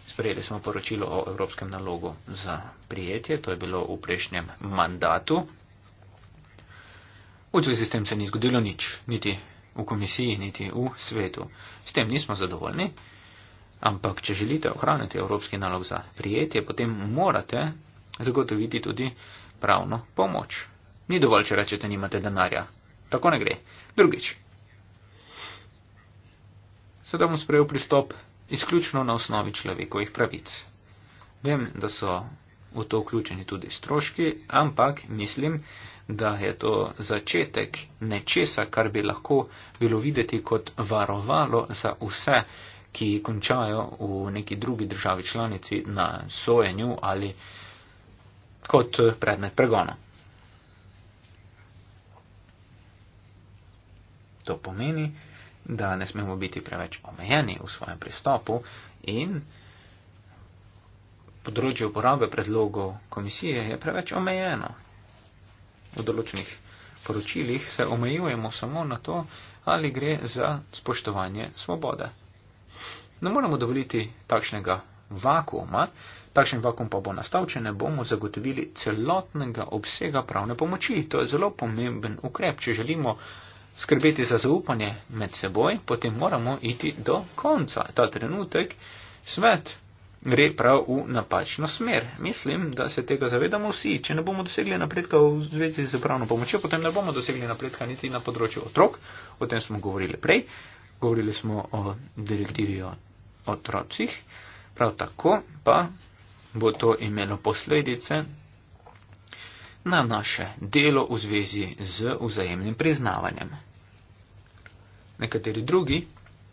Sprejeli smo poročilo o evropskem nalogu za prijetje, to je bilo v prejšnjem mandatu. V zvezi s tem se ni zgodilo nič, niti v komisiji niti v svetu. S tem nismo zadovoljni, ampak če želite ohraniti evropski nalog za prijetje, potem morate zagotoviti tudi pravno pomoč. Ni dovolj, če rečete, nimate denarja. Tako ne gre. Drugič. Sedaj bom sprejel pristop izključno na osnovi človekovih pravic. Vem, da so v to vključeni tudi stroški, ampak mislim, da je to začetek nečesa, kar bi lahko bilo videti kot varovalo za vse, ki končajo v neki drugi državi članici na sojenju ali kot predmet pregona. To pomeni, da ne smemo biti preveč omejeni v svojem pristopu in področje uporabe predlogov komisije je preveč omejeno v določenih poročilih, se omejujemo samo na to, ali gre za spoštovanje svobode. Ne moremo dovoliti takšnega vakuma, takšen vakum pa bo nastal, če ne bomo zagotovili celotnega obsega pravne pomoči. To je zelo pomemben ukrep. Če želimo skrbeti za zaupanje med seboj, potem moramo iti do konca. Ta trenutek svet gre prav v napačno smer. Mislim, da se tega zavedamo vsi. Če ne bomo dosegli napredka v zvezi z pravno pomočjo, potem ne bomo dosegli napredka niti na področju otrok. O tem smo govorili prej. Govorili smo o direktivi o otrocih. Prav tako pa bo to imelo posledice na naše delo v zvezi z vzajemnim priznavanjem. Nekateri drugi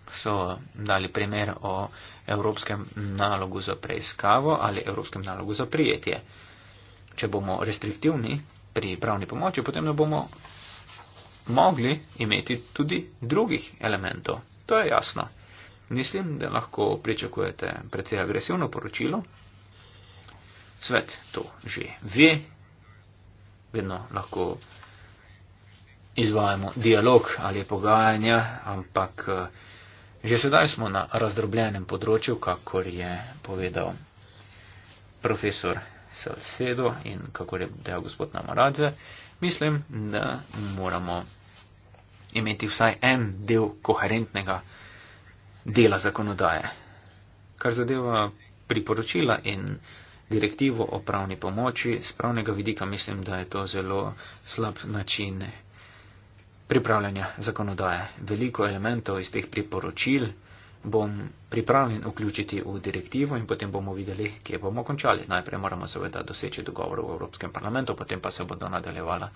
so dali primer o evropskem nalogu za preiskavo ali evropskem nalogu za prijetje. Če bomo restriktivni pri pravni pomoči, potem ne bomo mogli imeti tudi drugih elementov. To je jasno. Mislim, da lahko pričakujete precej agresivno poročilo. Svet to že ve. Vedno lahko izvajamo dialog ali pogajanja, ampak uh, Že sedaj smo na razdrobljenem področju, kakor je povedal profesor Salcedo in kakor je dejal gospod Namoradze. Mislim, da moramo imeti vsaj en del koherentnega dela zakonodaje. Kar zadeva priporočila in direktivo o pravni pomoči, z pravnega vidika mislim, da je to zelo slab način pripravljanja zakonodaje. Veliko elementov iz teh priporočil bom pripravljen vključiti v direktivo in potem bomo videli, kje bomo končali. Najprej moramo seveda doseči dogovor v Evropskem parlamentu, potem pa se bodo nadaljevala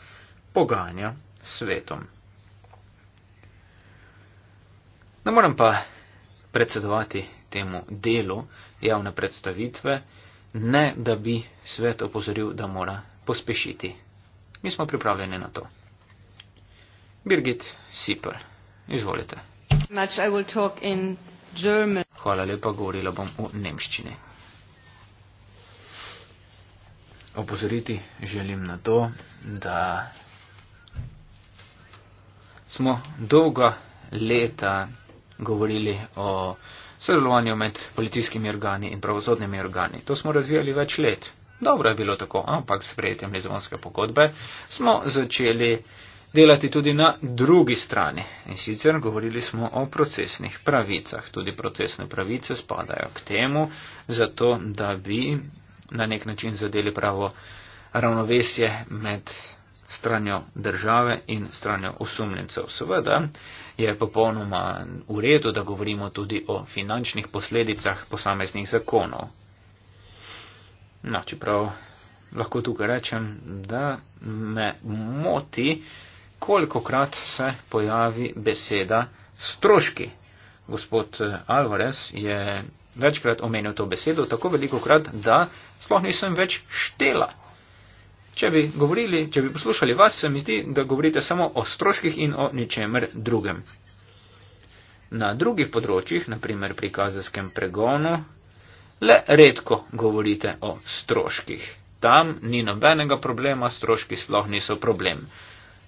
pogajanja s svetom. Ne moram pa predsedovati temu delu javne predstavitve, ne da bi svet opozoril, da mora pospešiti. Mi smo pripravljeni na to. Birgit Siper, izvolite. Hvala lepa, govorila bom v nemščini. Opozoriti želim na to, da smo dolga leta govorili o sodelovanju med policijskimi organi in pravosodnimi organi. To smo razvijali več let. Dobro je bilo tako, ampak s prijetjem Lizbonske pogodbe smo začeli delati tudi na drugi strani. In sicer govorili smo o procesnih pravicah. Tudi procesne pravice spadajo k temu, zato da bi na nek način zadeli pravo ravnovesje med stranjo države in stranjo osumljencev. Seveda je popolnoma v redu, da govorimo tudi o finančnih posledicah posameznih zakonov. No, čeprav lahko tukaj rečem, da me moti, kolikokrat se pojavi beseda stroški. Gospod eh, Alvarez je večkrat omenil to besedo, tako veliko krat, da sploh nisem več štela. Če bi govorili, če bi poslušali vas, se mi zdi, da govorite samo o stroških in o ničemer drugem. Na drugih področjih, naprimer pri kazenskem pregonu, le redko govorite o stroških. Tam ni nobenega problema, stroški sploh niso problem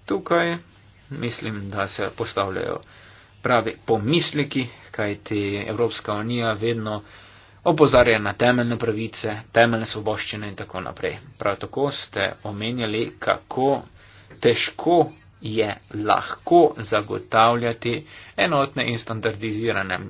tukaj mislim, da se postavljajo pravi pomisliki, kajti Evropska unija vedno opozarja na temeljne pravice, temeljne svoboščine in tako naprej. Prav tako ste omenjali, kako težko je lahko zagotavljati enotne in standardizirane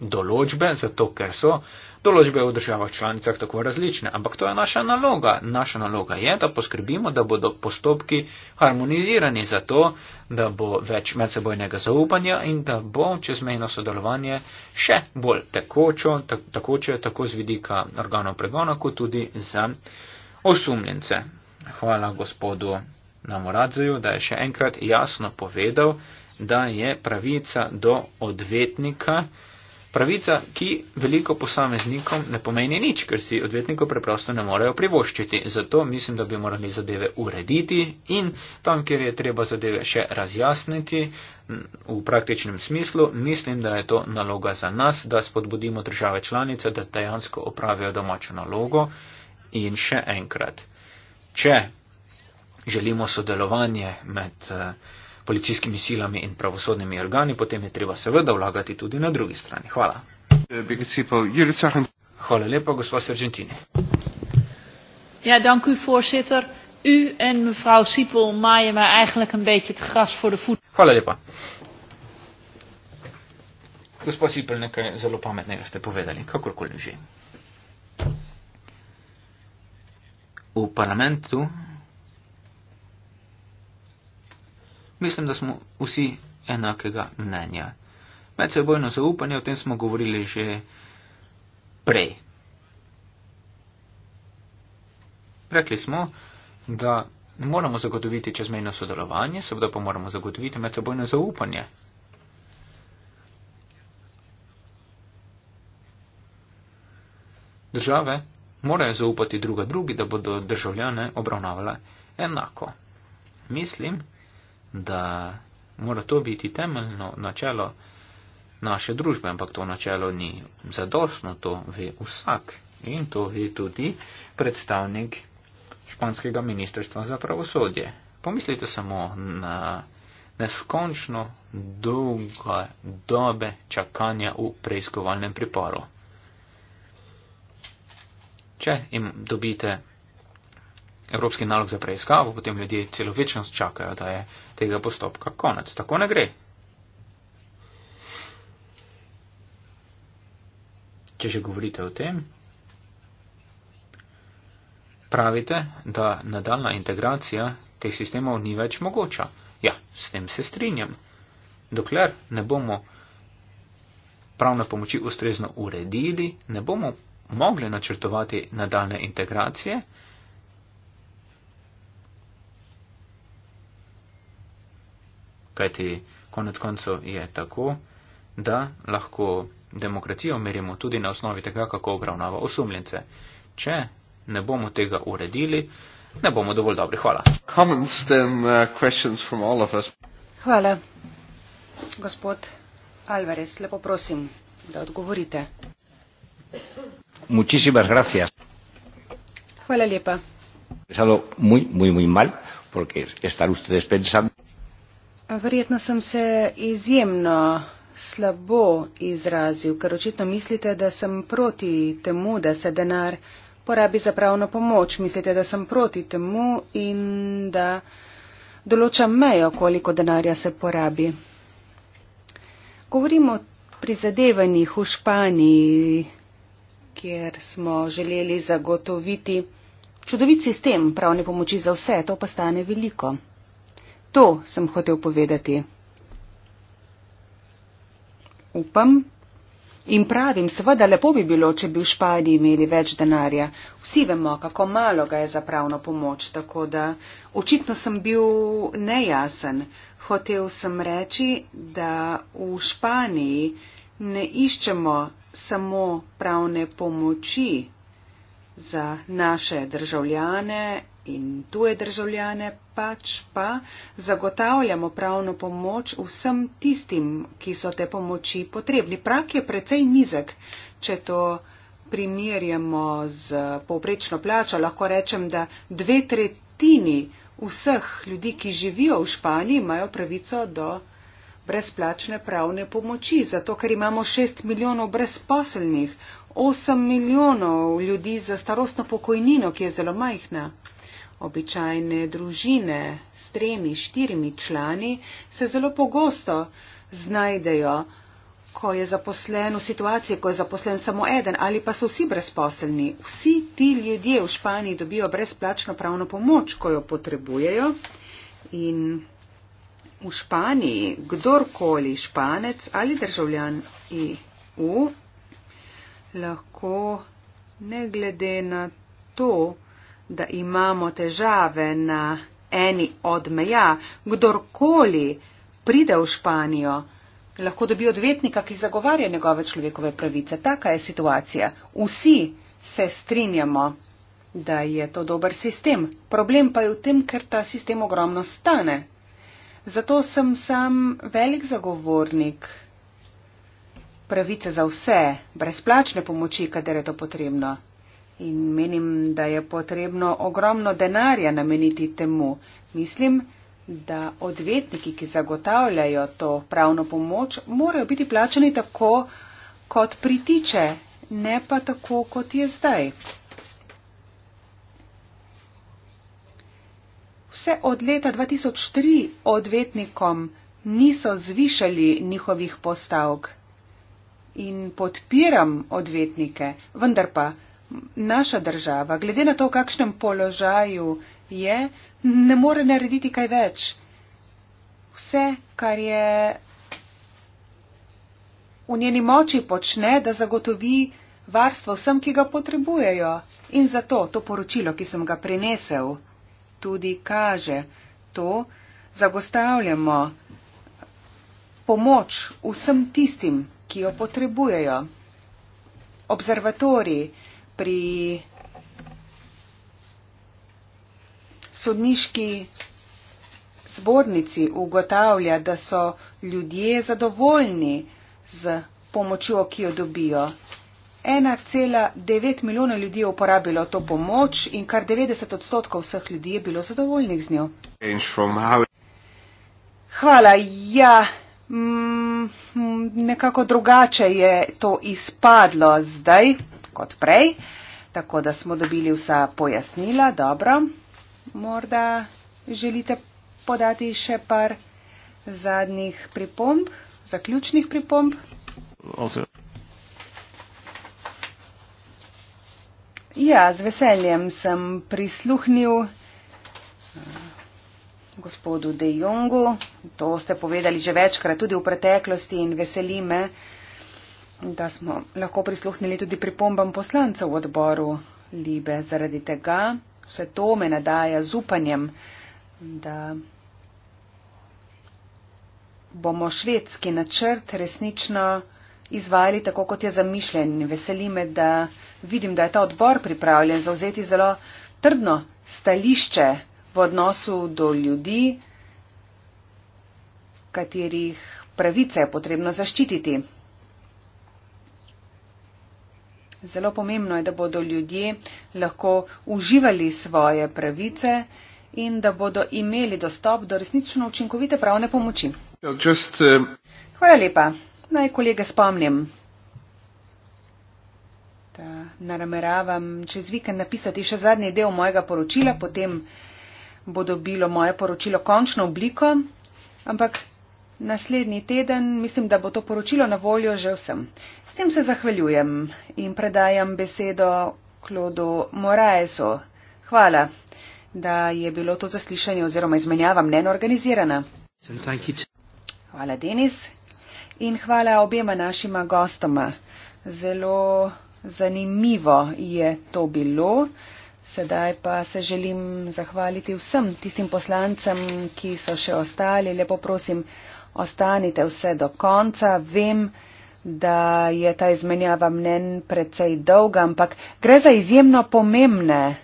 določbe, zato ker so Določbe v državah članicah tako različne, ampak to je naša naloga. Naša naloga je, da poskrbimo, da bodo postopki harmonizirani za to, da bo več medsebojnega zaupanja in da bo čezmejno sodelovanje še bolj tekočo, tekoče, tako z vidika organov pregona, kot tudi za osumljence. Hvala gospodu Namoradzeju, da je še enkrat jasno povedal, da je pravica do odvetnika. Pravica, ki veliko posameznikom ne pomeni nič, ker si odvetniku preprosto ne morejo privoščiti. Zato mislim, da bi morali zadeve urediti in tam, kjer je treba zadeve še razjasniti v praktičnem smislu, mislim, da je to naloga za nas, da spodbudimo države članice, da dejansko opravijo domačo nalogo. In še enkrat, če želimo sodelovanje med. Uh, policijskimi silami in pravosodnimi organi, potem je treba seveda vlagati tudi na drugi strani. Hvala. Hvala lepa, gospod Sergentini. Ja, dank u voorzitter. U en mevrouw Siepel maaien mij eigenlijk een beetje het gras voor de voet. Hvala lepa. Gospod Siepel, nekaj zelo pametnega ste povedali, kakorkoli že. V parlamentu Mislim, da smo vsi enakega mnenja. Medsebojno zaupanje, o tem smo govorili že prej. Rekli smo, da moramo zagotoviti čezmejno sodelovanje, seveda pa moramo zagotoviti medsebojno zaupanje. Države morajo zaupati druga drugi, da bodo državljane obravnavale enako. Mislim, da mora to biti temeljno načelo naše družbe, ampak to načelo ni zadostno, to ve vsak in to ve tudi predstavnik Španskega ministrstva za pravosodje. Pomislite samo na neskončno dolgo dobe čakanja v preiskovalnem priporu. Če jim dobite evropski nalog za preiskavo, potem ljudje celo večnost čakajo, da je tega postopka konec. Tako ne gre. Če že govorite o tem, pravite, da nadaljna integracija teh sistemov ni več mogoča. Ja, s tem se strinjam. Dokler ne bomo pravne pomoči ustrezno uredili, ne bomo mogli načrtovati nadaljne integracije, kajti konec koncev je tako, da lahko demokracijo merimo tudi na osnovi tega, kako obravnava osumljence. Če ne bomo tega uredili, ne bomo dovolj dobri. Hvala. Uh, Hvala. Gospod Alvarez, lepo prosim, da odgovorite. Hvala lepa. Pensado muy, muy, muy mal, porque están ustedes pensando. Verjetno sem se izjemno slabo izrazil, ker očitno mislite, da sem proti temu, da se denar porabi za pravno pomoč. Mislite, da sem proti temu in da določam mejo, koliko denarja se porabi. Govorimo o prizadevanjih v Španiji, kjer smo želeli zagotoviti čudovit sistem pravne pomoči za vse, to pa stane veliko. To sem hotel povedati. Upam in pravim, seveda lepo bi bilo, če bi v Španiji imeli več denarja. Vsi vemo, kako malo ga je za pravno pomoč, tako da očitno sem bil nejasen. Hotev sem reči, da v Španiji ne iščemo samo pravne pomoči za naše državljane in tuje državljane, pač pa zagotavljamo pravno pomoč vsem tistim, ki so te pomoči potrebni. Prak je precej nizek, če to primerjamo z povprečno plačo. Lahko rečem, da dve tretjini vseh ljudi, ki živijo v Španiji, imajo pravico do brezplačne pravne pomoči, zato ker imamo 6 milijonov brezposelnih, 8 milijonov ljudi za starostno pokojnino, ki je zelo majhna. Običajne družine s tremi, štirimi člani se zelo pogosto znajdejo, ko je zaposlen v situaciji, ko je zaposlen samo eden ali pa so vsi brezposelni. Vsi ti ljudje v Španiji dobijo brezplačno pravno pomoč, ko jo potrebujejo. In v Španiji kdorkoli španec ali državljan EU lahko ne glede na to, da imamo težave na eni od meja, kdorkoli pride v Španijo, lahko dobi odvetnika, ki zagovarja njegove človekove pravice. Taka je situacija. Vsi se strinjamo, da je to dober sistem. Problem pa je v tem, ker ta sistem ogromno stane. Zato sem sam velik zagovornik pravice za vse, brezplačne pomoči, kadar je to potrebno in menim, da je potrebno ogromno denarja nameniti temu. Mislim, da odvetniki, ki zagotavljajo to pravno pomoč, morajo biti plačani tako, kot pritiče, ne pa tako, kot je zdaj. Vse od leta 2003 odvetnikom niso zvišali njihovih postavk in podpiram odvetnike, vendar pa naša država, glede na to, v kakšnem položaju je, ne more narediti kaj več. Vse, kar je v njeni moči počne, da zagotovi varstvo vsem, ki ga potrebujejo. In zato to poročilo, ki sem ga prinesel, tudi kaže to, zagostavljamo pomoč vsem tistim, ki jo potrebujejo. Observatoriji, pri sodniški zbornici ugotavlja, da so ljudje zadovoljni z pomočjo, ki jo dobijo. 1,9 milijona ljudi je uporabilo to pomoč in kar 90 odstotkov vseh ljudi je bilo zadovoljnih z njo. Hvala, ja, mm, mm, nekako drugače je to izpadlo zdaj kot prej. Tako da smo dobili vsa pojasnila. Dobro, morda želite podati še par zadnjih pripomb, zaključnih pripomb. Also. Ja, z veseljem sem prisluhnil eh, gospodu De Jongu. To ste povedali že večkrat tudi v preteklosti in veseli me da smo lahko prisluhnili tudi pripombam poslancev v odboru Libe. Zaradi tega vse to me nadaja z upanjem, da bomo švedski načrt resnično izvajali tako, kot je zamišljen. Veseli me, da vidim, da je ta odbor pripravljen zauzeti zelo trdno stališče v odnosu do ljudi, katerih pravice je potrebno zaščititi. Zelo pomembno je, da bodo ljudje lahko uživali svoje pravice in da bodo imeli dostop do resnično učinkovite pravne pomoči. Just, uh... Hvala lepa. Naj kolege spomnim, da nameravam čez vikend napisati še zadnji del mojega poročila, potem bo dobilo moje poročilo končno obliko, ampak naslednji teden, mislim, da bo to poročilo na voljo že vsem. S tem se zahvaljujem in predajam besedo Klodu Moraesu. Hvala, da je bilo to zaslišanje oziroma izmenjava mnen organizirana. Hvala, Denis. In hvala obema našima gostoma. Zelo zanimivo je to bilo. Sedaj pa se želim zahvaliti vsem tistim poslancem, ki so še ostali. Lepo prosim, ostanite vse do konca. Vem, da je ta izmenjava mnen precej dolga, ampak gre za izjemno pomembne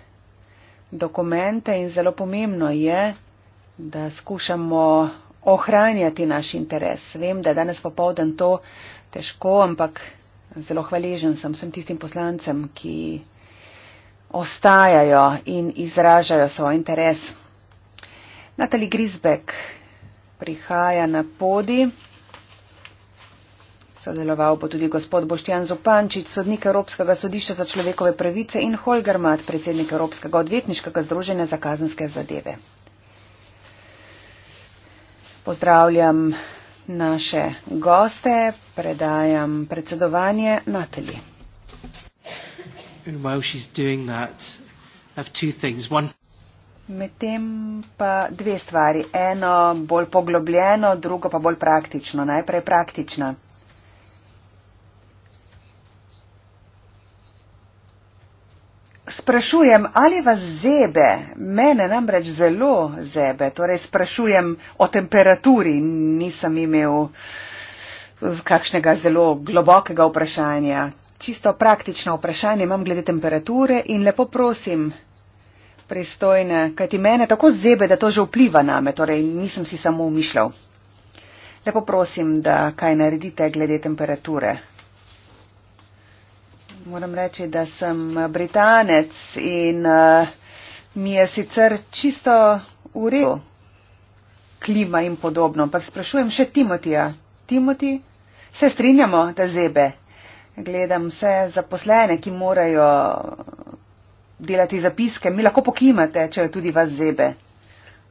dokumente in zelo pomembno je, da skušamo ohranjati naš interes. Vem, da je danes popovden to težko, ampak zelo hvaležen sem vsem tistim poslancem, ki ostajajo in izražajo svoj interes. Natali Grisbek, prihaja na podi. Sodeloval bo tudi gospod Boštjan Zupančič, sodnik Evropskega sodišča za človekove pravice in Holger Mat, predsednik Evropskega odvetniškega združenja za kazenske zadeve. Pozdravljam naše goste, predajam predsedovanje Nateli. In while she's doing that, I have two things. One, Medtem pa dve stvari. Eno bolj poglobljeno, drugo pa bolj praktično. Najprej praktična. Sprašujem, ali vas zebe, mene namreč zelo zebe, torej sprašujem o temperaturi, nisem imel kakšnega zelo globokega vprašanja. Čisto praktično vprašanje imam glede temperature in lepo prosim, pristojne, kajti mene tako zebe, da to že vpliva na me, torej nisem si samo umišljal. Lepo prosim, da kaj naredite glede temperature. Moram reči, da sem britanec in uh, mi je sicer čisto v redu klima in podobno, ampak sprašujem še Timotija. Timoti, se strinjamo, da zebe. Gledam vse zaposlene, ki morajo delati zapiske, mi lahko pokimate, če je tudi vas zebe.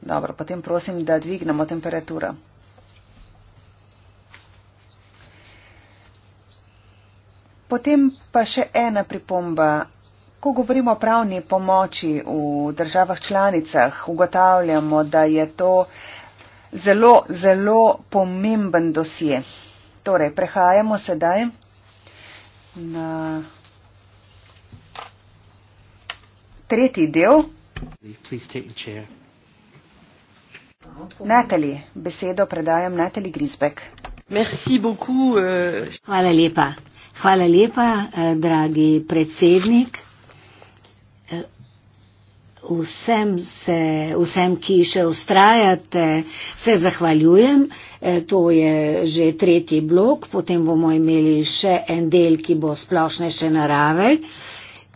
Dobro, potem prosim, da dvignemo temperaturo. Potem pa še ena pripomba. Ko govorimo o pravni pomoči v državah članicah, ugotavljamo, da je to zelo, zelo pomemben dosje. Torej, prehajamo sedaj na. tretji del. Natali, besedo predajam Natali Grisbek. Uh, Hvala lepa. Hvala lepa, uh, dragi predsednik. Uh, vsem, se, vsem, ki še ustrajate, se zahvaljujem. To je že tretji blok, potem bomo imeli še en del, ki bo splošne še narave.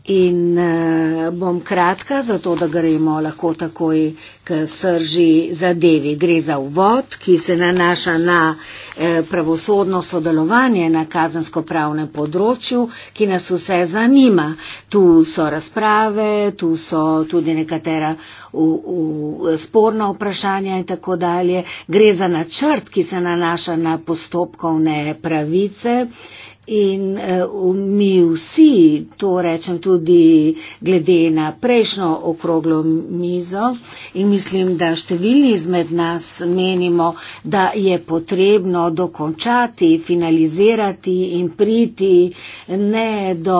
In uh, bom kratka, zato da gremo lahko takoj k srži zadevi. Gre za uvod, ki se nanaša na eh, pravosodno sodelovanje na kazensko-pravnem področju, ki nas vse zanima. Tu so razprave, tu so tudi nekatera v, v, sporna vprašanja in tako dalje. Gre za načrt, ki se nanaša na postopkovne pravice. In eh, mi vsi, to rečem tudi glede na prejšnjo okroglo mizo in mislim, da številni izmed nas menimo, da je potrebno dokončati, finalizirati in priti ne do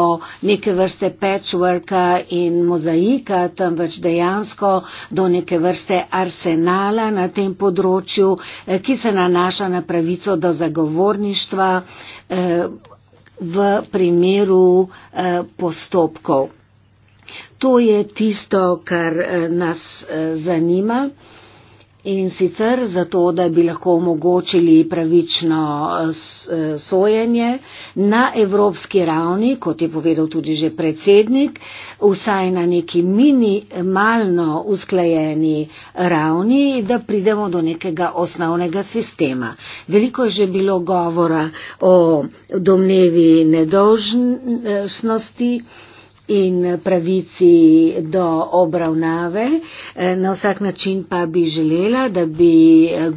neke vrste patchworka in mozaika, temveč dejansko do neke vrste arsenala na tem področju, eh, ki se nanaša na pravico do zagovorništva. Eh, v primeru eh, postopkov. To je tisto, kar eh, nas eh, zanima. In sicer zato, da bi lahko omogočili pravično eh, eh, sojenje na evropski ravni, kot je povedal tudi že predsednik, vsaj na neki minimalno usklajeni ravni, da pridemo do nekega osnovnega sistema. Veliko je že bilo govora o domnevi nedolžnosti in pravici do obravnave. E, na vsak način pa bi želela, da bi, e,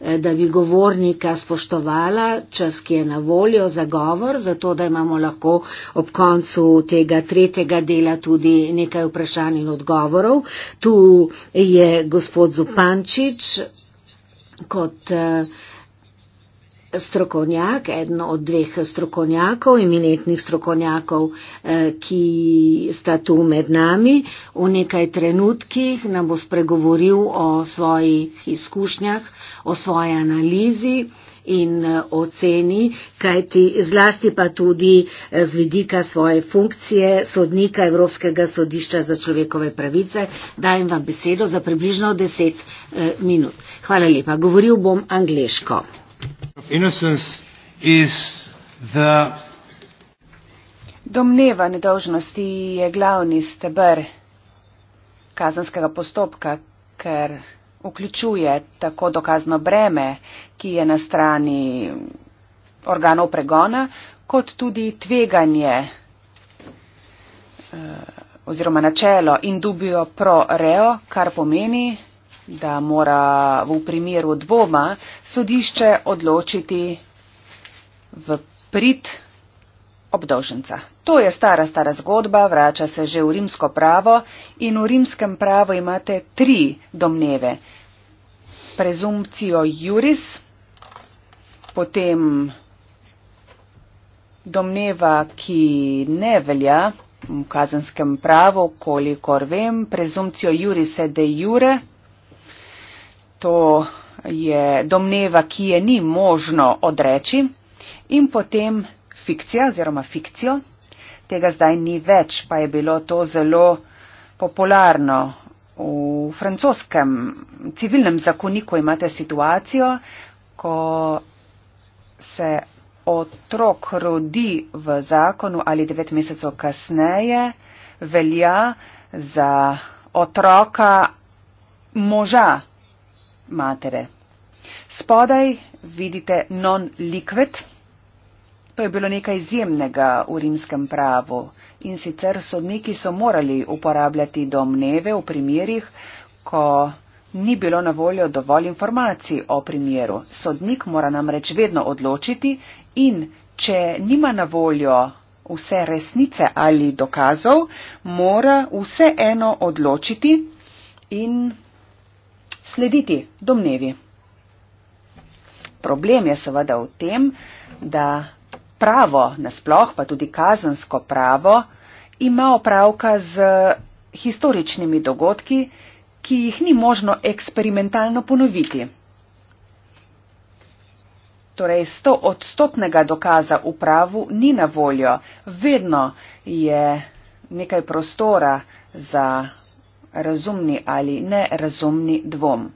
e, da bi govornika spoštovala čas, ki je na voljo za govor, zato da imamo lahko ob koncu tega tretjega dela tudi nekaj vprašanj in odgovorov. Tu je gospod Zupančič kot strokovnjak, eden od dveh strokovnjakov, eminentnih strokovnjakov, eh, ki sta tu med nami. V nekaj trenutkih nam bo spregovoril o svojih izkušnjah, o svoji analizi in eh, oceni, kajti zlasti pa tudi eh, z vidika svoje funkcije sodnika Evropskega sodišča za človekove pravice, dajem vam besedo za približno deset minut. Hvala lepa, govoril bom angliško. Domneva nedolžnosti je glavni stebr kazanskega postopka, ker vključuje tako dokazno breme, ki je na strani organov pregona, kot tudi tveganje eh, oziroma načelo in dubijo pro reo, kar pomeni, da mora v primeru dvoma sodišče odločiti v prid obdolženca. To je stara, stara zgodba, vrača se že v rimsko pravo in v rimskem pravu imate tri domneve. Prezumcijo juris, potem domneva, ki ne velja v kazenskem pravu, kolikor vem, prezumcijo juris e de jure to je domneva, ki je ni možno odreči, in potem fikcija oziroma fikcijo, tega zdaj ni več, pa je bilo to zelo popularno. V francoskem civilnem zakoniku imate situacijo, ko se otrok rodi v zakonu ali devet mesecev kasneje, velja za otroka moža matere. Spodaj vidite non liquid. To je bilo nekaj izjemnega v rimskem pravu in sicer sodniki so morali uporabljati domneve v primerjih, ko ni bilo na voljo dovolj informacij o primeru. Sodnik mora namreč vedno odločiti in če nima na voljo vse resnice ali dokazov, mora vseeno odločiti in slediti domnevi. Problem je seveda v tem, da pravo nasploh, pa tudi kazansko pravo, ima opravka z historičnimi dogodki, ki jih ni možno eksperimentalno ponoviti. Torej, sto odstotnega dokaza v pravu ni na voljo. Vedno je nekaj prostora za razumni ali nerazumni dvom.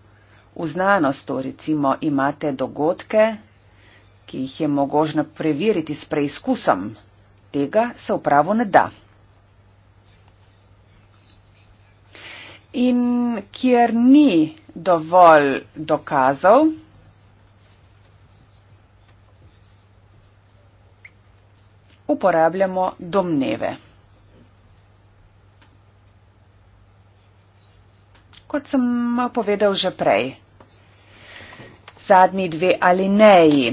V znanosti recimo imate dogodke, ki jih je mogožno preveriti s preizkusom. Tega se upravo ne da. In kjer ni dovolj dokazov, uporabljamo domneve. kot sem povedal že prej. Zadnji dve alineji.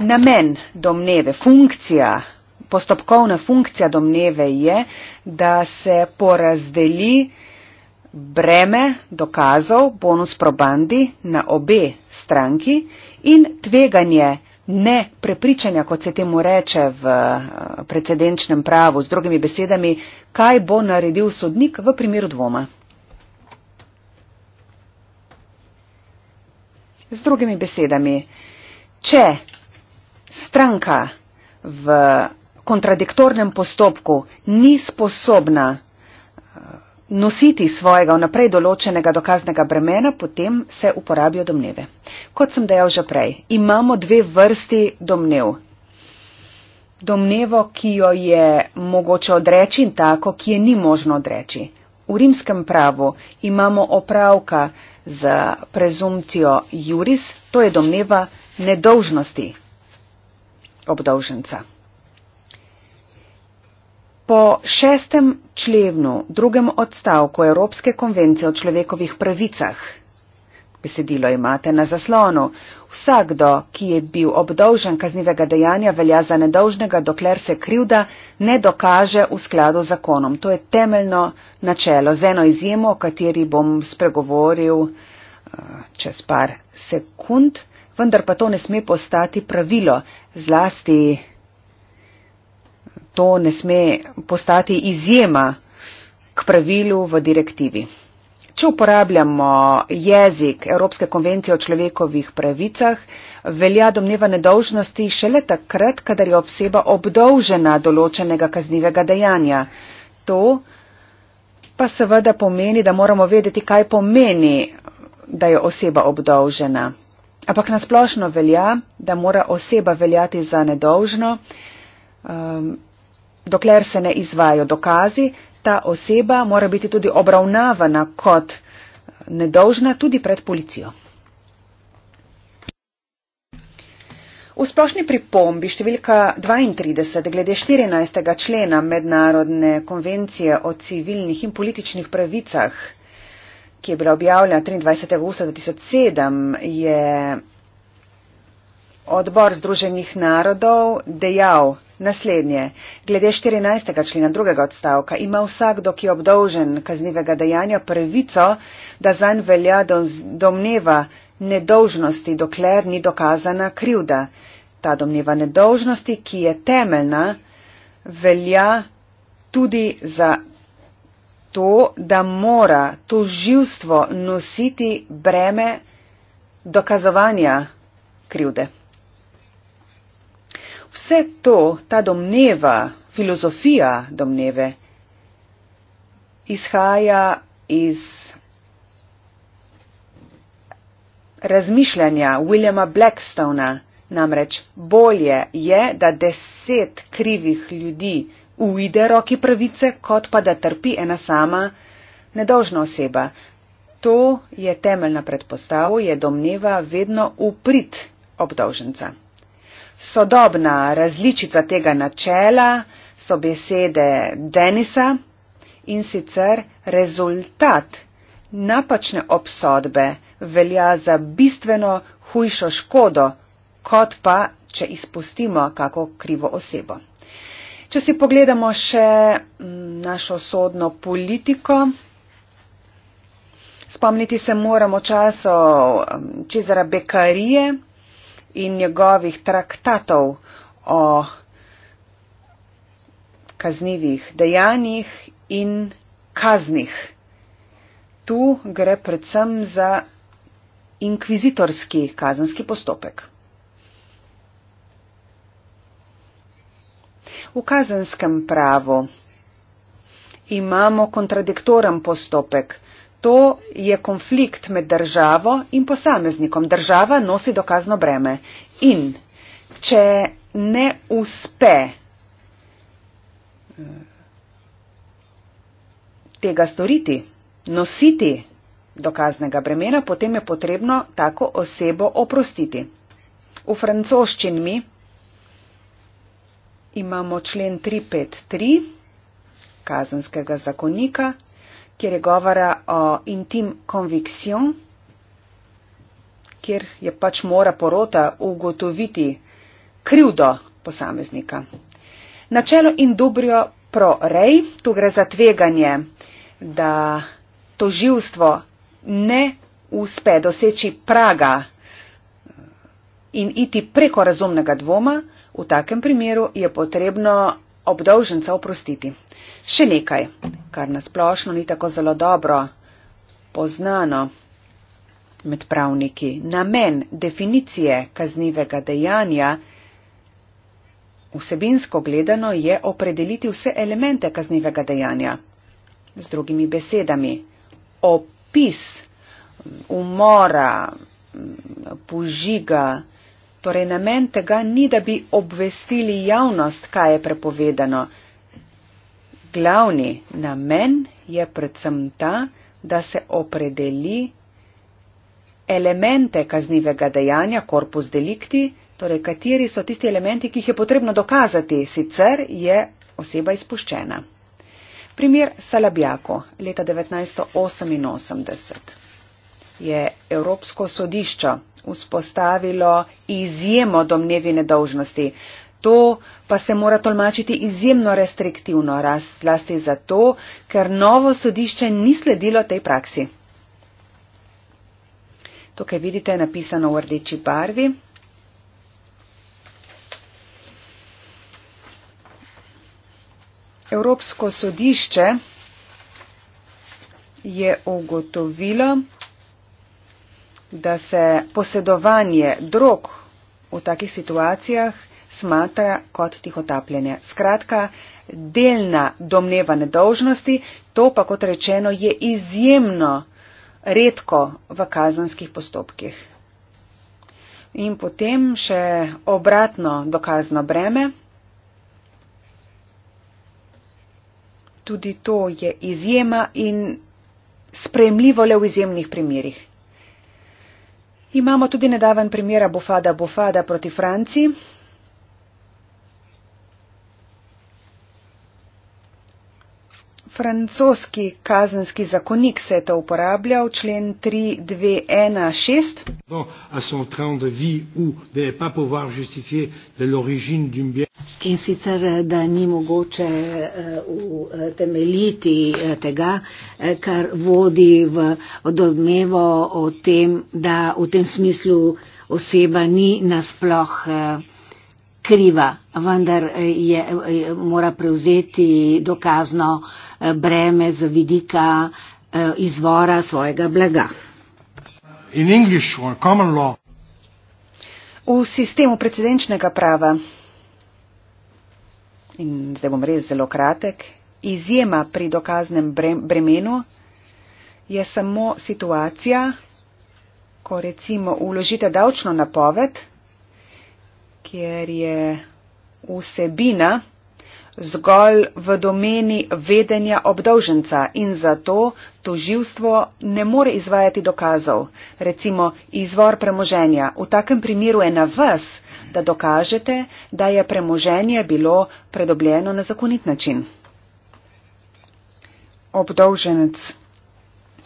Namen domneve, funkcija, postopkovna funkcija domneve je, da se porazdeli breme dokazov, bonus probandi na obe stranki in tveganje ne prepričanja, kot se temu reče v eh, precedenčnem pravu, z drugimi besedami, kaj bo naredil sodnik v primeru dvoma. Z drugimi besedami, če stranka v kontradiktornem postopku ni sposobna eh, nositi svojega vnaprej določenega dokaznega bremena, potem se uporabijo domneve. Kot sem dejal že prej, imamo dve vrsti domnev. Domnevo, ki jo je mogoče odreči in tako, ki je ni možno odreči. V rimskem pravu imamo opravka z prezumcijo juris, to je domneva nedolžnosti obdolženca. Po šestem člevnu, drugem odstavku Evropske konvencije o človekovih pravicah Besedilo imate na zaslonu. Vsakdo, ki je bil obdolžen kaznivega dejanja, velja za nedolžnega, dokler se krivda ne dokaže v skladu z zakonom. To je temeljno načelo, z eno izjemo, o kateri bom spregovoril eh, čez par sekund, vendar pa to ne sme postati pravilo, zlasti to ne sme postati izjema k pravilu v direktivi. Če uporabljamo jezik Evropske konvencije o človekovih pravicah, velja domneva nedolžnosti šele takrat, kadar je oseba obdolžena določenega kaznivega dejanja. To pa seveda pomeni, da moramo vedeti, kaj pomeni, da je oseba obdolžena. Ampak nasplošno velja, da mora oseba veljati za nedolžno, um, dokler se ne izvajo dokazi, ta oseba mora biti tudi obravnavana kot nedolžna tudi pred policijo. V splošni pripombi številka 32 glede 14. člena Mednarodne konvencije o civilnih in političnih pravicah, ki je bila objavljena 23. augusta 2007, je odbor Združenih narodov dejal naslednje. Glede 14. člena drugega odstavka ima vsak, dok je obdolžen kaznivega dejanja, prvico, da zanj velja domneva nedolžnosti, dokler ni dokazana krivda. Ta domneva nedolžnosti, ki je temeljna, velja tudi za to, da mora to živstvo nositi breme dokazovanja krivde vse to, ta domneva, filozofija domneve, izhaja iz razmišljanja Williama Blackstona, namreč bolje je, da deset krivih ljudi uide roki pravice, kot pa da trpi ena sama nedolžna oseba. To je temeljna predpostavka, je domneva vedno uprit obdolženca. Sodobna različica tega načela so besede Denisa in sicer rezultat napačne obsodbe velja za bistveno hujšo škodo, kot pa, če izpustimo kako krivo osebo. Če si pogledamo še našo sodno politiko, spomniti se moramo časov Čezara Bekarije, in njegovih traktatov o kaznivih dejanjih in kaznih. Tu gre predvsem za inkvizitorski kazanski postopek. V kazenskem pravu imamo kontradiktoren postopek, to je konflikt med državo in posameznikom. Država nosi dokazno breme. In če ne uspe eh, tega storiti, nositi dokaznega bremena, potem je potrebno tako osebo oprostiti. V francoščini mi imamo člen 353 kazenskega zakonika, kjer je govora o intim conviction, kjer je pač mora porota ugotoviti krivdo posameznika. Načelo in dobrijo pro rej, tu gre za tveganje, da toživstvo ne uspe doseči praga eh, in iti preko razumnega dvoma, v takem primeru je potrebno obdolženca oprostiti. Še nekaj, kar nasplošno ni tako zelo dobro poznano med pravniki. Namen definicije kaznivega dejanja vsebinsko gledano je opredeliti vse elemente kaznivega dejanja. Z drugimi besedami, opis umora, požiga, torej namen tega ni, da bi obvestili javnost, kaj je prepovedano glavni namen je predvsem ta, da se opredeli elemente kaznivega dejanja, korpus delikti, torej kateri so tisti elementi, ki jih je potrebno dokazati, sicer je oseba izpuščena. Primer Salabjako leta 1988 je Evropsko sodišče vzpostavilo izjemo domnevi nedolžnosti, to pa se mora tolmačiti izjemno restriktivno, razlasti zato, ker novo sodišče ni sledilo tej praksi. Tukaj vidite napisano v rdeči barvi. Evropsko sodišče je ugotovilo, da se posedovanje drog v takih situacijah smatra kot tihotapljenje. Skratka, delna domneva nedolžnosti, to pa kot rečeno je izjemno redko v kazanskih postopkih. In potem še obratno dokazno breme. Tudi to je izjema in sprejemljivo le v izjemnih primerjih. Imamo tudi nedaven primer Bufada Bufada proti Franciji. francoski kazenski zakonik se je to uporabljal, člen 3216. No, In sicer, eh, da ni mogoče eh, utemeljiti eh, tega, kar vodi v odmevo o tem, da v tem smislu oseba ni nasploh kriva, vendar eh, je, eh, mora prevzeti dokazno eh, breme za vidika izvora svojega blaga. V sistemu precedenčnega prava, in zdaj bom res zelo kratek, izjema pri dokaznem bremenu je samo situacija, ko recimo uložite davčno napoved ker je vsebina zgolj v domeni vedenja obdolženca in zato toživstvo ne more izvajati dokazov, recimo izvor premoženja. V takem primeru je na vas, da dokažete, da je premoženje bilo predobljeno na zakonit način. Obdolženec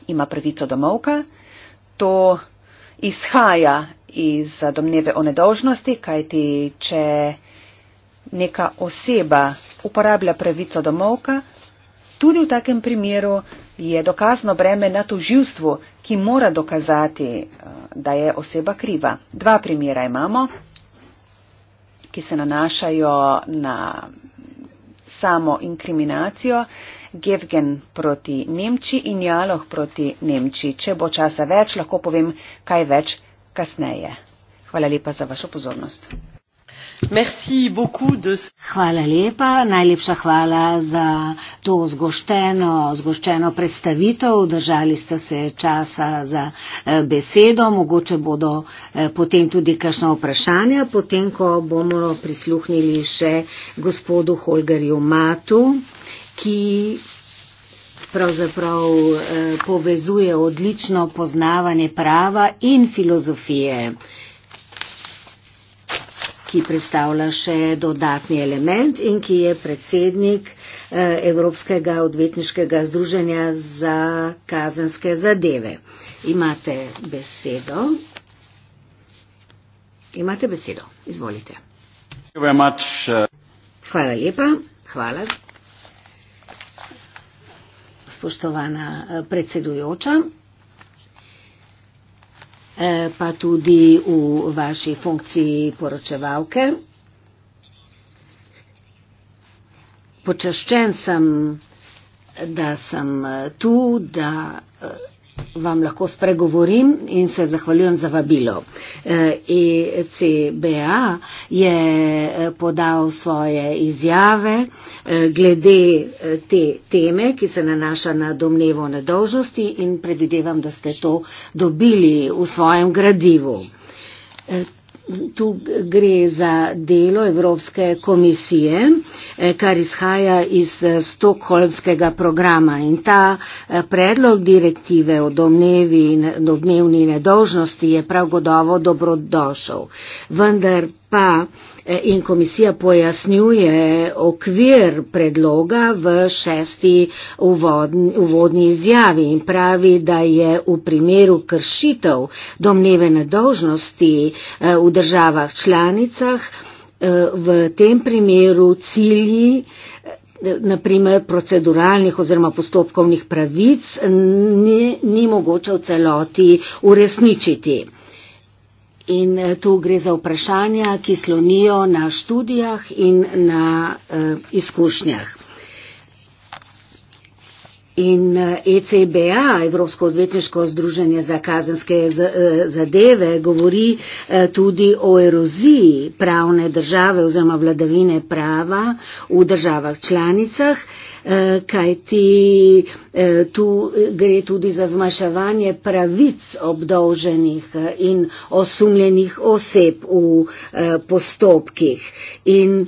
ima pravico domovka, to izhaja iz domneve o nedožnosti, kajti če neka oseba uporablja pravico domovka, tudi v takem primeru je dokazno breme na toživstvu, ki mora dokazati, eh, da je oseba kriva. Dva primera imamo, ki se nanašajo na samo inkriminacijo. Gevgen proti Nemčiji in Jaloh proti Nemčiji. Če bo časa več, lahko povem, kaj več kasneje. Hvala lepa za vašo pozornost. De... Hvala lepa, najlepša hvala za to zgošteno, zgoščeno predstavitev. Držali ste se časa za eh, besedo, mogoče bodo eh, potem tudi kakšna vprašanja, potem ko bomo prisluhnili še gospodu Holgerju Matu, ki pravzaprav eh, povezuje odlično poznavanje prava in filozofije, ki predstavlja še dodatni element in ki je predsednik eh, Evropskega odvetniškega združenja za kazenske zadeve. Imate besedo. Imate besedo. Izvolite. Eh. Hvala lepa. Hvala spoštovana eh, predsedujoča, eh, pa tudi v vaši funkciji poročevalke. Počaščen sem, da sem eh, tu, da vam lahko spregovorim in se zahvaljujem za vabilo. ECBA e je e, podal svoje izjave e, glede te teme, ki se nanaša na domnevo nedolžnosti in predvidevam, da ste to dobili v svojem gradivu tu gre za delo Evropske komisije, eh, kar izhaja iz eh, stokholmskega programa. In ta eh, predlog direktive o domnevi in domnevni nedolžnosti je prav gotovo dobrodošel. Vendar pa in komisija pojasnjuje okvir predloga v šesti uvodni, uvodni izjavi in pravi, da je v primeru kršitev domneve nedolžnosti eh, v državah članicah eh, v tem primeru cilji eh, naprimer proceduralnih oziroma postopkovnih pravic ni, ni mogoče v celoti uresničiti in eh, tu gre za vprašanja, ki slonijo na študijah in na uh, izkušnjah. In ECBA, eh, e Evropsko odvetniško združenje za kazenske zadeve, govori tudi o eroziji pravne države oziroma vladavine prava v državah članicah. Uh, Eh, kaj ti eh, tu eh, gre tudi za zmaševanje pravic obdolženih in osumljenih oseb v postopkih. In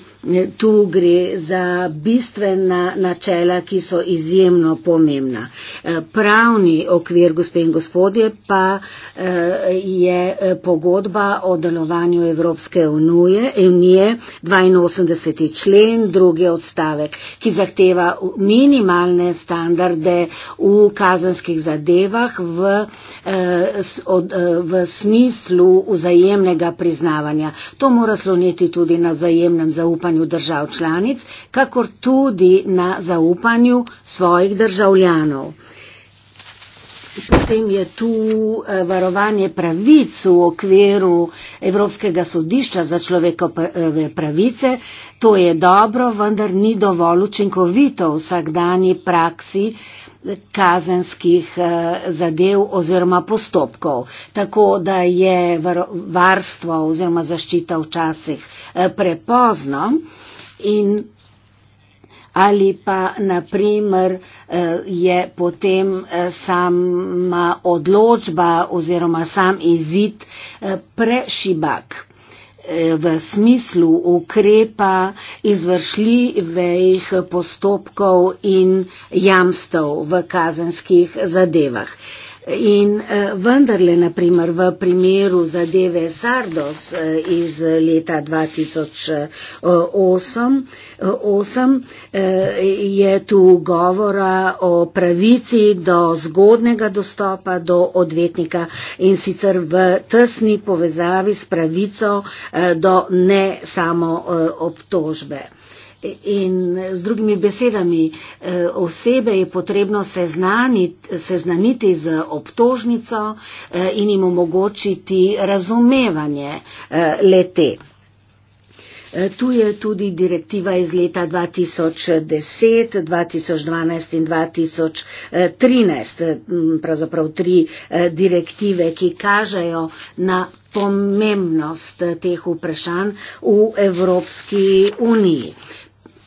tu gre za bistvena načela, ki so izjemno pomembna. Pravni okvir, gospe in gospodje, pa je pogodba o delovanju Evropske unije, unije 82. člen, drugi odstavek, ki zahteva v minimalne standarde v kazenskih zadevah v, eh, od, eh, v smislu vzajemnega priznavanja. To mora sloniti tudi na vzajemnem zaupanju držav članic, kakor tudi na zaupanju svojih državljanov. Potem je tu eh, varovanje pravic v okviru Evropskega sodišča za človekove eh, pravice. To je dobro, vendar ni dovolj učinkovito v vsakdanji praksi eh, kazenskih zadev oziroma postopkov. Tako da je varstvo oziroma zaščita včasih prepozno. In ali pa naprimer eh, je potem eh, sama odločba oziroma sam izid eh, prešibak v smislu ukrepa izvršljivih postopkov in jamstev v kazenskih zadevah. In eh, vendarle, naprimer, v primeru zadeve Sardos eh, iz leta 2008 eh, je tu govora o pravici do zgodnega dostopa do odvetnika in sicer v tesni povezavi s pravico do ne samo obtožbe. In z drugimi besedami, eh, osebe je potrebno seznaniti, seznaniti z obtožnico eh, in jim omogočiti razumevanje eh, lete. Tu je tudi direktiva iz leta 2010, 2012 in 2013, mm, pravzaprav tri direktive, ki kažejo na pomembnost teh vprašanj v Evropski uniji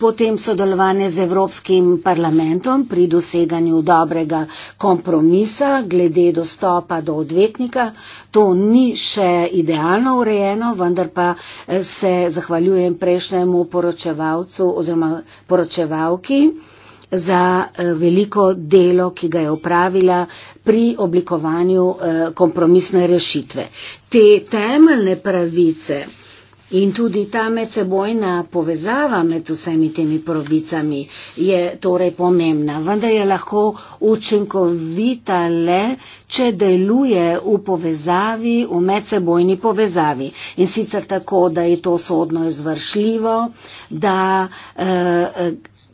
potem sodelovanje z Evropskim parlamentom pri doseganju dobrega kompromisa glede dostopa do odvetnika. To ni še idealno urejeno, vendar pa eh, se zahvaljujem prejšnjemu poročevalcu oziroma poročevalki za eh, veliko delo, ki ga je upravila pri oblikovanju eh, kompromisne rešitve. Te temeljne pravice In tudi ta medsebojna povezava med vsemi temi provicami je torej pomembna, vendar je lahko učinkovita le, če deluje v povezavi, v medsebojni povezavi. In sicer tako, da je to sodno izvršljivo, da eh, eh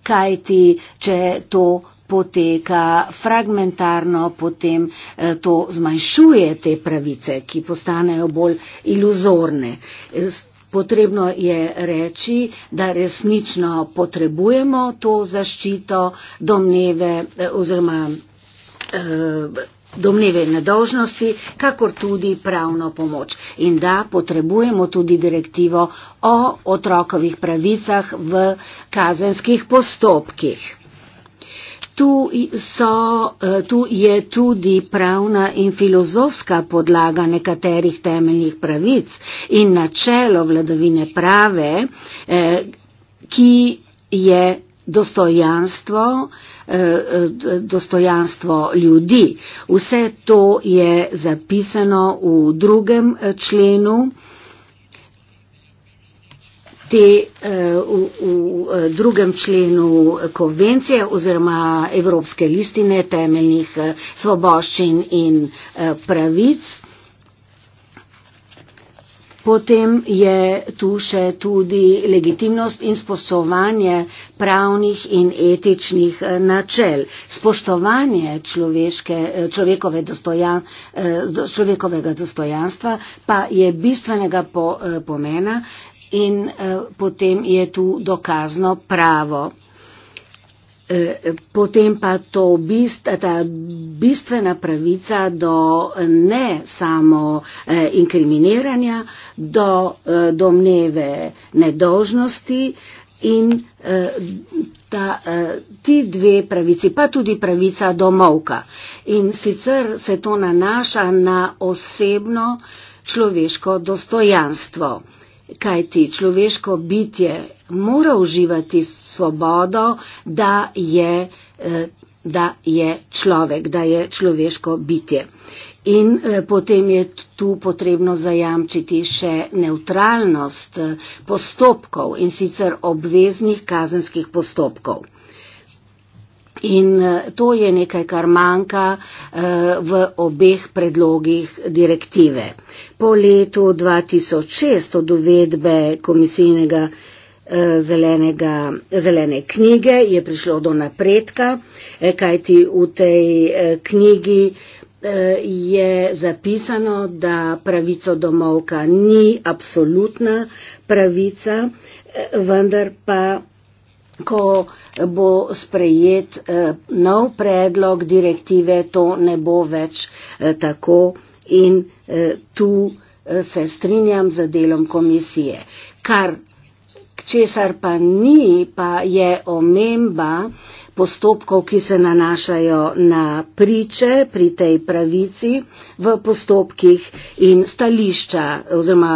kaj ti, če to poteka fragmentarno, potem eh, to zmanjšuje te pravice, ki postanejo bolj iluzorne. Potrebno je reči, da resnično potrebujemo to zaščito domneve eh, oziroma eh, domneve nedožnosti, kakor tudi pravno pomoč. In da potrebujemo tudi direktivo o otrokovih pravicah v kazenskih postopkih. Tu, so, eh, tu je tudi pravna in filozofska podlaga nekaterih temeljnih pravic in načelo vladavine prave, eh, ki je dostojanstvo, eh, dostojanstvo ljudi. Vse to je zapisano v drugem členu te eh, v, v eh, drugem členu konvencije oziroma Evropske listine temeljnih eh, svoboščin in pravic. Potem je tu še tudi legitimnost in sposovanje pravnih in etičnih načel. Spoštovanje človekove dostojan, človekovega dostojanstva pa je bistvenega po, pomena in eh, potem je tu dokazno pravo. Eh, potem pa to bist, ta bistvena pravica do eh, ne samo inkriminiranja, do domneve nedožnosti in ta, ti dve pravici, pa tudi pravica do molka. In sicer se to nanaša na osebno človeško dostojanstvo kaj ti človeško bitje mora uživati svobodo, da je, eh, da je človek, da je človeško bitje. In eh, potem je tu potrebno zajamčiti še neutralnost eh, postopkov in sicer obveznih kazenskih postopkov. In eh, to je nekaj, kar manjka eh, v obeh predlogih direktive. Po letu 2006 od uvedbe komisijnega eh, Zelenega, zelene knjige je prišlo do napredka, kajti v tej knjigi je zapisano, da pravico domovka ni absolutna pravica, vendar pa ko eh, bo sprejet eh, nov predlog direktive, to ne bo več eh, tako in tu se strinjam z delom komisije. Kar Česar pa ni, pa je omemba postopkov, ki se nanašajo na priče pri tej pravici v postopkih in stališča oziroma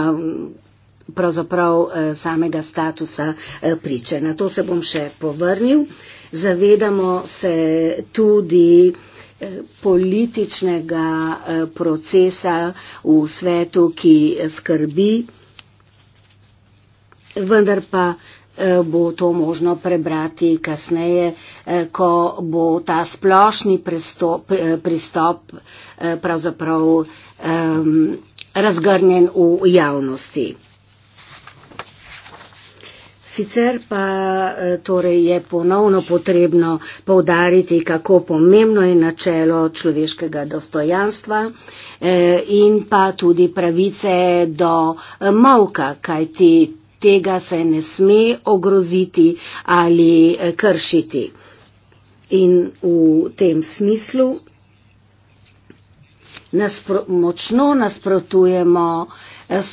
pravzaprav eh, samega statusa eh, priče. Na to se bom še povrnil. Zavedamo se tudi eh, političnega procesa v svetu, ki skrbi, vendar pa bo to možno prebrati kasneje, ko bo ta splošni prestop, pristop pravzaprav um, razgrnjen v javnosti. Sicer pa eh, torej je ponovno potrebno povdariti, kako pomembno je načelo človeškega dostojanstva eh, in pa tudi pravice do eh, mavka, kajti tega se ne sme ogroziti ali kršiti. In v tem smislu nas pro, močno nasprotujemo eh, Eh,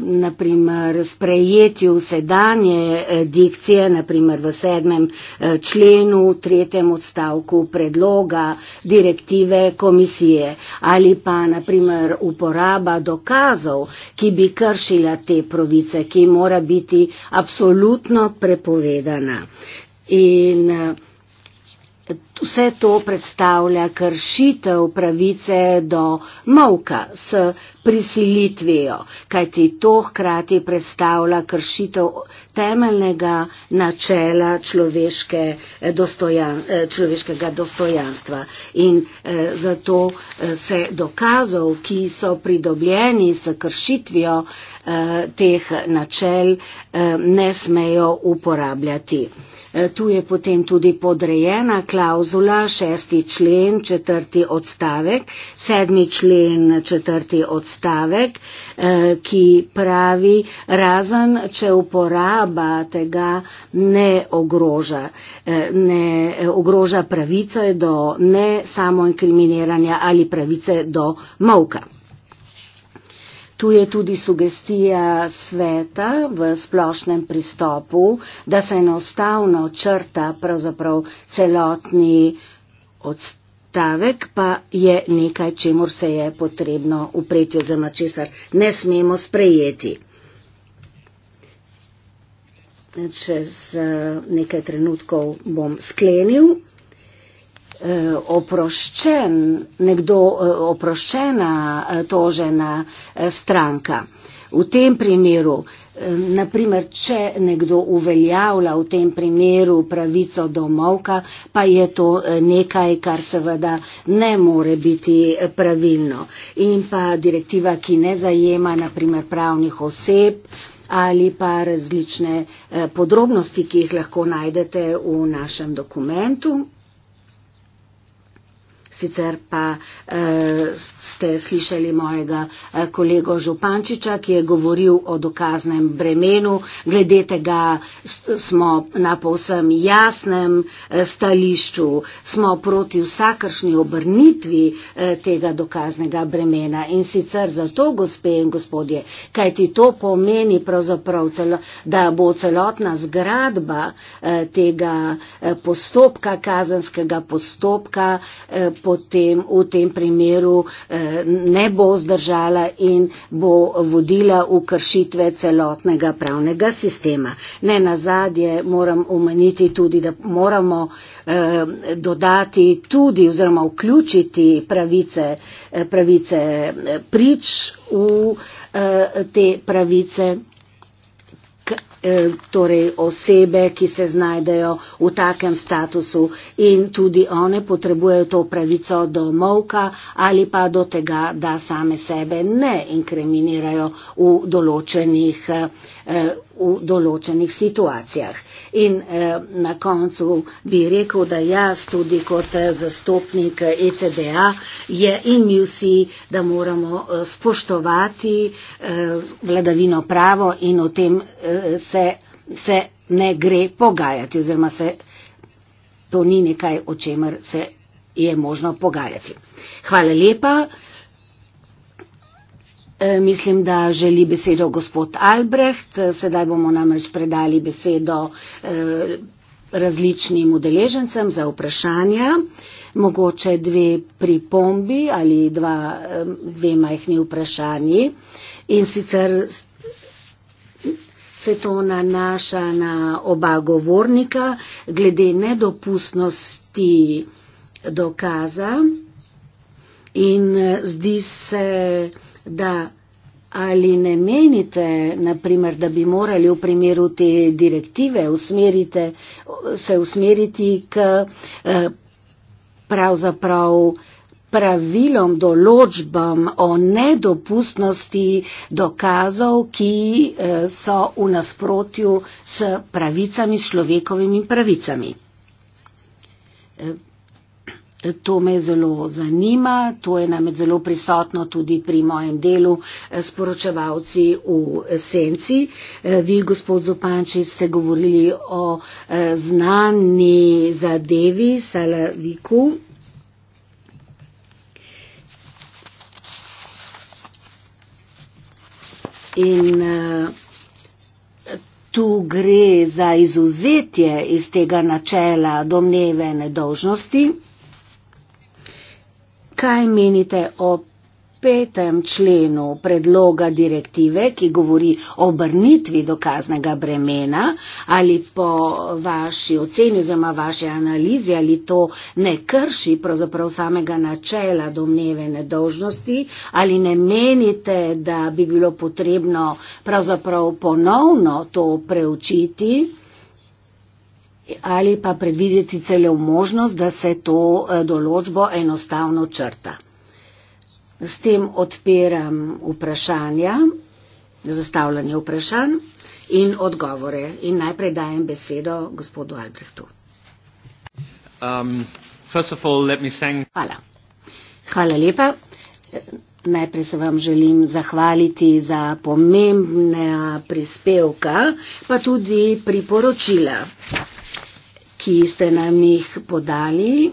naprimer sprejetju sedanje eh, dikcije, naprimer v sedmem eh, členu, tretjem odstavku predloga direktive komisije ali pa naprimer uporaba dokazov, ki bi kršila te pravice, ki mora biti absolutno prepovedana. In, uh, Vse to predstavlja kršitev pravice do mavka s prisilitvijo, kajti to hkrati predstavlja kršitev temeljnega načela človeške eh, dostojan, eh, človeškega dostojanstva. In eh, zato se dokazov, ki so pridobljeni s kršitvijo teh načel, ne smejo uporabljati. Eh, tu je potem tudi podrejena klauzula, šesti člen, četrti odstavek, sedmi člen, četrti odstavek, eh, ki pravi, razen če uporaba tega ne ogroža, eh, ne ogroža pravice do ne samoinkriminiranja ali pravice do mavka. Tu je tudi sugestija sveta v splošnem pristopu, da se enostavno črta pravzaprav celotni odstavek, pa je nekaj, čemur se je potrebno upreti oziroma česar ne smemo sprejeti. Čez eh, nekaj trenutkov bom sklenil. Eh, oproščen, nekdo eh, oproščena eh, tožena stranka. V tem primeru, naprimer, če nekdo uveljavlja v tem primeru pravico do molka, pa je to nekaj, kar seveda ne more biti pravilno. In pa direktiva, ki ne zajema naprimer pravnih oseb ali pa različne podrobnosti, ki jih lahko najdete v našem dokumentu. Sicer pa eh, ste slišali mojega eh, kolego Župančiča, ki je govoril o dokaznem bremenu. Glede tega smo na povsem jasnem eh, stališču, smo proti vsakršni obrnitvi eh, tega dokaznega bremena. In sicer zato, gospe in gospodje, kaj ti to pomeni pravzaprav, celo, da bo celotna zgradba eh, tega eh, postopka, kazenskega postopka, eh, potem v tem primeru eh, ne bo zdržala in bo vodila v kršitve celotnega pravnega sistema. Ne nazadje moram omeniti tudi, da moramo eh, dodati tudi oziroma vključiti pravice, eh, pravice prič v te pravice Eh, torej osebe, ki se znajdejo v takem statusu in tudi one potrebujejo to pravico do molka ali pa do tega, da same sebe ne inkriminirajo v določenih eh, v določenih situacijah. In eh, na koncu bi rekel, da jaz tudi kot eh, zastopnik ECDA je in mi vsi, da moramo eh, spoštovati eh, vladavino pravo in o tem eh, se, se ne gre pogajati oziroma se to ni nekaj, o čemer se je možno pogajati. Hvala lepa. E, mislim, da želi besedo gospod Albreht. E, sedaj bomo namreč predali besedo e, različnim udeležencem za vprašanja. Mogoče dve pripombi ali dva, dve majhni vprašanji. In sicer se to nanaša na oba govornika glede nedopustnosti dokaza. In zdi se, da ali ne menite, naprimer, da bi morali v primeru te direktive usmerite, se usmeriti k eh, pravzaprav pravilom, določbam o nedopustnosti dokazov, ki eh, so v nasprotju s pravicami, s človekovimi pravicami. Eh, To me zelo zanima, to je namreč zelo prisotno tudi pri mojem delu eh, sporočevalci v senci. Eh, vi, gospod Zupančič, ste govorili o eh, znani zadevi Salaviku. In tu gre za izuzetje iz tega načela domneve nedolžnosti kaj menite o petem členu predloga direktive, ki govori o obrnitvi dokaznega bremena, ali po vaši oceni oziroma vaši analizi, ali to ne krši pravzaprav samega načela domneve nedožnosti, ali ne menite, da bi bilo potrebno pravzaprav ponovno to preučiti? ali pa predvideti celo možnost, da se to eh, določbo enostavno črta. S tem odpiram vprašanja, zastavljanje vprašanj in odgovore. In najprej dajem besedo gospodu Albrehtu. Um, all, Hvala. Hvala lepa. Najprej se vam želim zahvaliti za pomembne prispevka, pa tudi priporočila, ki ste nam jih podali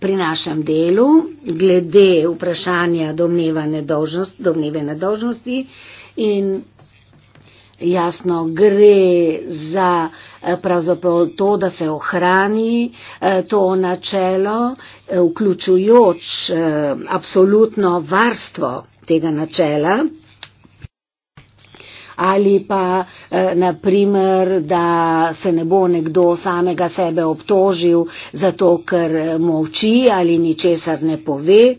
pri našem delu glede vprašanja domneve nedolžnosti in jasno gre za eh, pravzaprav to, da se ohrani eh, to načelo, eh, vključujoč absolutno varstvo tega načela. Ali pa, naprimer, da se ne bo nekdo samega sebe obtožil zato, ker molči ali ničesar ne pove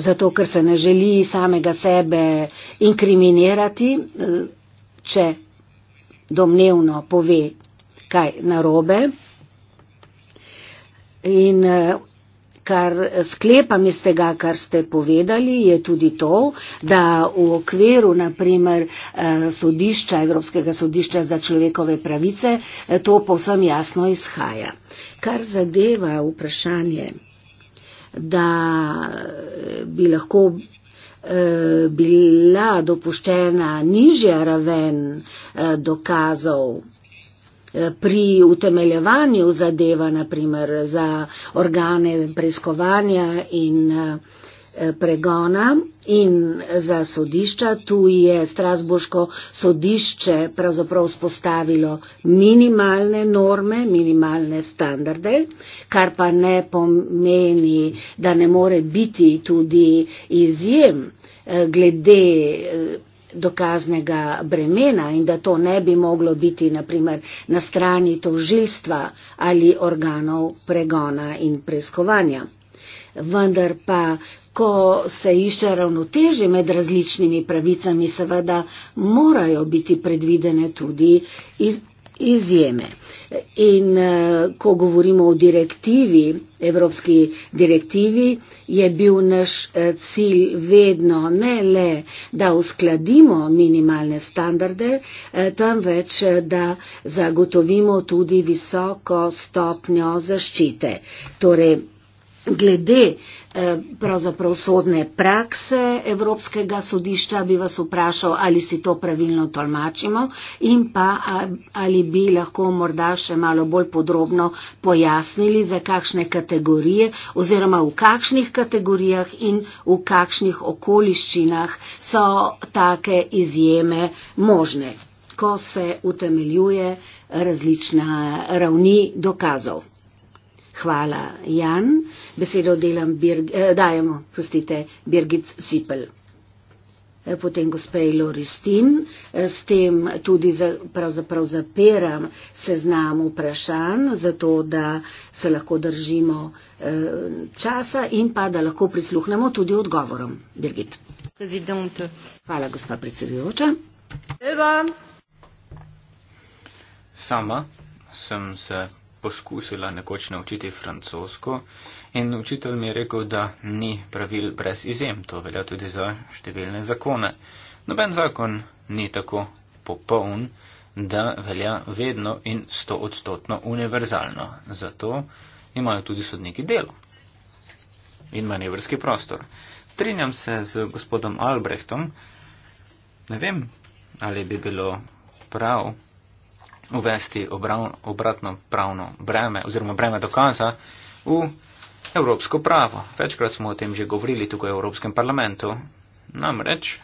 zato ker se ne želi samega sebe inkriminirati, če domnevno pove, kaj narobe. In kar sklepam iz tega, kar ste povedali, je tudi to, da v okviru naprimer sodišča, Evropskega sodišča za človekove pravice, to povsem jasno izhaja. Kar zadeva vprašanje da eh, bi lahko eh, bila dopuščena nižja raven eh, dokazov pri utemeljevanju zadeva, naprimer za organe preiskovanja in Eh, pregona in za sodišča. Tu je Strasburško sodišče pravzaprav spostavilo minimalne norme, minimalne standarde, kar pa ne pomeni, da ne more biti tudi izjem eh, glede eh, dokaznega bremena in da to ne bi moglo biti naprimer na strani tožilstva ali organov pregona in preiskovanja. Vendar pa ko se išče ravnoteže med različnimi pravicami, seveda morajo biti predvidene tudi iz, izjeme. In eh, ko govorimo o direktivi, evropski direktivi, je bil naš eh, cilj vedno ne le, da uskladimo minimalne standarde, eh, temveč, da zagotovimo tudi visoko stopnjo zaščite. Torej, glede eh, Eh, pravzaprav sodne prakse Evropskega sodišča, bi vas vprašal, ali si to pravilno tolmačimo in pa ali bi lahko morda še malo bolj podrobno pojasnili, za kakšne kategorije oziroma v kakšnih kategorijah in v kakšnih okoliščinah so take izjeme možne, ko se utemeljuje različna ravni dokazov. Hvala, Jan. Besedo delam, Birg, eh, dajemo, prostite, Birgit Sipel. Eh, potem gospej Loristin, eh, s tem tudi za, pravzaprav zapiram seznam vprašanj, zato da se lahko držimo eh, časa in pa da lahko prisluhnemo tudi odgovorom. Birgit. Hvala, gospa predsedujoča. Sama sem se poskusila nekoč naučiti francosko in učitelj mi je rekel, da ni pravil brez izjem, to velja tudi za številne zakone. Noben zakon ni tako popoln, da velja vedno in stoodstotno univerzalno. Zato imajo tudi sodniki delo in manevrski prostor. Strinjam se z gospodom Albrechtom, ne vem, ali bi bilo prav uvesti obratno pravno breme oziroma breme dokaza v evropsko pravo. Večkrat smo o tem že govorili tukaj v Evropskem parlamentu. Namreč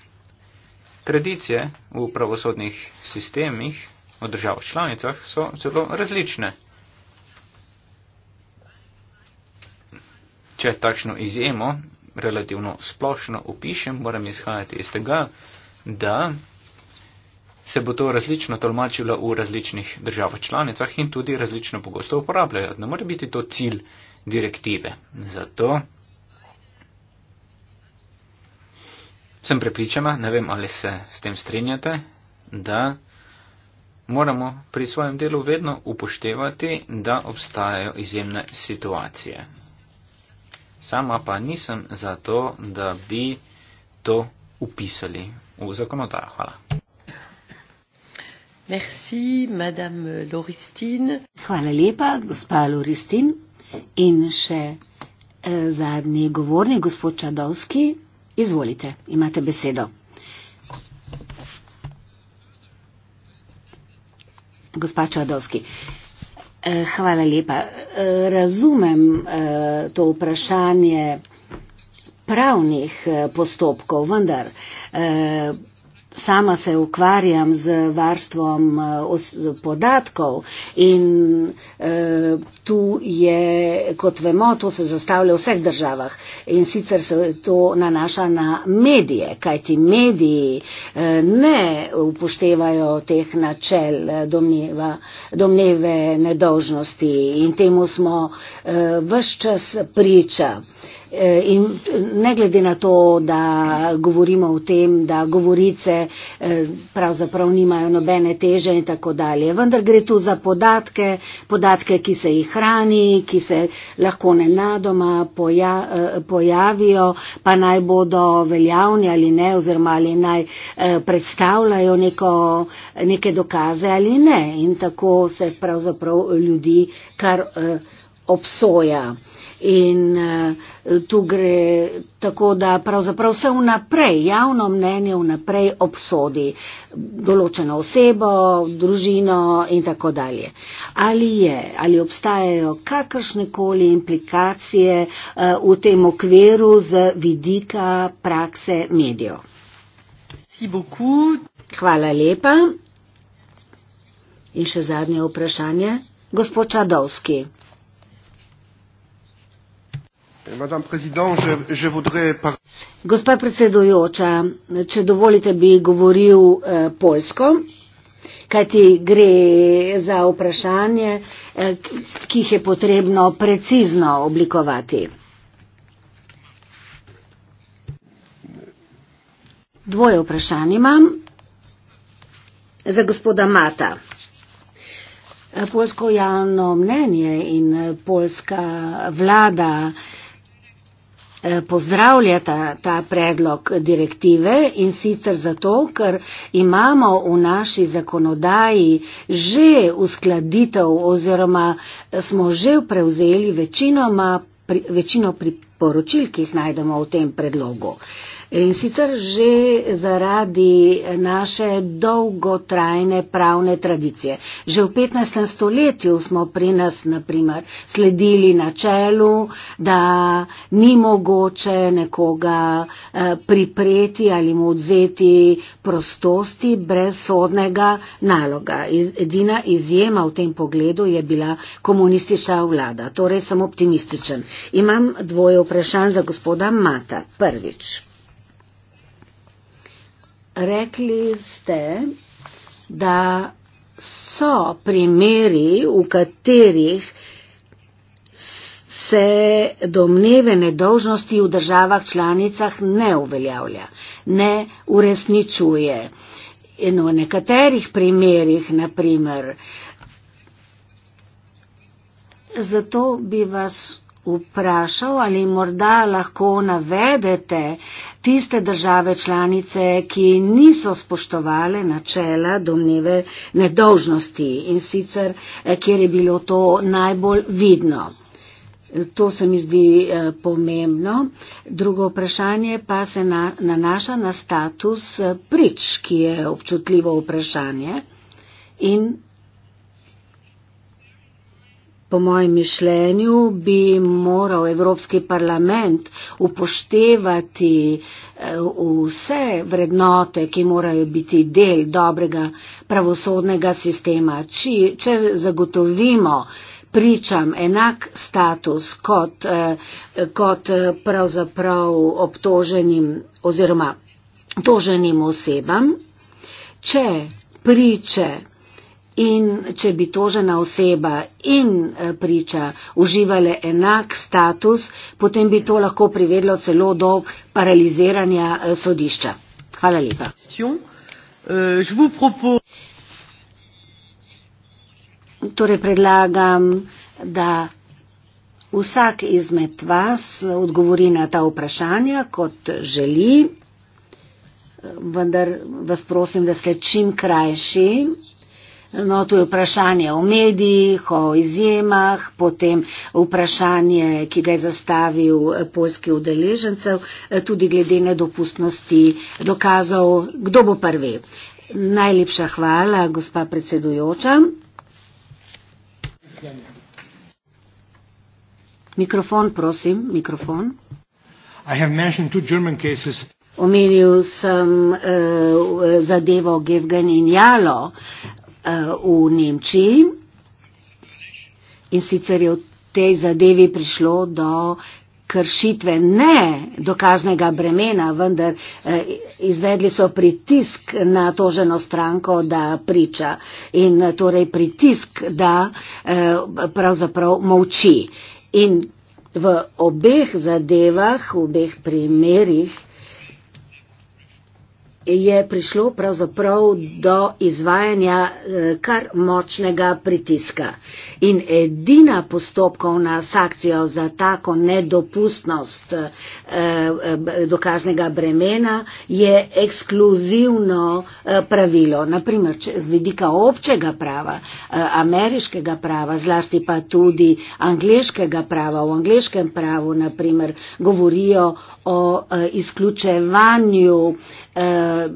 tradicije v pravosodnih sistemih v državah članicah so zelo različne. Če takšno izjemo relativno splošno opišem, moram izhajati iz tega, da se bo to različno tolmačilo v različnih državah članicah in tudi različno pogosto uporabljajo. Ne more biti to cilj direktive. Zato sem prepričana, ne vem, ali se s tem strinjate, da moramo pri svojem delu vedno upoštevati, da obstajajo izjemne situacije. Sama pa nisem za to, da bi to upisali v zakonodajo. Hvala. Merci, madame Loristin. Hvala lepa, gospa Loristin. In še eh, zadnji govornik, gospod Čadovski. Izvolite, imate besedo. Gospa Čadovski. Eh, hvala lepa. Eh, razumem eh, to vprašanje pravnih postopkov, vendar sama se ukvarjam z varstvom eh, podatkov in eh, tu je, kot vemo, to se zastavlja v vseh državah in sicer se to nanaša na medije, kajti mediji eh, ne upoštevajo teh načel domneva, domneve nedolžnosti in temu smo vse čas priča. Eh, in ne glede na to, da govorimo o tem, da govorice eh, pravzaprav nimajo nobene teže in tako dalje, vendar gre tu za podatke, podatke, ki se jih hrani, ki se lahko nenadoma poja, eh, pojavijo, pa naj bodo veljavni ali ne, oziroma ali naj predstavljajo neko, neke dokaze ali ne. In tako se pravzaprav ljudi kar obsoja in uh, tu gre tako, da pravzaprav se vnaprej, javno mnenje vnaprej obsodi določeno osebo, družino in tako dalje. Ali je, ali obstajajo kakršne koli implikacije uh, v tem okviru z vidika prakse medijev? Hvala lepa. In še zadnje vprašanje. Gospod Čadovski. Eh, Gospa predsedujoča, če dovolite, bi govoril eh, polsko, kajti gre za vprašanje, eh, ki jih je potrebno precizno oblikovati. Dvoje vprašanj imam za gospoda Mata. Polsko javno mnenje in polska vlada Eh, pozdravljata ta predlog direktive in sicer zato, ker imamo v naši zakonodaji že uskladitev oziroma smo že prevzeli večino priporočil, ki jih najdemo v tem predlogu. In sicer že zaradi naše dolgotrajne pravne tradicije. Že v 15. stoletju smo pri nas, naprimer, sledili načelu, da ni mogoče nekoga eh, pripreti ali mu odzeti prostosti brez sodnega naloga. Edina izjema v tem pogledu je bila komunistična vlada. Torej sem optimističen. Imam dvoje vprašanj za gospoda Mata. Prvič rekli ste, da so primeri, v katerih se domneve nedolžnosti v državah članicah ne uveljavlja, ne uresničuje. In v nekaterih primerjih, naprimer, zato bi vas vprašal, ali morda lahko navedete tiste države članice, ki niso spoštovale načela domneve nedolžnosti in sicer, eh, kjer je bilo to najbolj vidno. To se mi zdi eh, pomembno. Drugo vprašanje pa se nanaša na status eh, prič, ki je občutljivo vprašanje in Po mojem mišljenju bi moral Evropski parlament upoštevati eh, vse vrednote, ki morajo biti del dobrega pravosodnega sistema. Či, če zagotovimo pričam enak status kot, eh, kot eh, pravzaprav obtoženim oziroma toženim osebam, če priče In če bi tožena oseba in eh, priča uživale enak status, potem bi to lahko privedlo celo do paraliziranja eh, sodišča. Hvala lepa. Eh, torej predlagam, da vsak izmed vas odgovori na ta vprašanja, kot želi, vendar vas prosim, da ste čim krajši. No, tu je vprašanje o medijih, o izjemah, potem vprašanje, ki ga je zastavil eh, polski udeležencev, eh, tudi glede nedopustnosti dokazov, kdo bo prvi. Najlepša hvala, gospa predsedujoča. Mikrofon, prosim, mikrofon. Omenil sem uh, zadevo Gevgen in Jalo. Uh, uh, v Nemčiji. In sicer je v tej zadevi prišlo do kršitve ne dokaznega bremena, vendar eh, izvedli so pritisk na toženo stranko, da priča in eh, torej pritisk, da eh, pravzaprav molči. In v obeh zadevah, v obeh primerjih je prišlo pravzaprav do izvajanja eh, kar močnega pritiska. In edina postopkovna sankcija za tako nedopustnost eh, eh, dokaznega bremena je ekskluzivno pravilo. Naprimer, z vidika občega prava, ameriškega prava, zlasti pa tudi angliškega prava, v angliškem pravu, naprimer, govorijo o izključevanju Eh,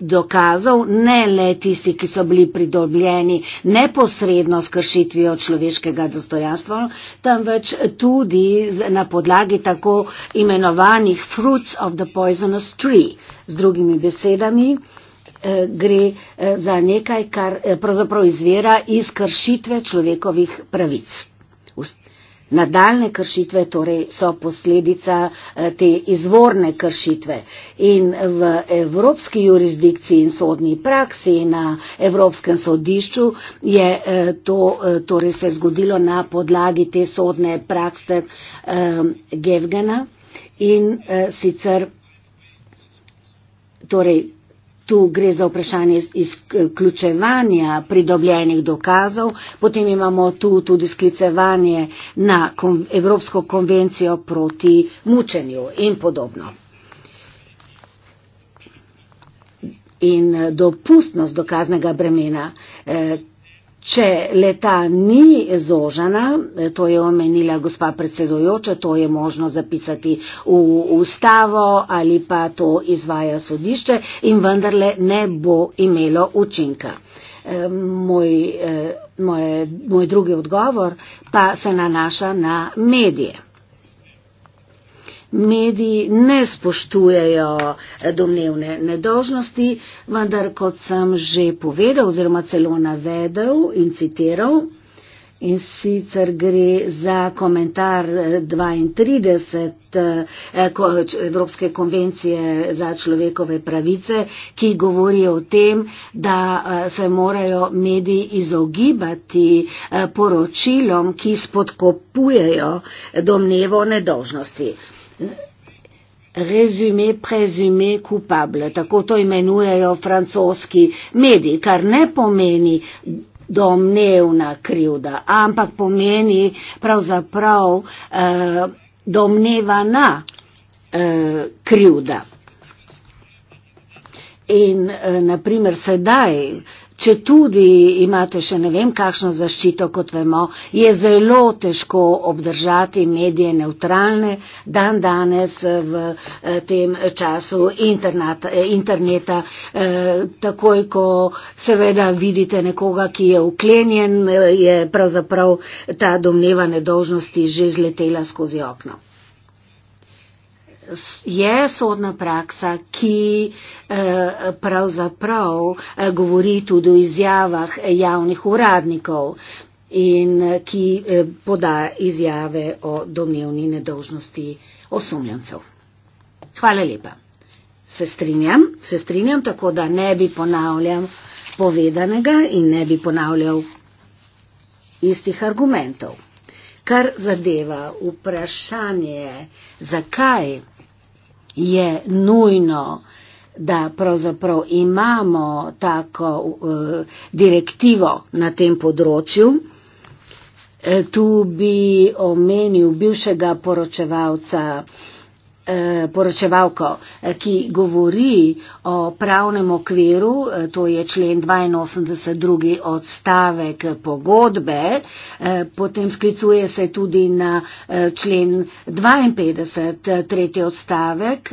dokazov, ne le tisti, ki so bili pridobljeni neposredno s kršitvijo človeškega dostojanstva, temveč tudi na podlagi tako imenovanih fruits of the poisonous tree. Z drugimi besedami eh, gre eh, za nekaj, kar pravzaprav izvira iz kršitve človekovih pravic. Nadaljne kršitve torej so posledica eh, te izvorne kršitve in v evropski jurisdikciji in sodni praksi na Evropskem sodišču je eh, to eh, torej se zgodilo na podlagi te sodne prakse Gevgena in sicer torej Tu gre za vprašanje izključevanja pridobljenih dokazov, potem imamo tu tudi sklicevanje na Evropsko konvencijo proti mučenju in podobno. In dopustnost dokaznega bremena. Eh, Če leta ni zožena, eh, to je omenila gospa predsedojoča, to je možno zapisati v ustavo ali pa to izvaja sodišče in vendarle ne bo imelo učinka. Eh, moj, eh, moj, moj drugi odgovor pa se nanaša na medije mediji ne spoštujejo eh, domnevne nedožnosti, vendar kot sem že povedal oziroma celo navedel in citiral, In sicer gre za komentar 32 eh, eh, Evropske konvencije za človekove pravice, ki govori o tem, da se morajo mediji izogibati poročilom, ki spodkopujejo domnevo nedožnosti. Rezume, prezume, culpable, tako to imenujejo francoski mediji, kar ne pomeni domnevna krivda, ampak pomeni pravzaprav eh, domnevana eh, krivda. In eh, naprimer sedaj eh, Če tudi imate še ne vem kakšno zaščito, kot vemo, je zelo težko obdržati medije neutralne dan danes v eh, tem času eh, interneta. Eh, takoj, ko seveda vidite nekoga, ki je uklenjen, je pravzaprav ta domneva nedožnosti že zletela skozi okno je sodna praksa, ki eh, pravzaprav eh, govori tudi o izjavah javnih uradnikov in eh, ki poda izjave o domnevni nedožnosti osumljencev. Hvala lepa. Se strinjam, se strinjam, tako da ne bi ponavljal povedanega in ne bi ponavljal istih argumentov. Kar zadeva vprašanje, zakaj je nujno, da pravzaprav imamo tako uh, direktivo na tem področju. Eh, tu bi omenil bivšega poročevalca Eh, poročevalko, eh, ki govori o pravnem okviru, eh, to je člen 82. drugi odstavek pogodbe, potem sklicuje se tudi na člen 52. tretji odstavek.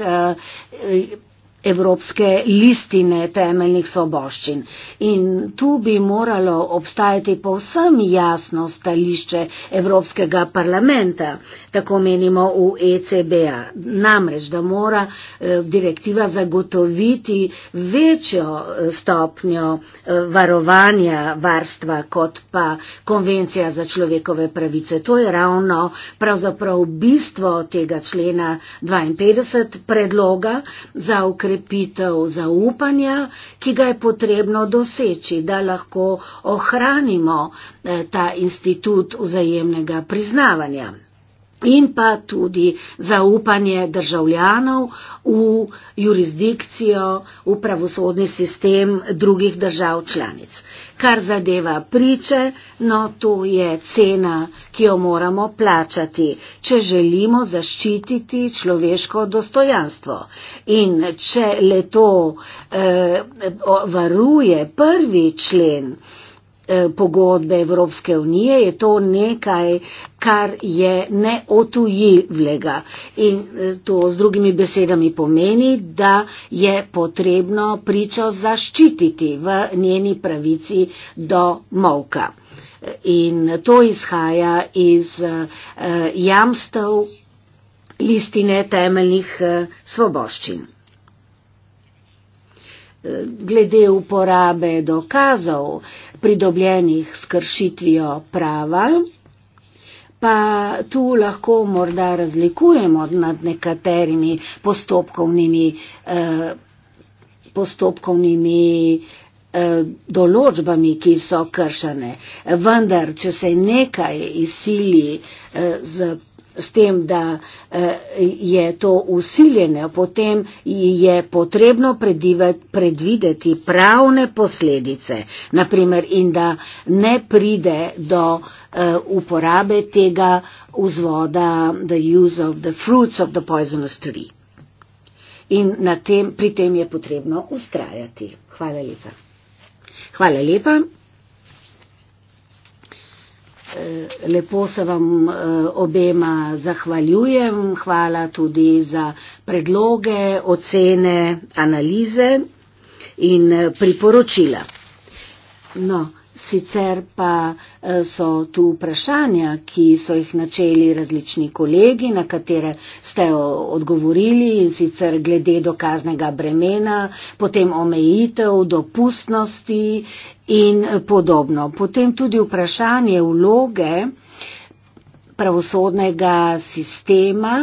Evropske listine temeljnih svoboščin. In tu bi moralo obstajati povsem jasno stališče Evropskega parlamenta, tako menimo v ECB-a. Namreč, da mora eh, direktiva zagotoviti večjo eh, stopnjo eh, varovanja varstva kot pa konvencija za človekove pravice. To je ravno pravzaprav bistvo tega člena 52 predloga za ukrepitev okrepitev zaupanja, ki ga je potrebno doseči, da lahko ohranimo eh, ta institut vzajemnega priznavanja in pa tudi zaupanje državljanov v jurisdikcijo, v pravosodni sistem drugih držav članic. Kar zadeva priče, no to je cena, ki jo moramo plačati, če želimo zaščititi človeško dostojanstvo. In če le to eh, varuje prvi člen, eh, Eh, pogodbe Evropske unije, je to nekaj, kar je neotujivlega. In eh, to z drugimi besedami pomeni, da je potrebno pričo zaščititi v njeni pravici do molka. In to izhaja iz eh, jamstev listine temeljnih svoboščin glede uporabe dokazov pridobljenih s kršitvijo prava, pa tu lahko morda razlikujemo nad nekaterimi postopkovnimi, eh, postopkovnimi eh, določbami, ki so kršene. Vendar, če se nekaj izsili eh, z s tem, da eh, je to usiljene, potem je potrebno predvideti pravne posledice, naprimer, in da ne pride do eh, uporabe tega vzvoda the use of the fruits of the poisonous tree. In tem, pri tem je potrebno ustrajati. Hvala lepa. Hvala lepa. Eh, lepo se vam eh, obema zahvaljujem. Hvala tudi za predloge, ocene, analize in eh, priporočila. No. Sicer pa eh, so tu vprašanja, ki so jih načeli različni kolegi, na katere ste odgovorili in sicer glede dokaznega bremena, potem omejitev, dopustnosti in podobno. Potem tudi vprašanje vloge pravosodnega sistema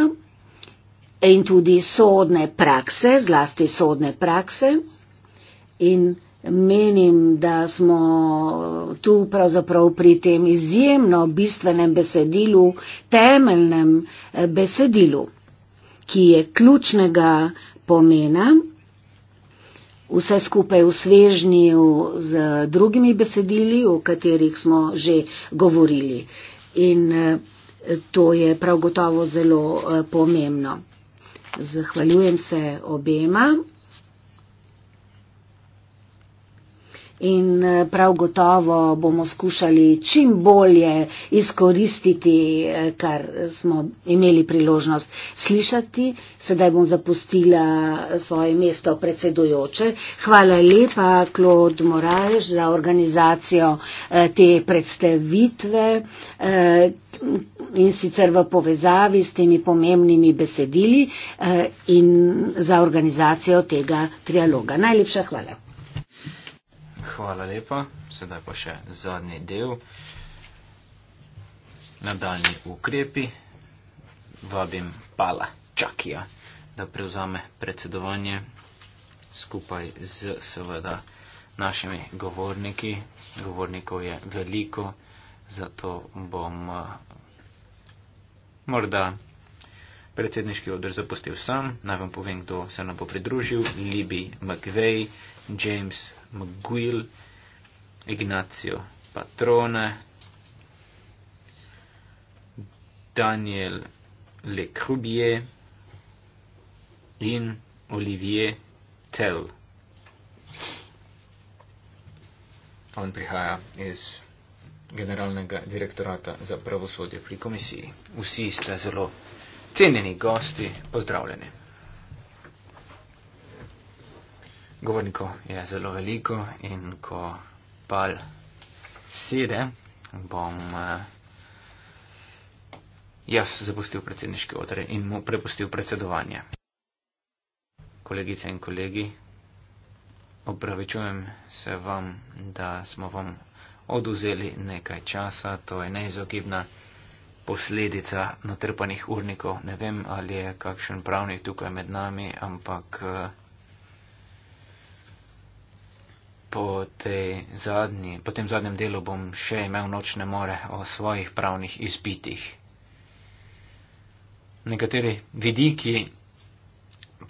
in tudi sodne prakse, zlasti sodne prakse. In Menim, da smo tu pravzaprav pri tem izjemno bistvenem besedilu, temeljnem eh, besedilu, ki je ključnega pomena. Vse skupaj usvežnil z drugimi besedili, o katerih smo že govorili. In eh, to je prav gotovo zelo eh, pomembno. Zahvaljujem se obema. in eh, prav gotovo bomo skušali čim bolje izkoristiti, eh, kar smo imeli priložnost slišati. Sedaj bom zapustila eh, svoje mesto predsedujoče. Hvala lepa, Klod Moraž, za organizacijo te predstavitve in sicer v povezavi s temi pomembnimi besedili in za organizacijo tega trialoga. Najlepša hvala hvala lepa. Sedaj pa še zadnji del. Nadaljni ukrepi. Vabim Pala Čakija, da prevzame predsedovanje skupaj z seveda našimi govorniki. Govornikov je veliko, zato bom eh, morda predsedniški odr zapustil sam. Naj vam povem, kdo se nam bo pridružil. Libby McVeigh, James Maguil, Ignacio Patrone, Daniel Lecrubier in Olivier Tell. On prihaja iz generalnega direktorata za pravosodje pri komisiji. Vsi ste zelo cenjeni gosti, pozdravljeni. govornikov je zelo veliko in ko pal sede, bom uh, jaz zapustil predsedniški odr in mu prepustil predsedovanje. Kolegice in kolegi, opravičujem se vam, da smo vam oduzeli nekaj časa, to je neizogibna posledica natrpanih urnikov. Ne vem, ali je kakšen pravnik tukaj med nami, ampak uh, po, zadnji, po tem zadnjem delu bom še imel nočne more o svojih pravnih izpitih. Nekateri vidiki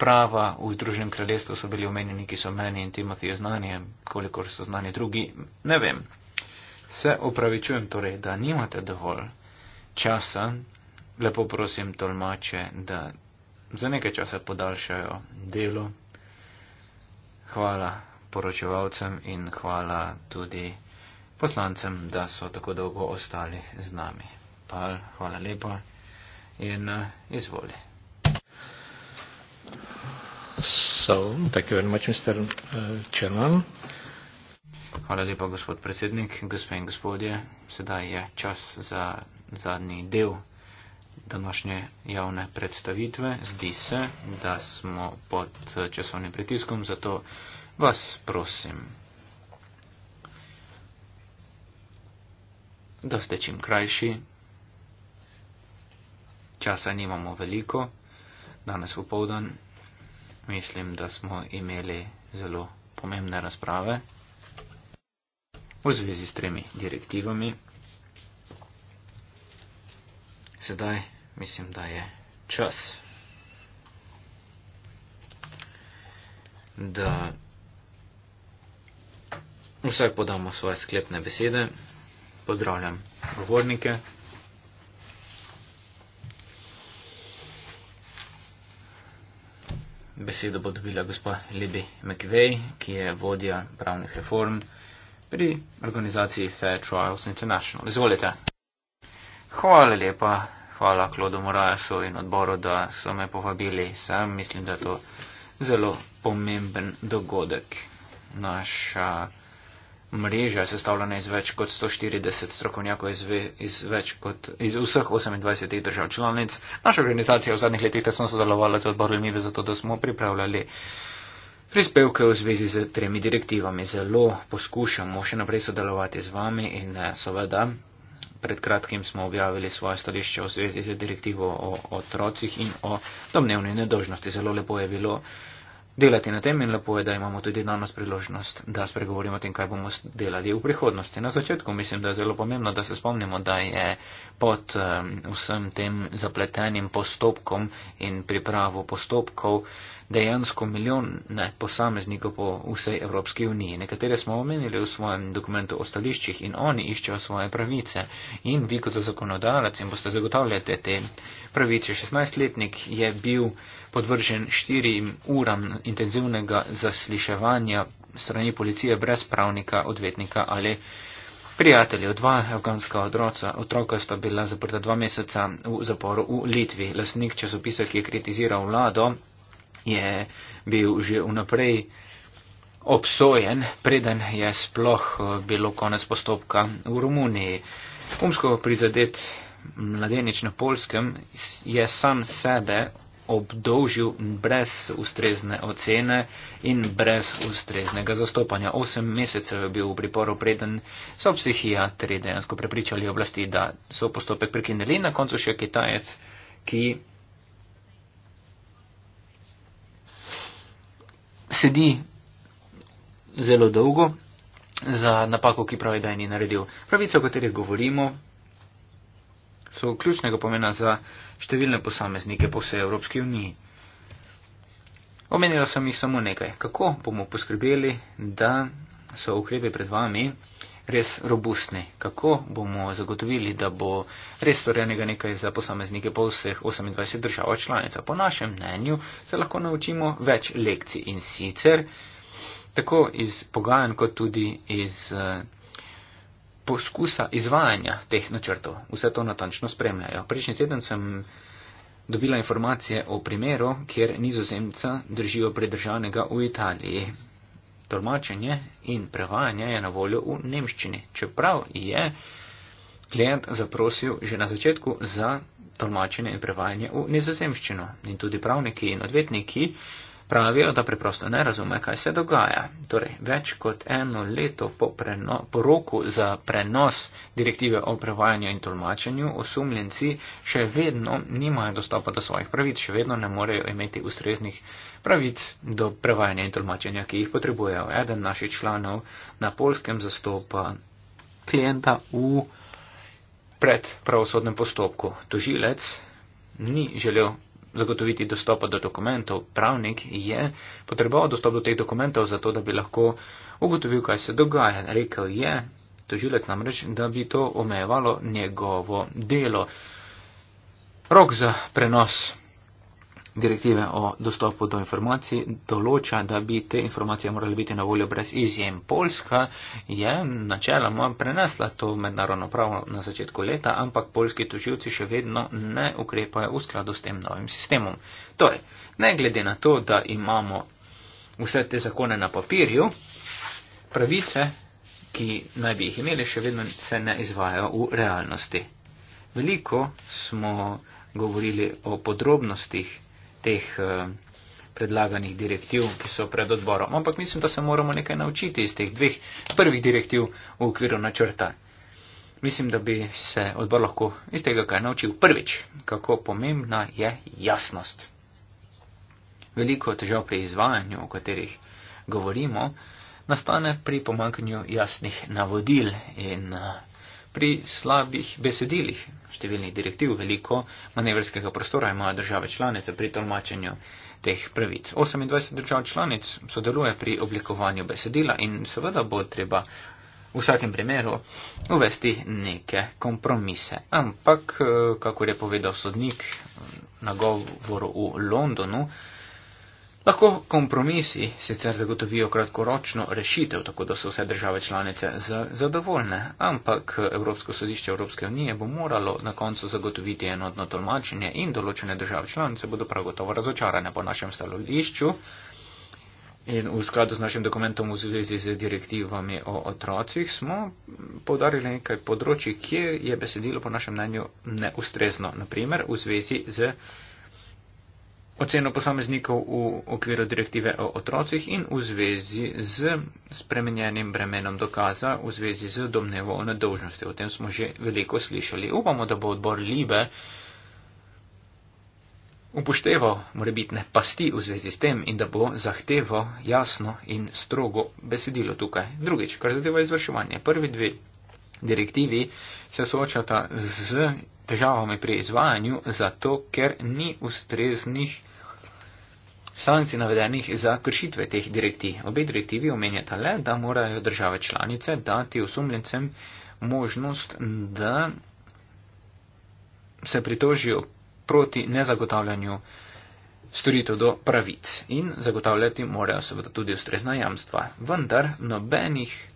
prava v Združenem kraljestvu so bili omenjeni, ki so meni in Timothyju znani, kolikor so znani drugi, ne vem. Se upravičujem torej, da nimate dovolj časa, lepo prosim tolmače, da za nekaj časa podaljšajo delo. Hvala poročevalcem in hvala tudi poslancem, da so tako dolgo ostali z nami. Pal, hvala lepa in eh, izvoli. So, much, eh, hvala lepa, gospod predsednik, gospe in gospodje. Sedaj je čas za zadnji del današnje javne predstavitve. Zdi se, da smo pod eh, časovnim pritiskom, zato vas prosim, da ste čim krajši. Časa nimamo veliko, danes popovdan mislim, da smo imeli zelo pomembne razprave v zvezi s tremi direktivami. Sedaj mislim, da je čas, da Vsak podamo svoje sklepne besede. Pozdravljam govornike. Besedo bo dobila gospa Libby McVeigh, ki je vodja pravnih reform pri organizaciji Fair Trials International. Izvolite. Hvala lepa. Hvala Klodu Morajasu in odboru, da so me povabili sem. Mislim, da je to zelo pomemben dogodek. Naša uh, mreža je sestavljena iz več kot 140 strokovnjakov iz, iz, iz vseh 28 držav članic. Naša organizacija v zadnjih letih tesno sodelovala z odborom IBE, zato da smo pripravljali prispevke v zvezi z tremi direktivami. Zelo poskušamo še naprej sodelovati z vami in eh, seveda. Pred kratkim smo objavili svoje stališče v zvezi z direktivo o otrocih in o domnevni nedožnosti. Zelo lepo je bilo delati na tem in lepo je, da imamo tudi danes priložnost, da spregovorimo o tem, kaj bomo delali v prihodnosti. Na začetku mislim, da je zelo pomembno, da se spomnimo, da je pod um, vsem tem zapletenim postopkom in pripravo postopkov dejansko milijone posameznikov po vsej Evropski uniji. Nekatere smo omenili v svojem dokumentu o stališčih in oni iščejo svoje pravice. In vi kot zakonodajalec in boste zagotavljate te pravice. 16-letnik je bil podvržen štirim uram intenzivnega zasliševanja strani policije brez pravnika, odvetnika ali prijatelja. Dva afganska odroca, otroka sta bila zaprta dva meseca v zaporu v Litvi. Lasnik časopisa, ki je kritiziral vlado, je bil že vnaprej obsojen, preden je sploh eh, bilo konec postopka v Romuniji. Umsko prizadet mladenič na Polskem je sam sebe obdolžil brez ustrezne ocene in brez ustreznega zastopanja. Osem mesecev je bil v priporu preden so psihijatri dejansko prepričali oblasti, da so postopek prekinili in na koncu še kitajec, ki sedi zelo dolgo za napako, ki pravi, da je ni naredil. Pravica, o kateri govorimo, so ključnega pomena za številne posameznike po vsej Evropski uniji. Omenila sem jih samo nekaj. Kako bomo poskrbeli, da so ukrepe pred vami res robustni? Kako bomo zagotovili, da bo res storjenega nekaj za posameznike po vseh 28 država članica? Po našem mnenju se lahko naučimo več lekcij in sicer tako iz pogajanj kot tudi iz. Uh, poskusa izvajanja teh načrtov. Vse to natančno spremljajo. Prejšnji teden sem dobila informacije o primeru, kjer nizozemca držijo pridržanega v Italiji. Tolmačenje in prevajanje je na voljo v nemščini, čeprav je klient zaprosil že na začetku za tolmačenje in prevajanje v nizozemščino. In tudi pravniki in odvetniki pravijo, da preprosto ne razume, kaj se dogaja. Torej, več kot eno leto po, preno, po roku za prenos direktive o prevajanju in tolmačenju, osumljenci še vedno nimajo dostopa do svojih pravic, še vedno ne morejo imeti ustreznih pravic do prevajanja in tolmačenja, ki jih potrebujejo. Eden naših članov na polskem zastopa klienta v predpravosodnem postopku. Tožilec ni želel zagotoviti dostopa do dokumentov. Pravnik je potreboval dostop do teh dokumentov, zato da bi lahko ugotovil, kaj se dogaja. Rekel je, tožilec namreč, da bi to omejevalo njegovo delo. Rok za prenos direktive o dostopu do informacij določa, da bi te informacije morali biti na voljo brez izjem. Polska je načeloma prenesla to mednarodno pravo na začetku leta, ampak polski tužilci še vedno ne ukrepajo v skladu s tem novim sistemom. Torej, ne glede na to, da imamo vse te zakone na papirju, pravice, ki naj bi jih imeli, še vedno se ne izvajo v realnosti. Veliko smo govorili o podrobnostih teh eh, predlaganih direktiv, ki so pred odborom. Ampak mislim, da se moramo nekaj naučiti iz teh dveh prvih direktiv v okviru načrta. Mislim, da bi se odbor lahko iz tega kaj naučil. Prvič, kako pomembna je jasnost. Veliko težav pri izvajanju, o katerih govorimo, nastane pri pomankanju jasnih navodil in uh, pri slabih besedilih številnih direktiv, veliko manevrskega prostora imajo države članice pri tolmačenju teh pravic. 28 držav članic sodeluje pri oblikovanju besedila in seveda bo treba v vsakem primeru uvesti neke kompromise. Ampak, eh, kako je povedal sodnik na govoru v Londonu, Lahko kompromisi sicer zagotovijo kratkoročno rešitev, tako da so vse države članice zadovoljne, ampak Evropsko sodišče Evropske unije bo moralo na koncu zagotoviti enotno tolmačenje in določene države članice bodo prav gotovo razočarane po našem stališču in v skladu z našim dokumentom v zvezi z direktivami o otrocih smo podarili nekaj področji, kjer je besedilo po našem mnenju neustrezno, naprimer v zvezi z oceno posameznikov v okviru direktive o otrocih in v zvezi z spremenjenim bremenom dokaza, v zvezi z domnevo o nedolžnosti. O tem smo že veliko slišali. Upamo, da bo odbor Libe upošteval morebitne pasti v zvezi s tem in da bo zahtevo jasno in strogo besedilo tukaj. Drugič, kar zadeva izvrševanje. Prvi dve direktivi se soočata z. Težavami pri izvajanju, zato ker ni ustreznih Sanci navedenih za kršitve teh direktiv. Obe direktivi omenjata le, da morajo države članice dati osumljencem možnost, da se pritožijo proti nezagotavljanju storitev do pravic in zagotavljati morajo seveda tudi ustrezna jamstva. Vendar nobenih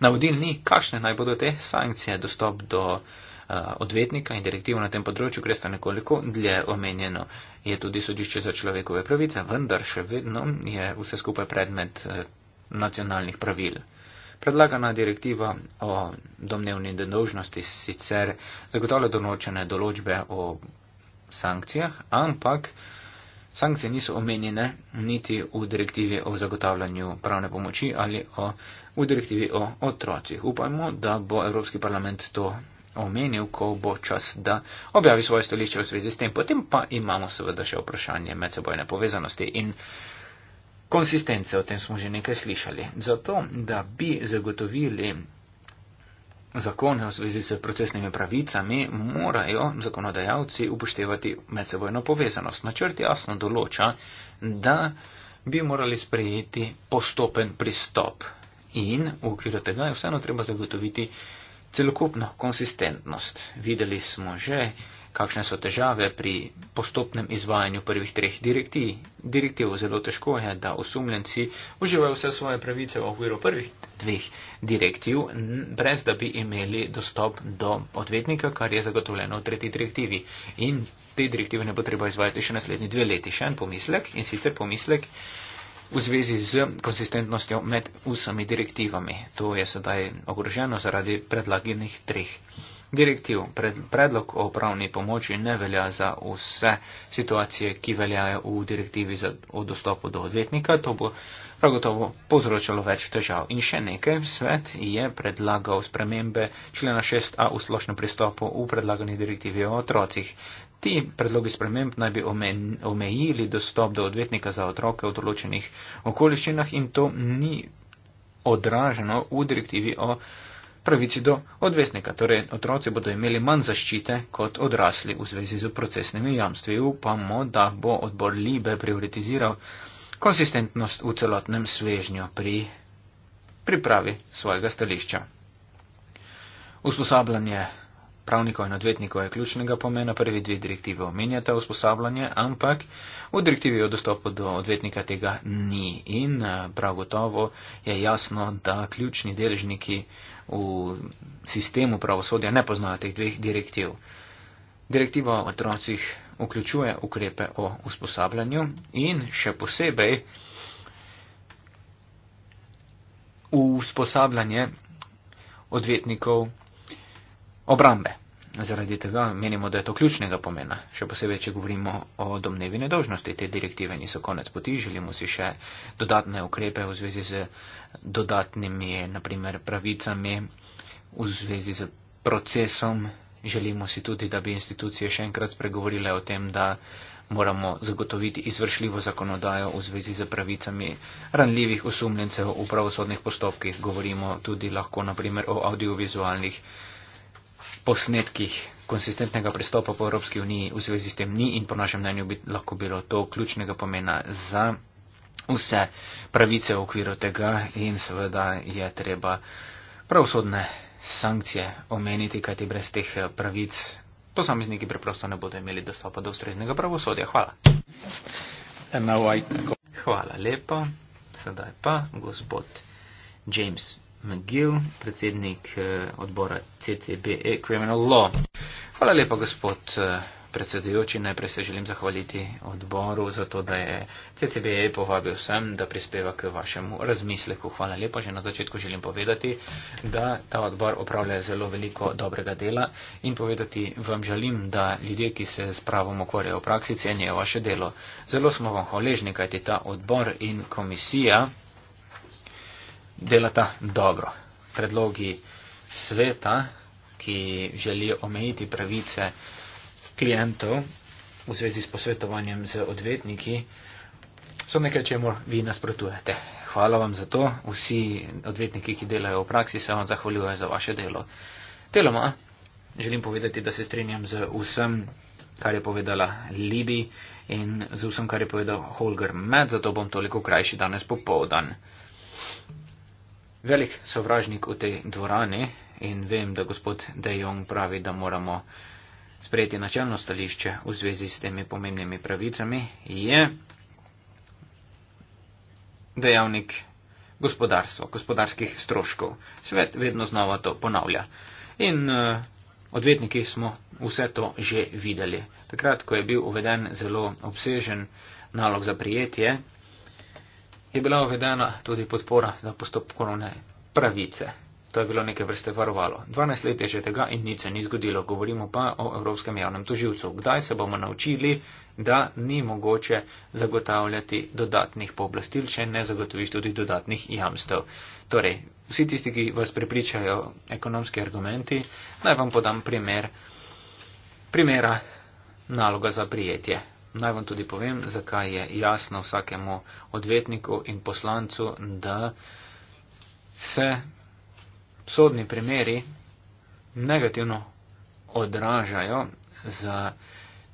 navodil ni, kakšne naj bodo te sankcije, dostop do uh, odvetnika in direktiv na tem področju, gre sta nekoliko dlje omenjeno je tudi sodišče za človekove pravice, vendar še vedno je vse skupaj predmet eh, nacionalnih pravil. Predlagana direktiva o domnevni dolžnosti sicer zagotavlja določene določbe o sankcijah, ampak sankcije niso omenjene niti v direktivi o zagotavljanju pravne pomoči ali o, v direktivi o otrocih. Upajmo, da bo Evropski parlament to omenil, ko bo čas, da objavi svoje stališče v zvezi s tem. Potem pa imamo seveda še vprašanje medsebojne povezanosti in konsistence, o tem smo že nekaj slišali. Zato, da bi zagotovili zakone v zvezi s procesnimi pravicami, morajo zakonodajalci upoštevati medsebojno povezanost. Načrt jasno določa, da bi morali sprejeti postopen pristop. In v okviru tega je vseeno treba zagotoviti celokupno konsistentnost. Videli smo že, kakšne so težave pri postopnem izvajanju prvih treh direktiv. Direktiv zelo težko je, da osumljenci uživajo vse svoje pravice v okviru prvih dveh direktiv, brez da bi imeli dostop do odvetnika, kar je zagotovljeno v tretji direktivi. In te direktive ne bo treba izvajati še naslednji dve leti. Še en pomislek in sicer pomislek, v zvezi z konsistentnostjo med vsemi direktivami. To je sedaj ogroženo zaradi predlaginih treh. Direktiv pred, predlog o pravni pomoči ne velja za vse situacije, ki veljajo v direktivi za, o dostopu do odvetnika. To bo prav gotovo povzročalo več težav. In še nekaj, svet je predlagal spremembe člena 6a v splošnem pristopu v predlagani direktivi o otrocih. Ti predlogi sprememb naj bi omejili dostop do odvetnika za otroke v določenih okoliščinah in to ni odraženo v direktivi o pravici do odvetnika. Torej, otroci bodo imeli manj zaščite kot odrasli v zvezi z procesnimi jamstvi. Upamo, da bo odbor Libe prioritiziral konsistentnost v celotnem svežnju pri pripravi svojega stališča. Usposabljanje pravnikov in odvetnikov je ključnega pomena, prvi dve direktive omenjata usposabljanje, ampak v direktivi o dostopu do odvetnika tega ni in eh, prav gotovo je jasno, da ključni deležniki v sistemu pravosodja ne poznajo teh dveh direktiv. Direktiva o otrocih vključuje ukrepe o usposabljanju in še posebej usposabljanje odvetnikov obrambe. Zaradi tega menimo, da je to ključnega pomena, še posebej, če govorimo o domnevi nedožnosti. Te direktive niso konec poti, želimo si še dodatne ukrepe v zvezi z dodatnimi, naprimer, pravicami, v zvezi z procesom. Želimo si tudi, da bi institucije še enkrat spregovorile o tem, da moramo zagotoviti izvršljivo zakonodajo v zvezi z pravicami ranljivih osumljencev v pravosodnih postopkih. Govorimo tudi lahko, naprimer, o audiovizualnih posnetkih konsistentnega pristopa po Evropski uniji v zvezi s tem ni in po našem mnenju bi lahko bilo to ključnega pomena za vse pravice v okviru tega in seveda je treba pravosodne sankcije omeniti, kajti brez teh eh, pravic posamezniki preprosto ne bodo imeli dostopa do ustreznega pravosodja. Hvala. Hvala lepo. Sedaj pa gospod James McGill, predsednik eh, odbora CCBE Criminal Law. Hvala lepa, gospod eh, predsedujoči. Najprej se želim zahvaliti odboru za to, da je CCBE povabil sem, da prispeva k vašemu razmisleku. Hvala lepa. Že na začetku želim povedati, da ta odbor opravlja zelo veliko dobrega dela in povedati vam želim, da ljudje, ki se s pravom okvarjajo v praksi, cenijo vaše delo. Zelo smo vam hvaležni, kajti ta odbor in komisija delata dobro. Predlogi sveta, ki želijo omejiti pravice klientov v zvezi s posvetovanjem z odvetniki, so nekaj, čemu vi nasprotujete. Hvala vam za to. Vsi odvetniki, ki delajo v praksi, se vam zahvaljujejo za vaše delo. Teloma želim povedati, da se strinjam z vsem, kar je povedala Libi in z vsem, kar je povedal Holger Med, zato bom toliko krajši danes popovdan. thank you velik sovražnik v tej dvorani in vem, da gospod De Jong pravi, da moramo sprejeti načelno stališče v zvezi s temi pomembnimi pravicami, je dejavnik gospodarstva, gospodarskih stroškov. Svet vedno znova to ponavlja. In uh, odvetniki smo vse to že videli. Takrat, ko je bil uveden zelo obsežen nalog za prijetje, je bila uvedena tudi podpora za postopkovne pravice. To je bilo nekaj vrste varovalo. 12 let je že tega in nič se ni zgodilo. Govorimo pa o Evropskem javnem toživcu. Kdaj se bomo naučili, da ni mogoče zagotavljati dodatnih pooblastil, če ne zagotoviš tudi dodatnih jamstev. Torej, vsi tisti, ki vas prepričajo ekonomski argumenti, naj vam podam primer, primera naloga za prijetje naj vam tudi povem, zakaj je jasno vsakemu odvetniku in poslancu, da se sodni primeri negativno odražajo za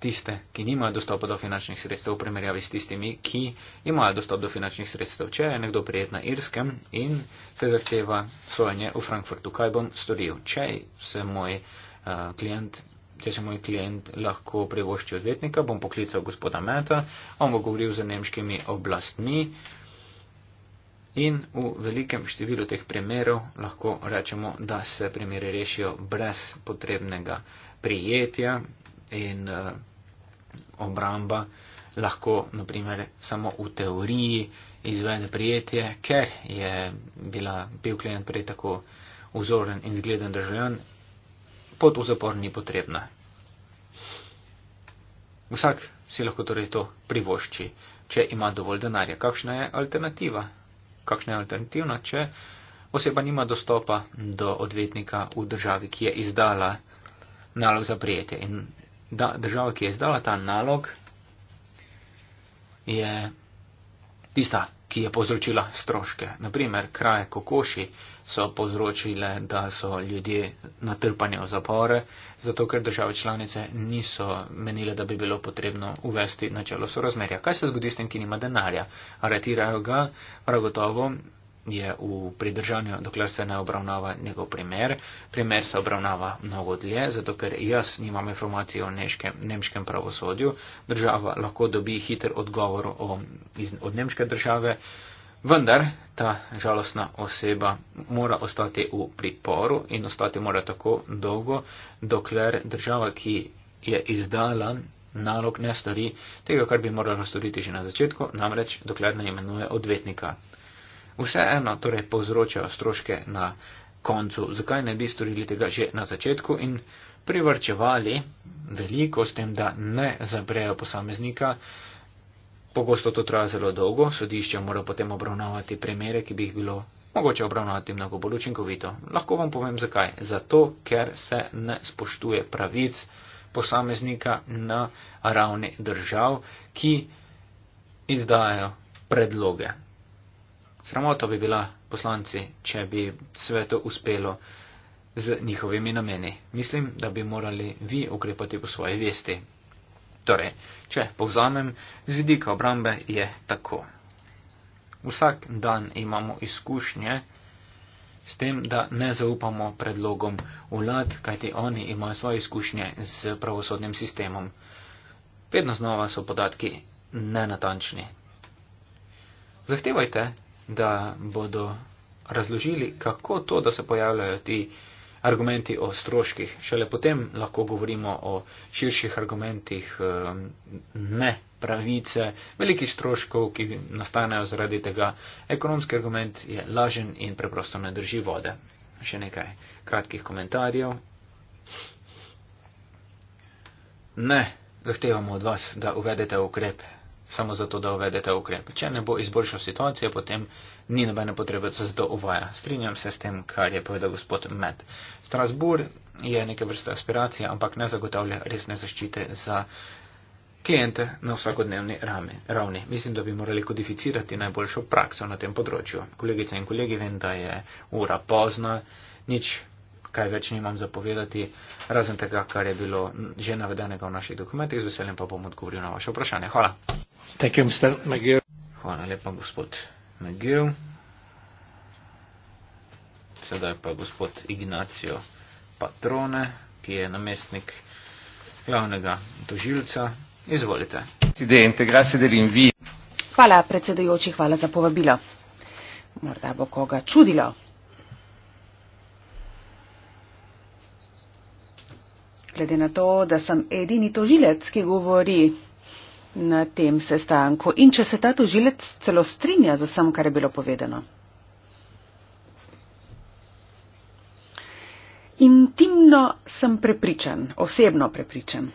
tiste, ki nimajo dostopa do finančnih sredstev v primerjavi s tistimi, ki imajo dostop do finančnih sredstev. Če je nekdo prijet na Irskem in se zahteva sojenje v Frankfurtu, kaj bom storil? Če se moj uh, klient če se moj klient lahko privošči odvetnika, bom poklical gospoda Meta, on bo govoril z nemškimi oblastmi in v velikem številu teh primerov lahko rečemo, da se primeri rešijo brez potrebnega prijetja in uh, obramba lahko, naprimer, samo v teoriji izvede prijetje, ker je bila, bil klient prej tako vzoren in zgleden državljan pot v zapor ni potrebna. Vsak si lahko torej to privošči, če ima dovolj denarja. Kakšna je alternativa? Kakšna je alternativa, če oseba nima dostopa do odvetnika v državi, ki je izdala nalog za prijetje? In da, država, ki je izdala ta nalog, je tista, ki je povzročila stroške. Naprimer, kraje kokoši, so povzročile, da so ljudje natrpani v zapore, zato ker države članice niso menile, da bi bilo potrebno uvesti načelo sorazmerja. Kaj se zgodi s tem, ki nima denarja? Aretirajo ga, prav gotovo je v pridržanju, dokler se ne obravnava njegov primer. Primer se obravnava mnogo dlje, zato ker jaz nimam informacije o neškem, nemškem pravosodju. Država lahko dobi hiter odgovor o, iz, od nemške države. Vendar ta žalostna oseba mora ostati v priporu in ostati mora tako dolgo, dokler država, ki je izdala nalog, ne stori tega, kar bi morala storiti že na začetku, namreč dokler ne imenuje odvetnika. Vseeno torej povzročajo stroške na koncu, zakaj ne bi storili tega že na začetku in privrčevali veliko s tem, da ne zabrejo posameznika, pogosto to traja zelo dolgo, sodišče mora potem obravnavati primere, ki bi jih bilo mogoče obravnavati mnogo bolj učinkovito. Lahko vam povem zakaj. Zato, ker se ne spoštuje pravic posameznika na ravni držav, ki izdajajo predloge. Sramota bi bila poslanci, če bi sveto uspelo z njihovimi nameni. Mislim, da bi morali vi ukrepati po svoji vesti. Torej, če povzamem, z vidika obrambe je tako. Vsak dan imamo izkušnje s tem, da ne zaupamo predlogom vlad, kajti oni imajo svoje izkušnje z pravosodnim sistemom. Vedno znova so podatki nenatančni. Zahtevajte, da bodo razložili, kako to, da se pojavljajo ti argumenti o stroških. Šele potem lahko govorimo o širših argumentih ne pravice, velikih stroškov, ki nastanejo zaradi tega. Ekonomski argument je lažen in preprosto ne drži vode. Še nekaj kratkih komentarjev. Ne zahtevamo od vas, da uvedete ukrepe samo zato, da uvedete ukrep. Če ne bo izboljšal situacijo, potem ni nobene potrebe, da se to uvaja. Strinjam se s tem, kar je povedal gospod Med. Strasbourg je neke vrste aspiracije, ampak ne zagotavlja resne zaščite za klijente na vsakodnevni ravni. Mislim, da bi morali kodificirati najboljšo prakso na tem področju. Kolegice in kolegi, vem, da je ura pozna, nič. Kaj več nimam zapovedati, razen tega, kar je bilo že navedenega v naših dokumentih, z veseljem pa bom odgovoril na vaše vprašanje. Hvala. Thank you, Mr. McGill. Hvala lepa, gospod McGill. Sedaj pa gospod Ignacio Patrone, ki je namestnik glavnega tožilca. Izvolite. Hvala, predsedujoči, hvala za povabilo. Morda bo koga čudilo. Glede na to, da sem edini tožilec, ki govori na tem sestanku in če se ta tožilec celo strinja z vsem, kar je bilo povedano. Intimno sem prepričan, osebno prepričan.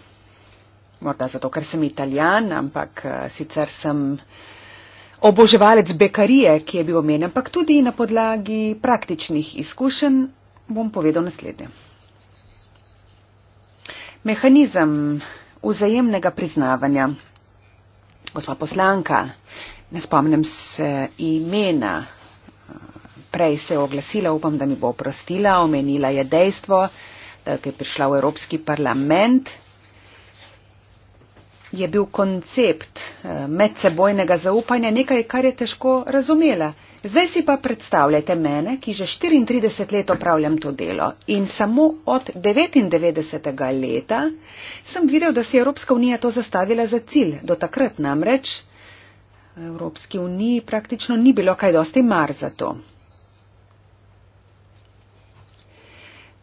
Morda zato, ker sem italijan, ampak eh, sicer sem oboževalec bekarije, ki je bil omenjen, ampak tudi na podlagi praktičnih izkušenj bom povedal naslednje. Mehanizem vzajemnega priznavanja gospa poslanka, ne spomnim se imena, prej se je oglasila, upam, da mi bo oprostila, omenila je dejstvo, da je prišla v Evropski parlament, je bil koncept eh, medsebojnega zaupanja nekaj, kar je težko razumela. Zdaj si pa predstavljajte mene, ki že 34 let opravljam to delo in samo od 99. leta sem videl, da si je Evropska unija to zastavila za cilj. Do takrat namreč Evropski uniji praktično ni bilo kaj dosti mar za to.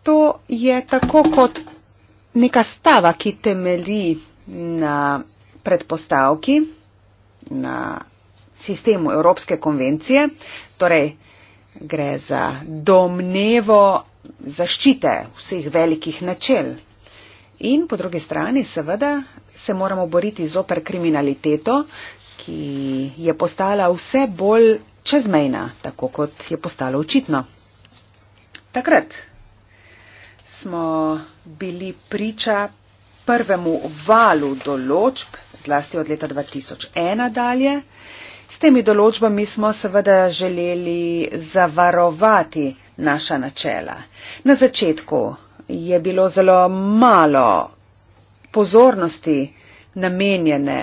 To je tako kot neka stava, ki temelji na predpostavki, na sistemu Evropske konvencije, torej gre za domnevo zaščite vseh velikih načel. In po drugi strani seveda se moramo boriti zoper kriminaliteto, ki je postala vse bolj čezmejna, tako kot je postalo očitno. Takrat smo bili priča prvemu valu določb, zlasti od leta 2001 dalje, temi določbami smo seveda želeli zavarovati naša načela. Na začetku je bilo zelo malo pozornosti namenjene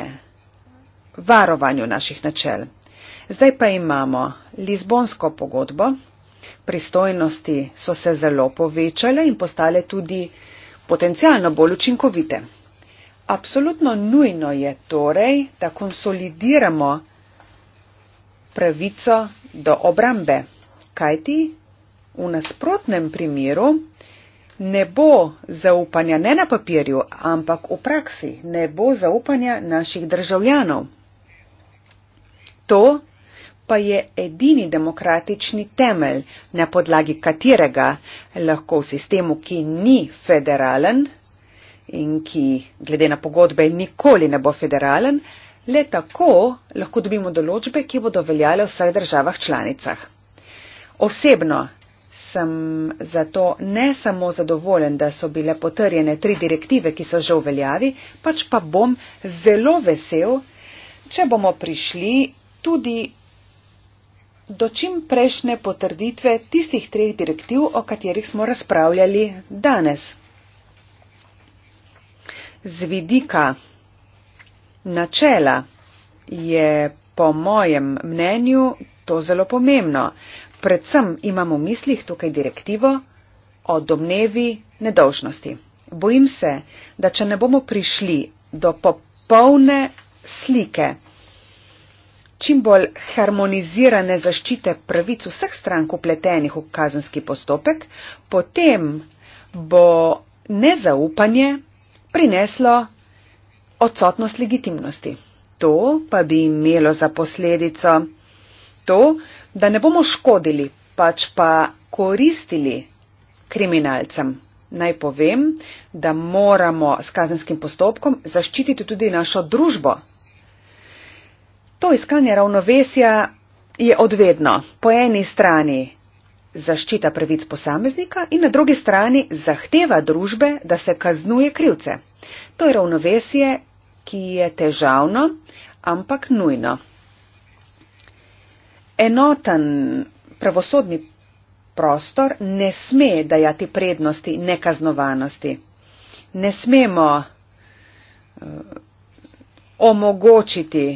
varovanju naših načel. Zdaj pa imamo Lizbonsko pogodbo, pristojnosti so se zelo povečale in postale tudi potencialno bolj učinkovite. Absolutno nujno je torej, da konsolidiramo pravico do obrambe, kajti v nasprotnem primeru ne bo zaupanja ne na papirju, ampak v praksi ne bo zaupanja naših državljanov. To pa je edini demokratični temelj, na podlagi katerega lahko v sistemu, ki ni federalen in ki glede na pogodbe nikoli ne bo federalen, Le tako lahko dobimo določbe, ki bodo veljale v vseh državah članicah. Osebno sem zato ne samo zadovoljen, da so bile potrjene tri direktive, ki so že v veljavi, pač pa bom zelo vesel, če bomo prišli tudi do čim prejšnje potrditve tistih treh direktiv, o katerih smo razpravljali danes. Z vidika načela je po mojem mnenju to zelo pomembno. Predvsem imamo v mislih tukaj direktivo o domnevi nedolžnosti. Bojim se, da če ne bomo prišli do popolne slike, čim bolj harmonizirane zaščite pravic vseh strank upletenih v kazenski postopek, potem bo nezaupanje prineslo odsotnost legitimnosti. To pa bi imelo za posledico to, da ne bomo škodili, pač pa koristili kriminalcem. Naj povem, da moramo s kazenskim postopkom zaščititi tudi našo družbo. To iskanje ravnovesja je odvedno. Po eni strani zaščita pravic posameznika in na drugi strani zahteva družbe, da se kaznuje krivce. To je ravnovesje, ki je težavno, ampak nujno. Enoten pravosodni prostor ne sme dajati prednosti nekaznovanosti. Ne smemo uh, omogočiti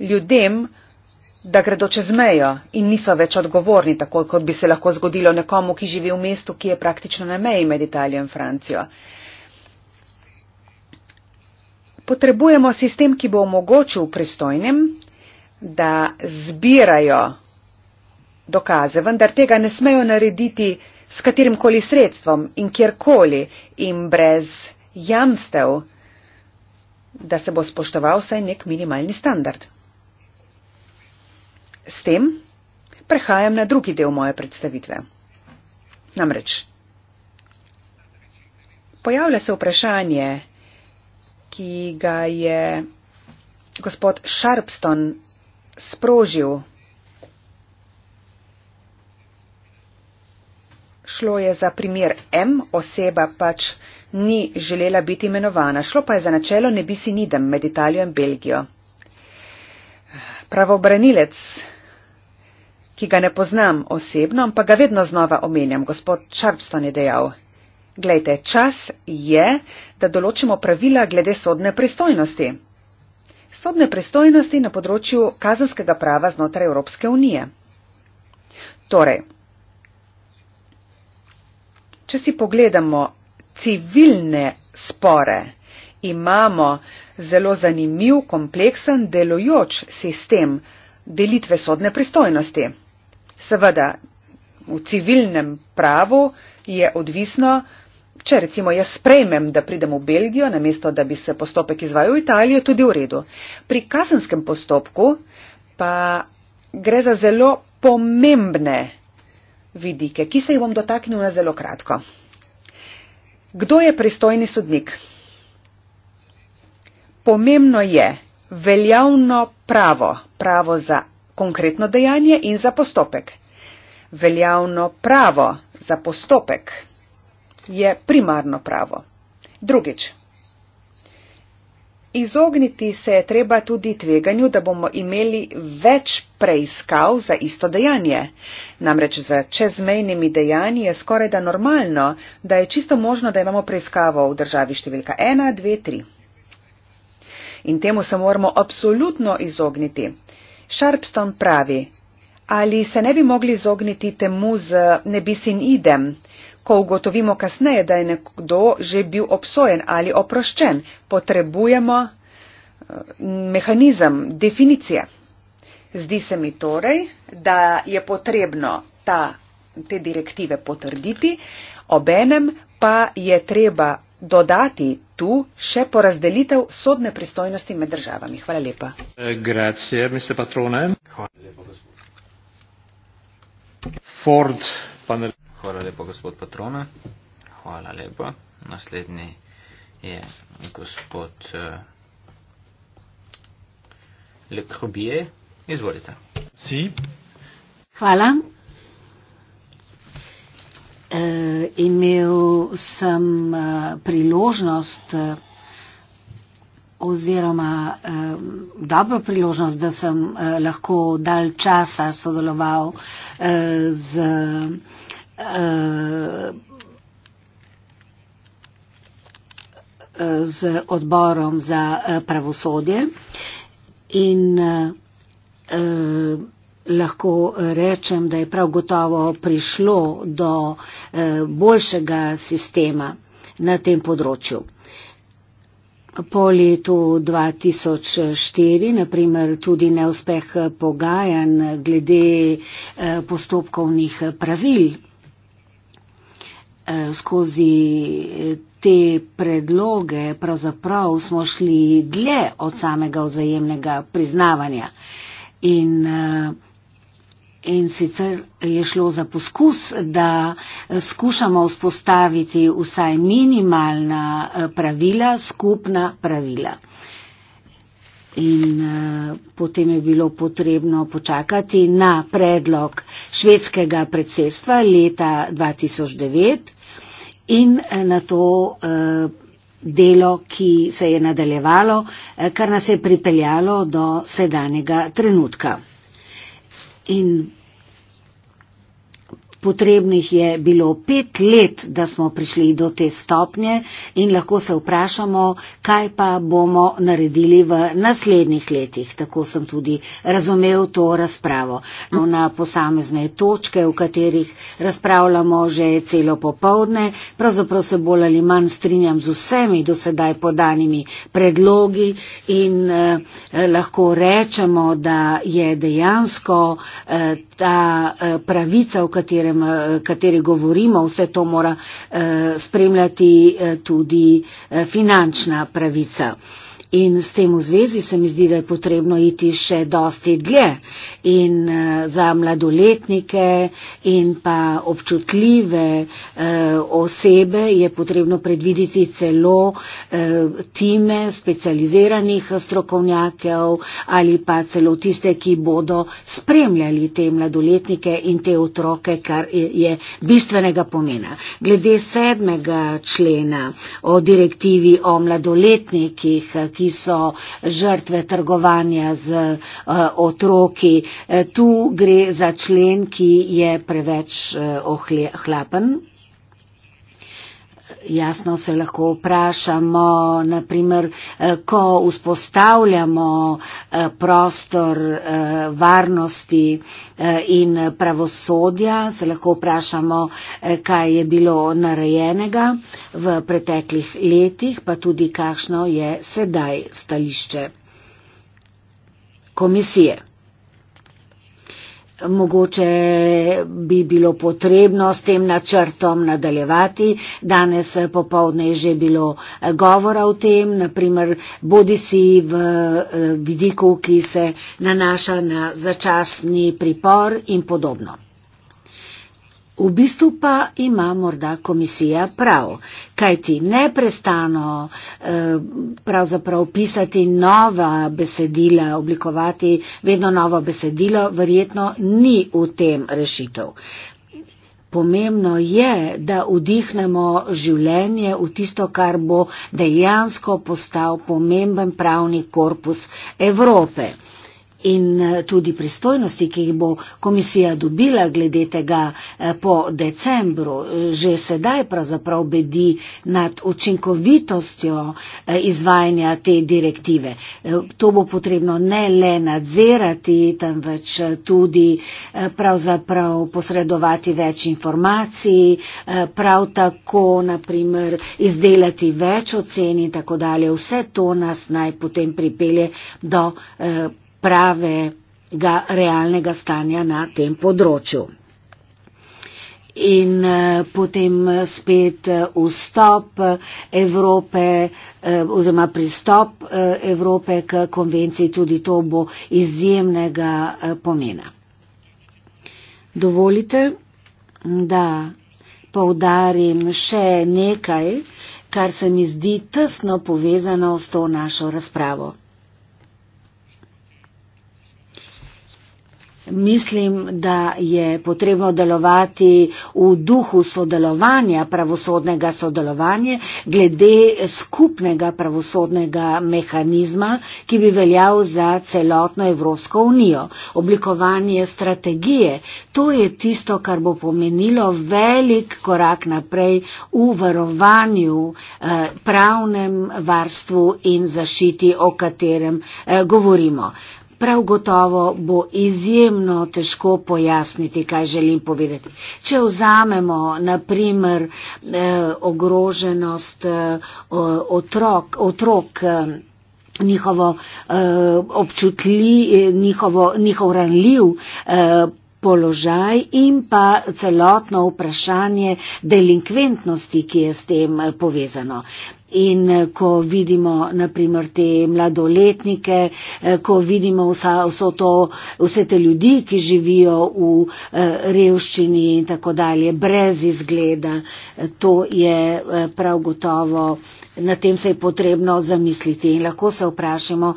ljudem, da gredo čez mejo in niso več odgovorni, tako kot bi se lahko zgodilo nekomu, ki živi v mestu, ki je praktično na meji med Italijo in Francijo. Uh, potrebujemo sistem, ki bo omogočil pristojnim, da zbirajo dokaze, vendar tega ne smejo narediti s katerimkoli sredstvom in kjerkoli in brez jamstev, da se bo spoštoval vsaj nek minimalni standard. S tem prehajam na drugi del moje predstavitve. Namreč, pojavlja se vprašanje, ki ga je gospod Sharpston sprožil. Šlo je za primer M, oseba pač ni želela biti imenovana. Šlo pa je za načelo ne bi si nidem med Italijo in Belgijo. Pravobranilec, ki ga ne poznam osebno, ampak ga vedno znova omenjam, gospod Sharpston je dejal, Glejte, čas je, da določimo pravila glede sodne pristojnosti. Sodne pristojnosti na področju kazanskega prava znotraj Evropske unije. Torej, če si pogledamo civilne spore, imamo zelo zanimiv, kompleksen, delojoč sistem delitve sodne pristojnosti. Seveda, v civilnem pravu je odvisno, če recimo jaz sprejmem, da pridem v Belgijo, namesto da bi se postopek izvajal v Italijo, tudi v redu. Pri kazenskem postopku pa gre za zelo pomembne vidike, ki se jih bom dotaknil na zelo kratko. Kdo je pristojni sodnik? Pomembno je veljavno pravo, pravo za konkretno dejanje in za postopek. Veljavno pravo za postopek je primarno pravo. Drugič. Izogniti se je treba tudi tveganju, da bomo imeli več preiskav za isto dejanje. Namreč za čezmejnimi dejanji je skoraj da normalno, da je čisto možno, da imamo preiskavo v državi številka 1, 2, 3. In temu se moramo absolutno izogniti. Sharpstone pravi, ali se ne bi mogli izogniti temu z ne bi sin idem, ko ugotovimo kasneje, da je nekdo že bil obsojen ali oproščen, potrebujemo eh, mehanizem definicije. Zdi se mi torej, da je potrebno ta, te direktive potrditi, obenem pa je treba dodati tu še porazdelitev sodne pristojnosti med državami. Hvala lepa. Eh, grazie, mister Patrone. Hvala lepa, gospod. Ford, panel. Hvala lepa, gospod Patrona. Hvala lepa. Naslednji je gospod uh, eh, Lekrobije. Izvolite. Si. Hvala. E, imel sem uh, priložnost uh, oziroma uh, dobro priložnost, da sem uh, lahko dal časa sodeloval uh, z uh, Eh, z odborom za eh, pravosodje in eh, lahko rečem, da je prav gotovo prišlo do boljšega sistema na tem področju. Po letu 2004, naprimer tudi neuspeh pogajanj glede postopkovnih pravil Eh, skozi eh, te predloge pravzaprav smo šli dlje od samega vzajemnega priznavanja. In, eh, in sicer je šlo za poskus, da skušamo vzpostaviti vsaj minimalna pravila, skupna pravila. In uh, potem je bilo potrebno počakati na predlog švedskega predsedstva leta 2009 in eh, na to eh, delo, ki se je nadaljevalo, eh, kar nas je pripeljalo do sedanjega trenutka. In Potrebnih je bilo pet let, da smo prišli do te stopnje in lahko se vprašamo, kaj pa bomo naredili v naslednjih letih. Tako sem tudi razumel to razpravo. No, na posamezne točke, v katerih razpravljamo že celo popovdne, pravzaprav se bolj ali manj strinjam z vsemi dosedaj podanimi predlogi in eh, lahko rečemo, da je dejansko eh, ta eh, pravica, v kateri katerem, eh, kateri govorimo, vse to mora eh, spremljati eh, tudi finančna pravica. In s tem v zvezi se mi zdi, da je potrebno iti še dosti dlje in eh, za mladoletnike in pa občutljive eh, osebe je potrebno predvideti celo eh, time specializiranih strokovnjakov ali pa celo tiste, ki bodo spremljali te mladoletnike in te otroke, kar je bistvenega pomena. Glede sedmega člena o direktivi o mladoletnikih, ki so žrtve trgovanja z otroki, Eh, tu gre za člen, ki je preveč eh, ohlapen. Jasno se lahko vprašamo, naprimer, eh, ko vzpostavljamo prostor varnosti in pravosodja, se lahko vprašamo, kaj je bilo narejenega v preteklih letih, pa tudi kakšno je sedaj stališče komisije. Mogoče bi bilo potrebno s tem načrtom nadaljevati. Danes eh, popovdne je že bilo eh, govora o tem, naprimer bodi si v eh, vidiku, ki se nanaša na začasni pripor in podobno. V bistvu pa ima morda komisija prav, kajti neprestano eh, pisati nova besedila, oblikovati vedno novo besedilo, verjetno ni v tem rešitev. Pomembno je, da vdihnemo življenje v tisto, kar bo dejansko postal pomemben pravni korpus Evrope in eh, tudi pristojnosti, ki jih bo komisija dobila glede tega eh, po decembru, eh, že sedaj pravzaprav bedi nad učinkovitostjo izvajanja te direktive. To bo potrebno ne le nadzirati, temveč tudi pravzaprav posredovati več informacij, prav tako naprimer izdelati več oceni in tako dalje. Vse to nas naj potem pripelje do pravega, realnega stanja na tem področju. In eh, potem spet eh, vstop eh, Evrope oziroma pristop Evrope k konvenciji, tudi to bo izjemnega pomena. Dovolite, da povdarim še nekaj, kar se mi zdi tesno povezano s to našo razpravo. Mislim, da je potrebno delovati v duhu sodelovanja, pravosodnega sodelovanja, glede skupnega pravosodnega mehanizma, ki bi veljal za celotno Evropsko unijo. Oblikovanje strategije, to je tisto, kar bo pomenilo velik korak naprej v varovanju, eh, pravnem varstvu in zašiti, o katerem eh, govorimo. Prav gotovo bo izjemno težko pojasniti, kaj želim povedati. Če vzamemo, naprimer, eh, ogroženost eh, otrok, otrok eh, njihovo, občutli, njihovo, njihov ranljiv položaj in pa celotno vprašanje delinkventnosti, ki je s tem povezano. In eh, ko vidimo naprimer te mladoletnike, eh, ko vidimo vsa, vso to, vse te ljudi, ki živijo v eh, revščini in tako dalje, brez izgleda, to je prav gotovo, na tem se je potrebno zamisliti in lahko se vprašamo,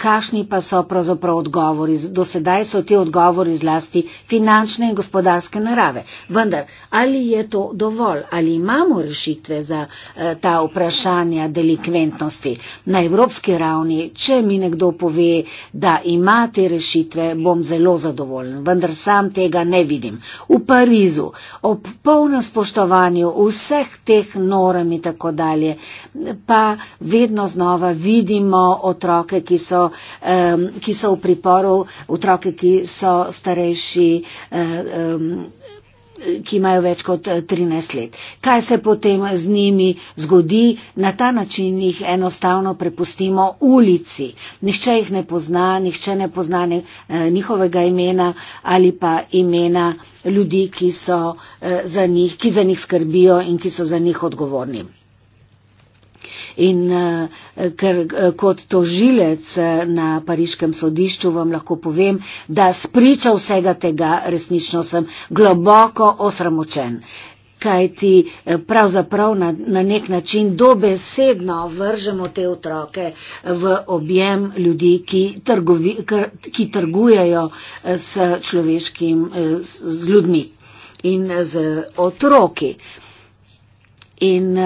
kakšni pa so pravzaprav odgovori. Do sedaj so ti odgovori zlasti finančne in gospodarske narave. Vendar, ali je to dovolj, ali imamo rešitve za eh, ta vprašanja delikventnosti na evropski ravni, če mi nekdo pove, da ima te rešitve, bom zelo zadovoljen. Vendar sam tega ne vidim. V Parizu, ob polnem spoštovanju vseh teh norem in tako dalje, pa vedno znova vidimo otroke, ki so um, ki so v priporu, otroke, ki so starejši. Um, ki imajo več kot 13 eh, let. Kaj se potem z njimi zgodi? Na ta način jih enostavno prepustimo ulici. Nihče jih ne pozna, nihče ne pozna eh, njihovega imena ali pa imena ljudi, ki, eh, njih, ki za njih skrbijo in ki so za njih odgovorni in eh, ker eh, kot tožilec eh, na pariškem sodišču vam lahko povem, da spriča vsega tega resnično sem globoko osramočen. Kaj ti pravzaprav na, na nek način dobesedno vržemo te otroke v objem ljudi, ki, trgovi, kar, ki trgujejo s človeškim, z ljudmi in z otroki. In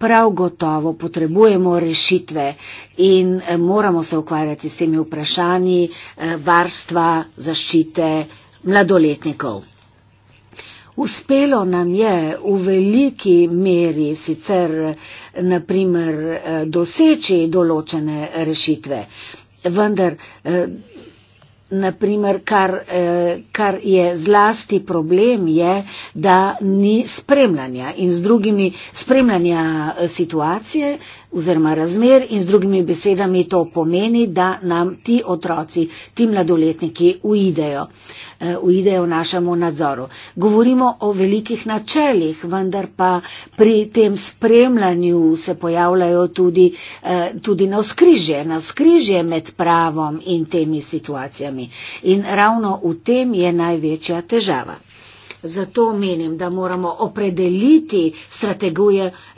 prav gotovo potrebujemo rešitve in eh, moramo se ukvarjati s temi vprašanji eh, varstva, zaščite mladoletnikov. Uspelo nam je v veliki meri sicer eh, naprimer doseči določene rešitve, vendar naprimer, kar, eh, kar je zlasti problem, je, da ni spremljanja in z drugimi spremljanja eh, situacije, oziroma razmer in z drugimi besedami to pomeni, da nam ti otroci, ti mladoletniki uidejo, eh, uidejo v našemu nadzoru. Govorimo o velikih načeljih, vendar pa pri tem spremljanju se pojavljajo tudi, eh, tudi na skrižje, na skrižje med pravom in temi situacijami. In ravno v tem je največja težava. Zato menim, da moramo opredeliti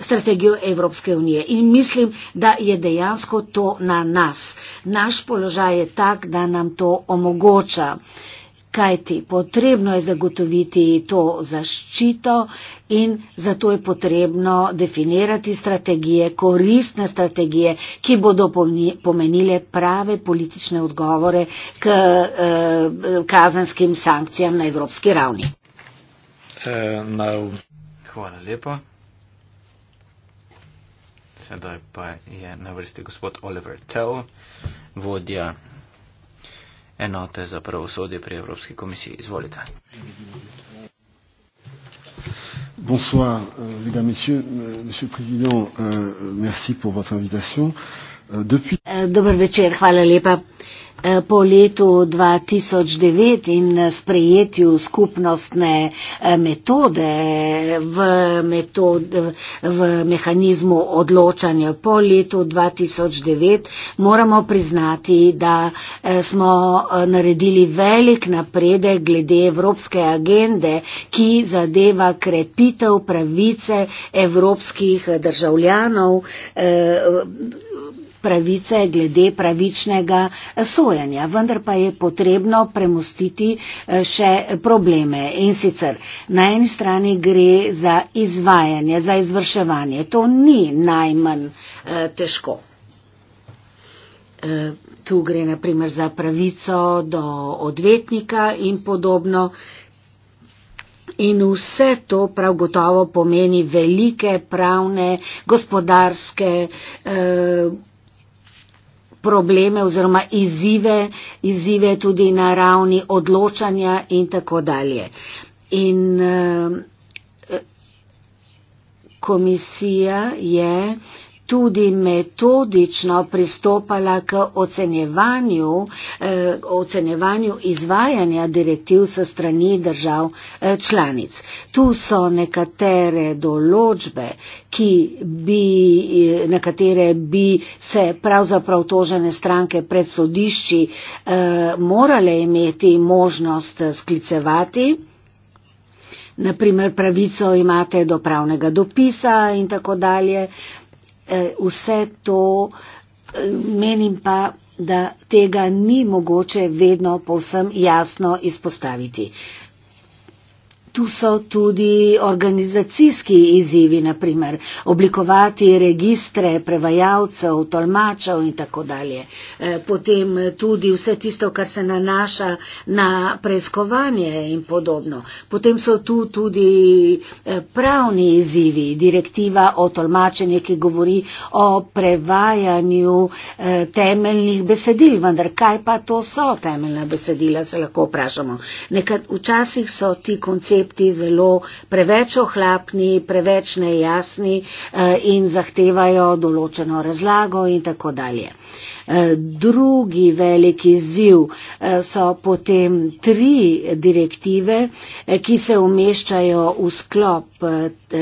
strategijo Evropske unije in mislim, da je dejansko to na nas. Naš položaj je tak, da nam to omogoča. Kajti potrebno je zagotoviti to zaščito in zato je potrebno definirati strategije, koristne strategije, ki bodo pomenile prave politične odgovore k eh, kazenskim sankcijam na evropski ravni uh, eh, now. Hvala lepa. Sedaj pa je na vrsti gospod Oliver Tell, vodja enote za pravosodje pri Evropski komisiji. Izvolite. Bonsoir, euh, mesdames, messieurs, euh, monsieur le président, euh, merci pour votre invitation. Depuis... Eh, Dobar večer, hvala lepa. Uh, Eh, po letu 2009 in sprejetju skupnostne eh, metode v, metod, v mehanizmu odločanja po letu 2009 moramo priznati, da eh, smo naredili velik napredek glede evropske agende, ki zadeva krepitev pravice evropskih državljanov. Eh, pravice glede pravičnega eh, sojenja, vendar pa je potrebno premustiti eh, še probleme. In sicer na eni strani gre za izvajanje, za izvrševanje. To ni najmanj eh, težko. Tu gre naprimer za pravico do odvetnika in podobno. In vse to prav gotovo pomeni velike pravne, gospodarske. Eh, probleme oziroma izzive, izzive tudi na ravni odločanja in tako dalje. In eh, komisija je tudi metodično pristopala k ocenjevanju, eh, ocenjevanju izvajanja direktiv s strani držav eh, članic. Tu so nekatere določbe, bi, eh, na katere bi se pravzaprav tožene stranke pred sodišči eh, morale imeti možnost sklicevati. Naprimer, pravico imate do pravnega dopisa in tako dalje. Eh, vse to eh, menim pa, da tega ni mogoče vedno povsem jasno izpostaviti. Tu so tudi organizacijski izzivi, naprimer oblikovati registre prevajalcev, tolmačev in tako dalje. E, potem tudi vse tisto, kar se nanaša na preiskovanje in podobno. Potem so tu tudi e, pravni izzivi, direktiva o tolmačenju, ki govori o prevajanju e, temeljnih besedil. Vendar kaj pa to so temeljna besedila, se lahko vprašamo. Nekad, koncepti zelo preveč ohlapni, preveč nejasni eh, in zahtevajo določeno razlago in tako dalje. Eh, drugi veliki ziv eh, so potem tri direktive, ki se umeščajo v sklop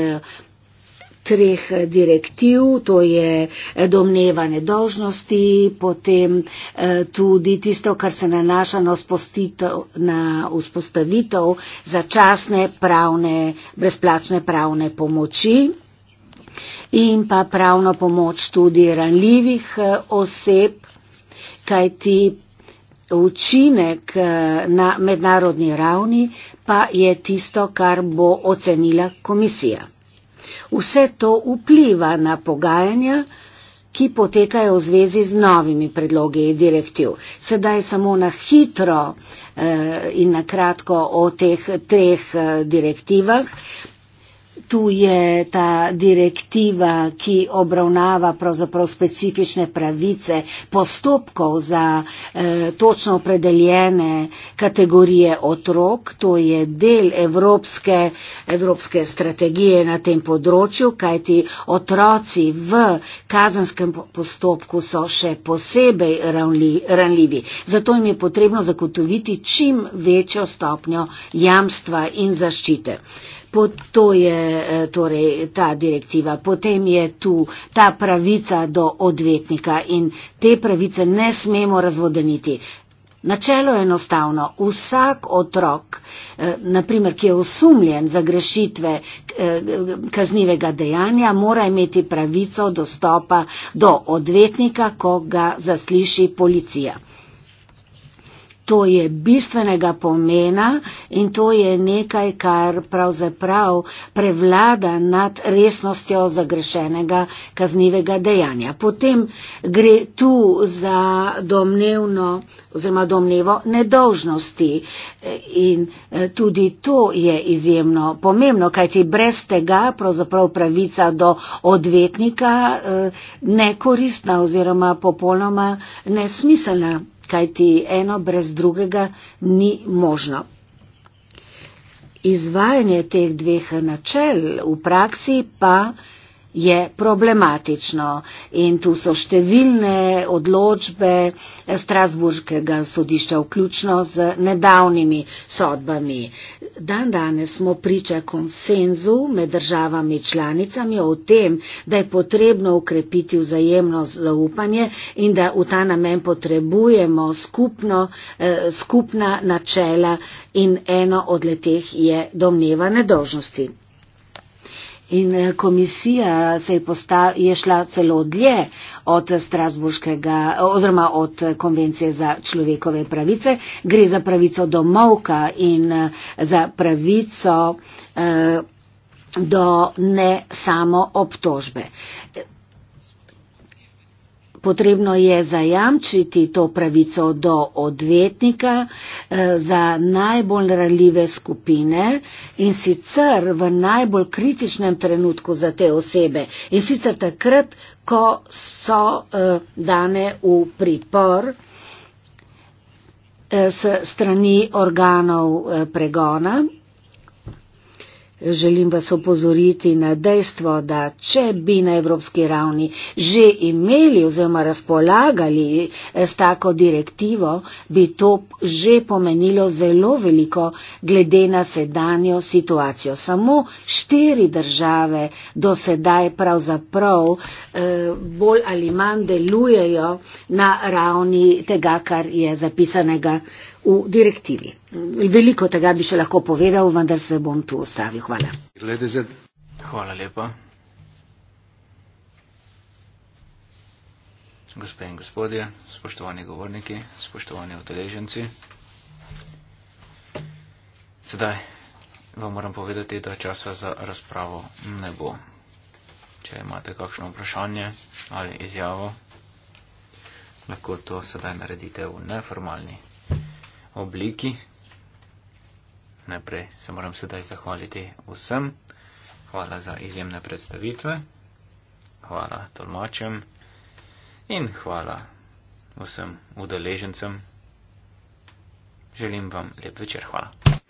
treh eh, direktiv, to je eh, domneva nedožnosti, potem eh, tudi tisto, kar se nanaša na, na vzpostavitev začasne pravne, brezplačne pravne pomoči in pa pravno pomoč tudi ranljivih oseb, kajti učinek na mednarodni ravni pa je tisto, kar bo ocenila komisija. Vse to vpliva na pogajanja, ki potekajo v zvezi z novimi predlogi direktiv. Sedaj samo na hitro eh, in na kratko o teh treh eh, direktivah. Eh, tu je ta direktiva, ki obravnava pravzaprav specifične pravice postopkov za e, točno opredeljene kategorije otrok. To je del evropske, evropske strategije na tem področju, kajti otroci v kazanskem postopku so še posebej ranli, ranljivi. Zato jim je potrebno zagotoviti čim večjo stopnjo jamstva in zaščite. Pot, to je eh, torej ta direktiva. Potem je tu ta pravica do odvetnika in te pravice ne smemo razvodeniti. Načelo je enostavno. Vsak otrok, eh, naprimer, ki je osumljen za grešitve eh, kaznivega dejanja, mora imeti pravico dostopa do odvetnika, ko ga zasliši policija to je bistvenega pomena in to je nekaj, kar pravzaprav prevlada nad resnostjo zagrešenega kaznivega dejanja. Potem gre tu za domnevno oziroma domnevo nedolžnosti in eh, tudi to je izjemno pomembno, kajti brez tega pravzaprav pravica do odvetnika eh, nekoristna oziroma popolnoma nesmiselna kajti eno brez drugega ni možno. Izvajanje teh dveh načel v praksi pa je problematično in tu so številne odločbe Strasburškega sodišča, vključno z nedavnimi sodbami. Dan danes smo priča konsenzu med državami članicami o tem, da je potrebno ukrepiti vzajemno zaupanje in da v ta namen potrebujemo skupno, eh, skupna načela in eno od leteh je domneva nedožnosti. In eh, komisija se je, postav, je šla celo dlje od Strasburškega oziroma od konvencije za človekove pravice. Gre za pravico do molka in eh, za pravico eh, do ne samo obtožbe. Potrebno je zajamčiti to pravico do odvetnika eh, za najbolj ranljive skupine in sicer v najbolj kritičnem trenutku za te osebe in sicer takrat, ko so eh, dane v pripor eh, s strani organov pregona Želim vas opozoriti na dejstvo, da če bi na evropski ravni že imeli oziroma razpolagali eh, s tako direktivo, bi to že pomenilo zelo veliko glede na sedanjo situacijo. Samo štiri države do sedaj pravzaprav eh, bolj ali manj delujejo na ravni tega, kar je zapisanega v direktivi. Veliko tega bi še lahko povedal, vendar se bom tu ustavil. Hvala. Hvala lepa. Gospe in gospodje, spoštovani govorniki, spoštovani udeleženci. Sedaj vam moram povedati, da časa za razpravo ne bo. Če imate kakšno vprašanje ali izjavo, lahko to sedaj naredite v neformalni obliki. Najprej se moram sedaj zahvaliti vsem. Hvala za izjemne predstavitve. Hvala tolmačem. In hvala vsem udeležencem. Želim vam lep večer. Hvala.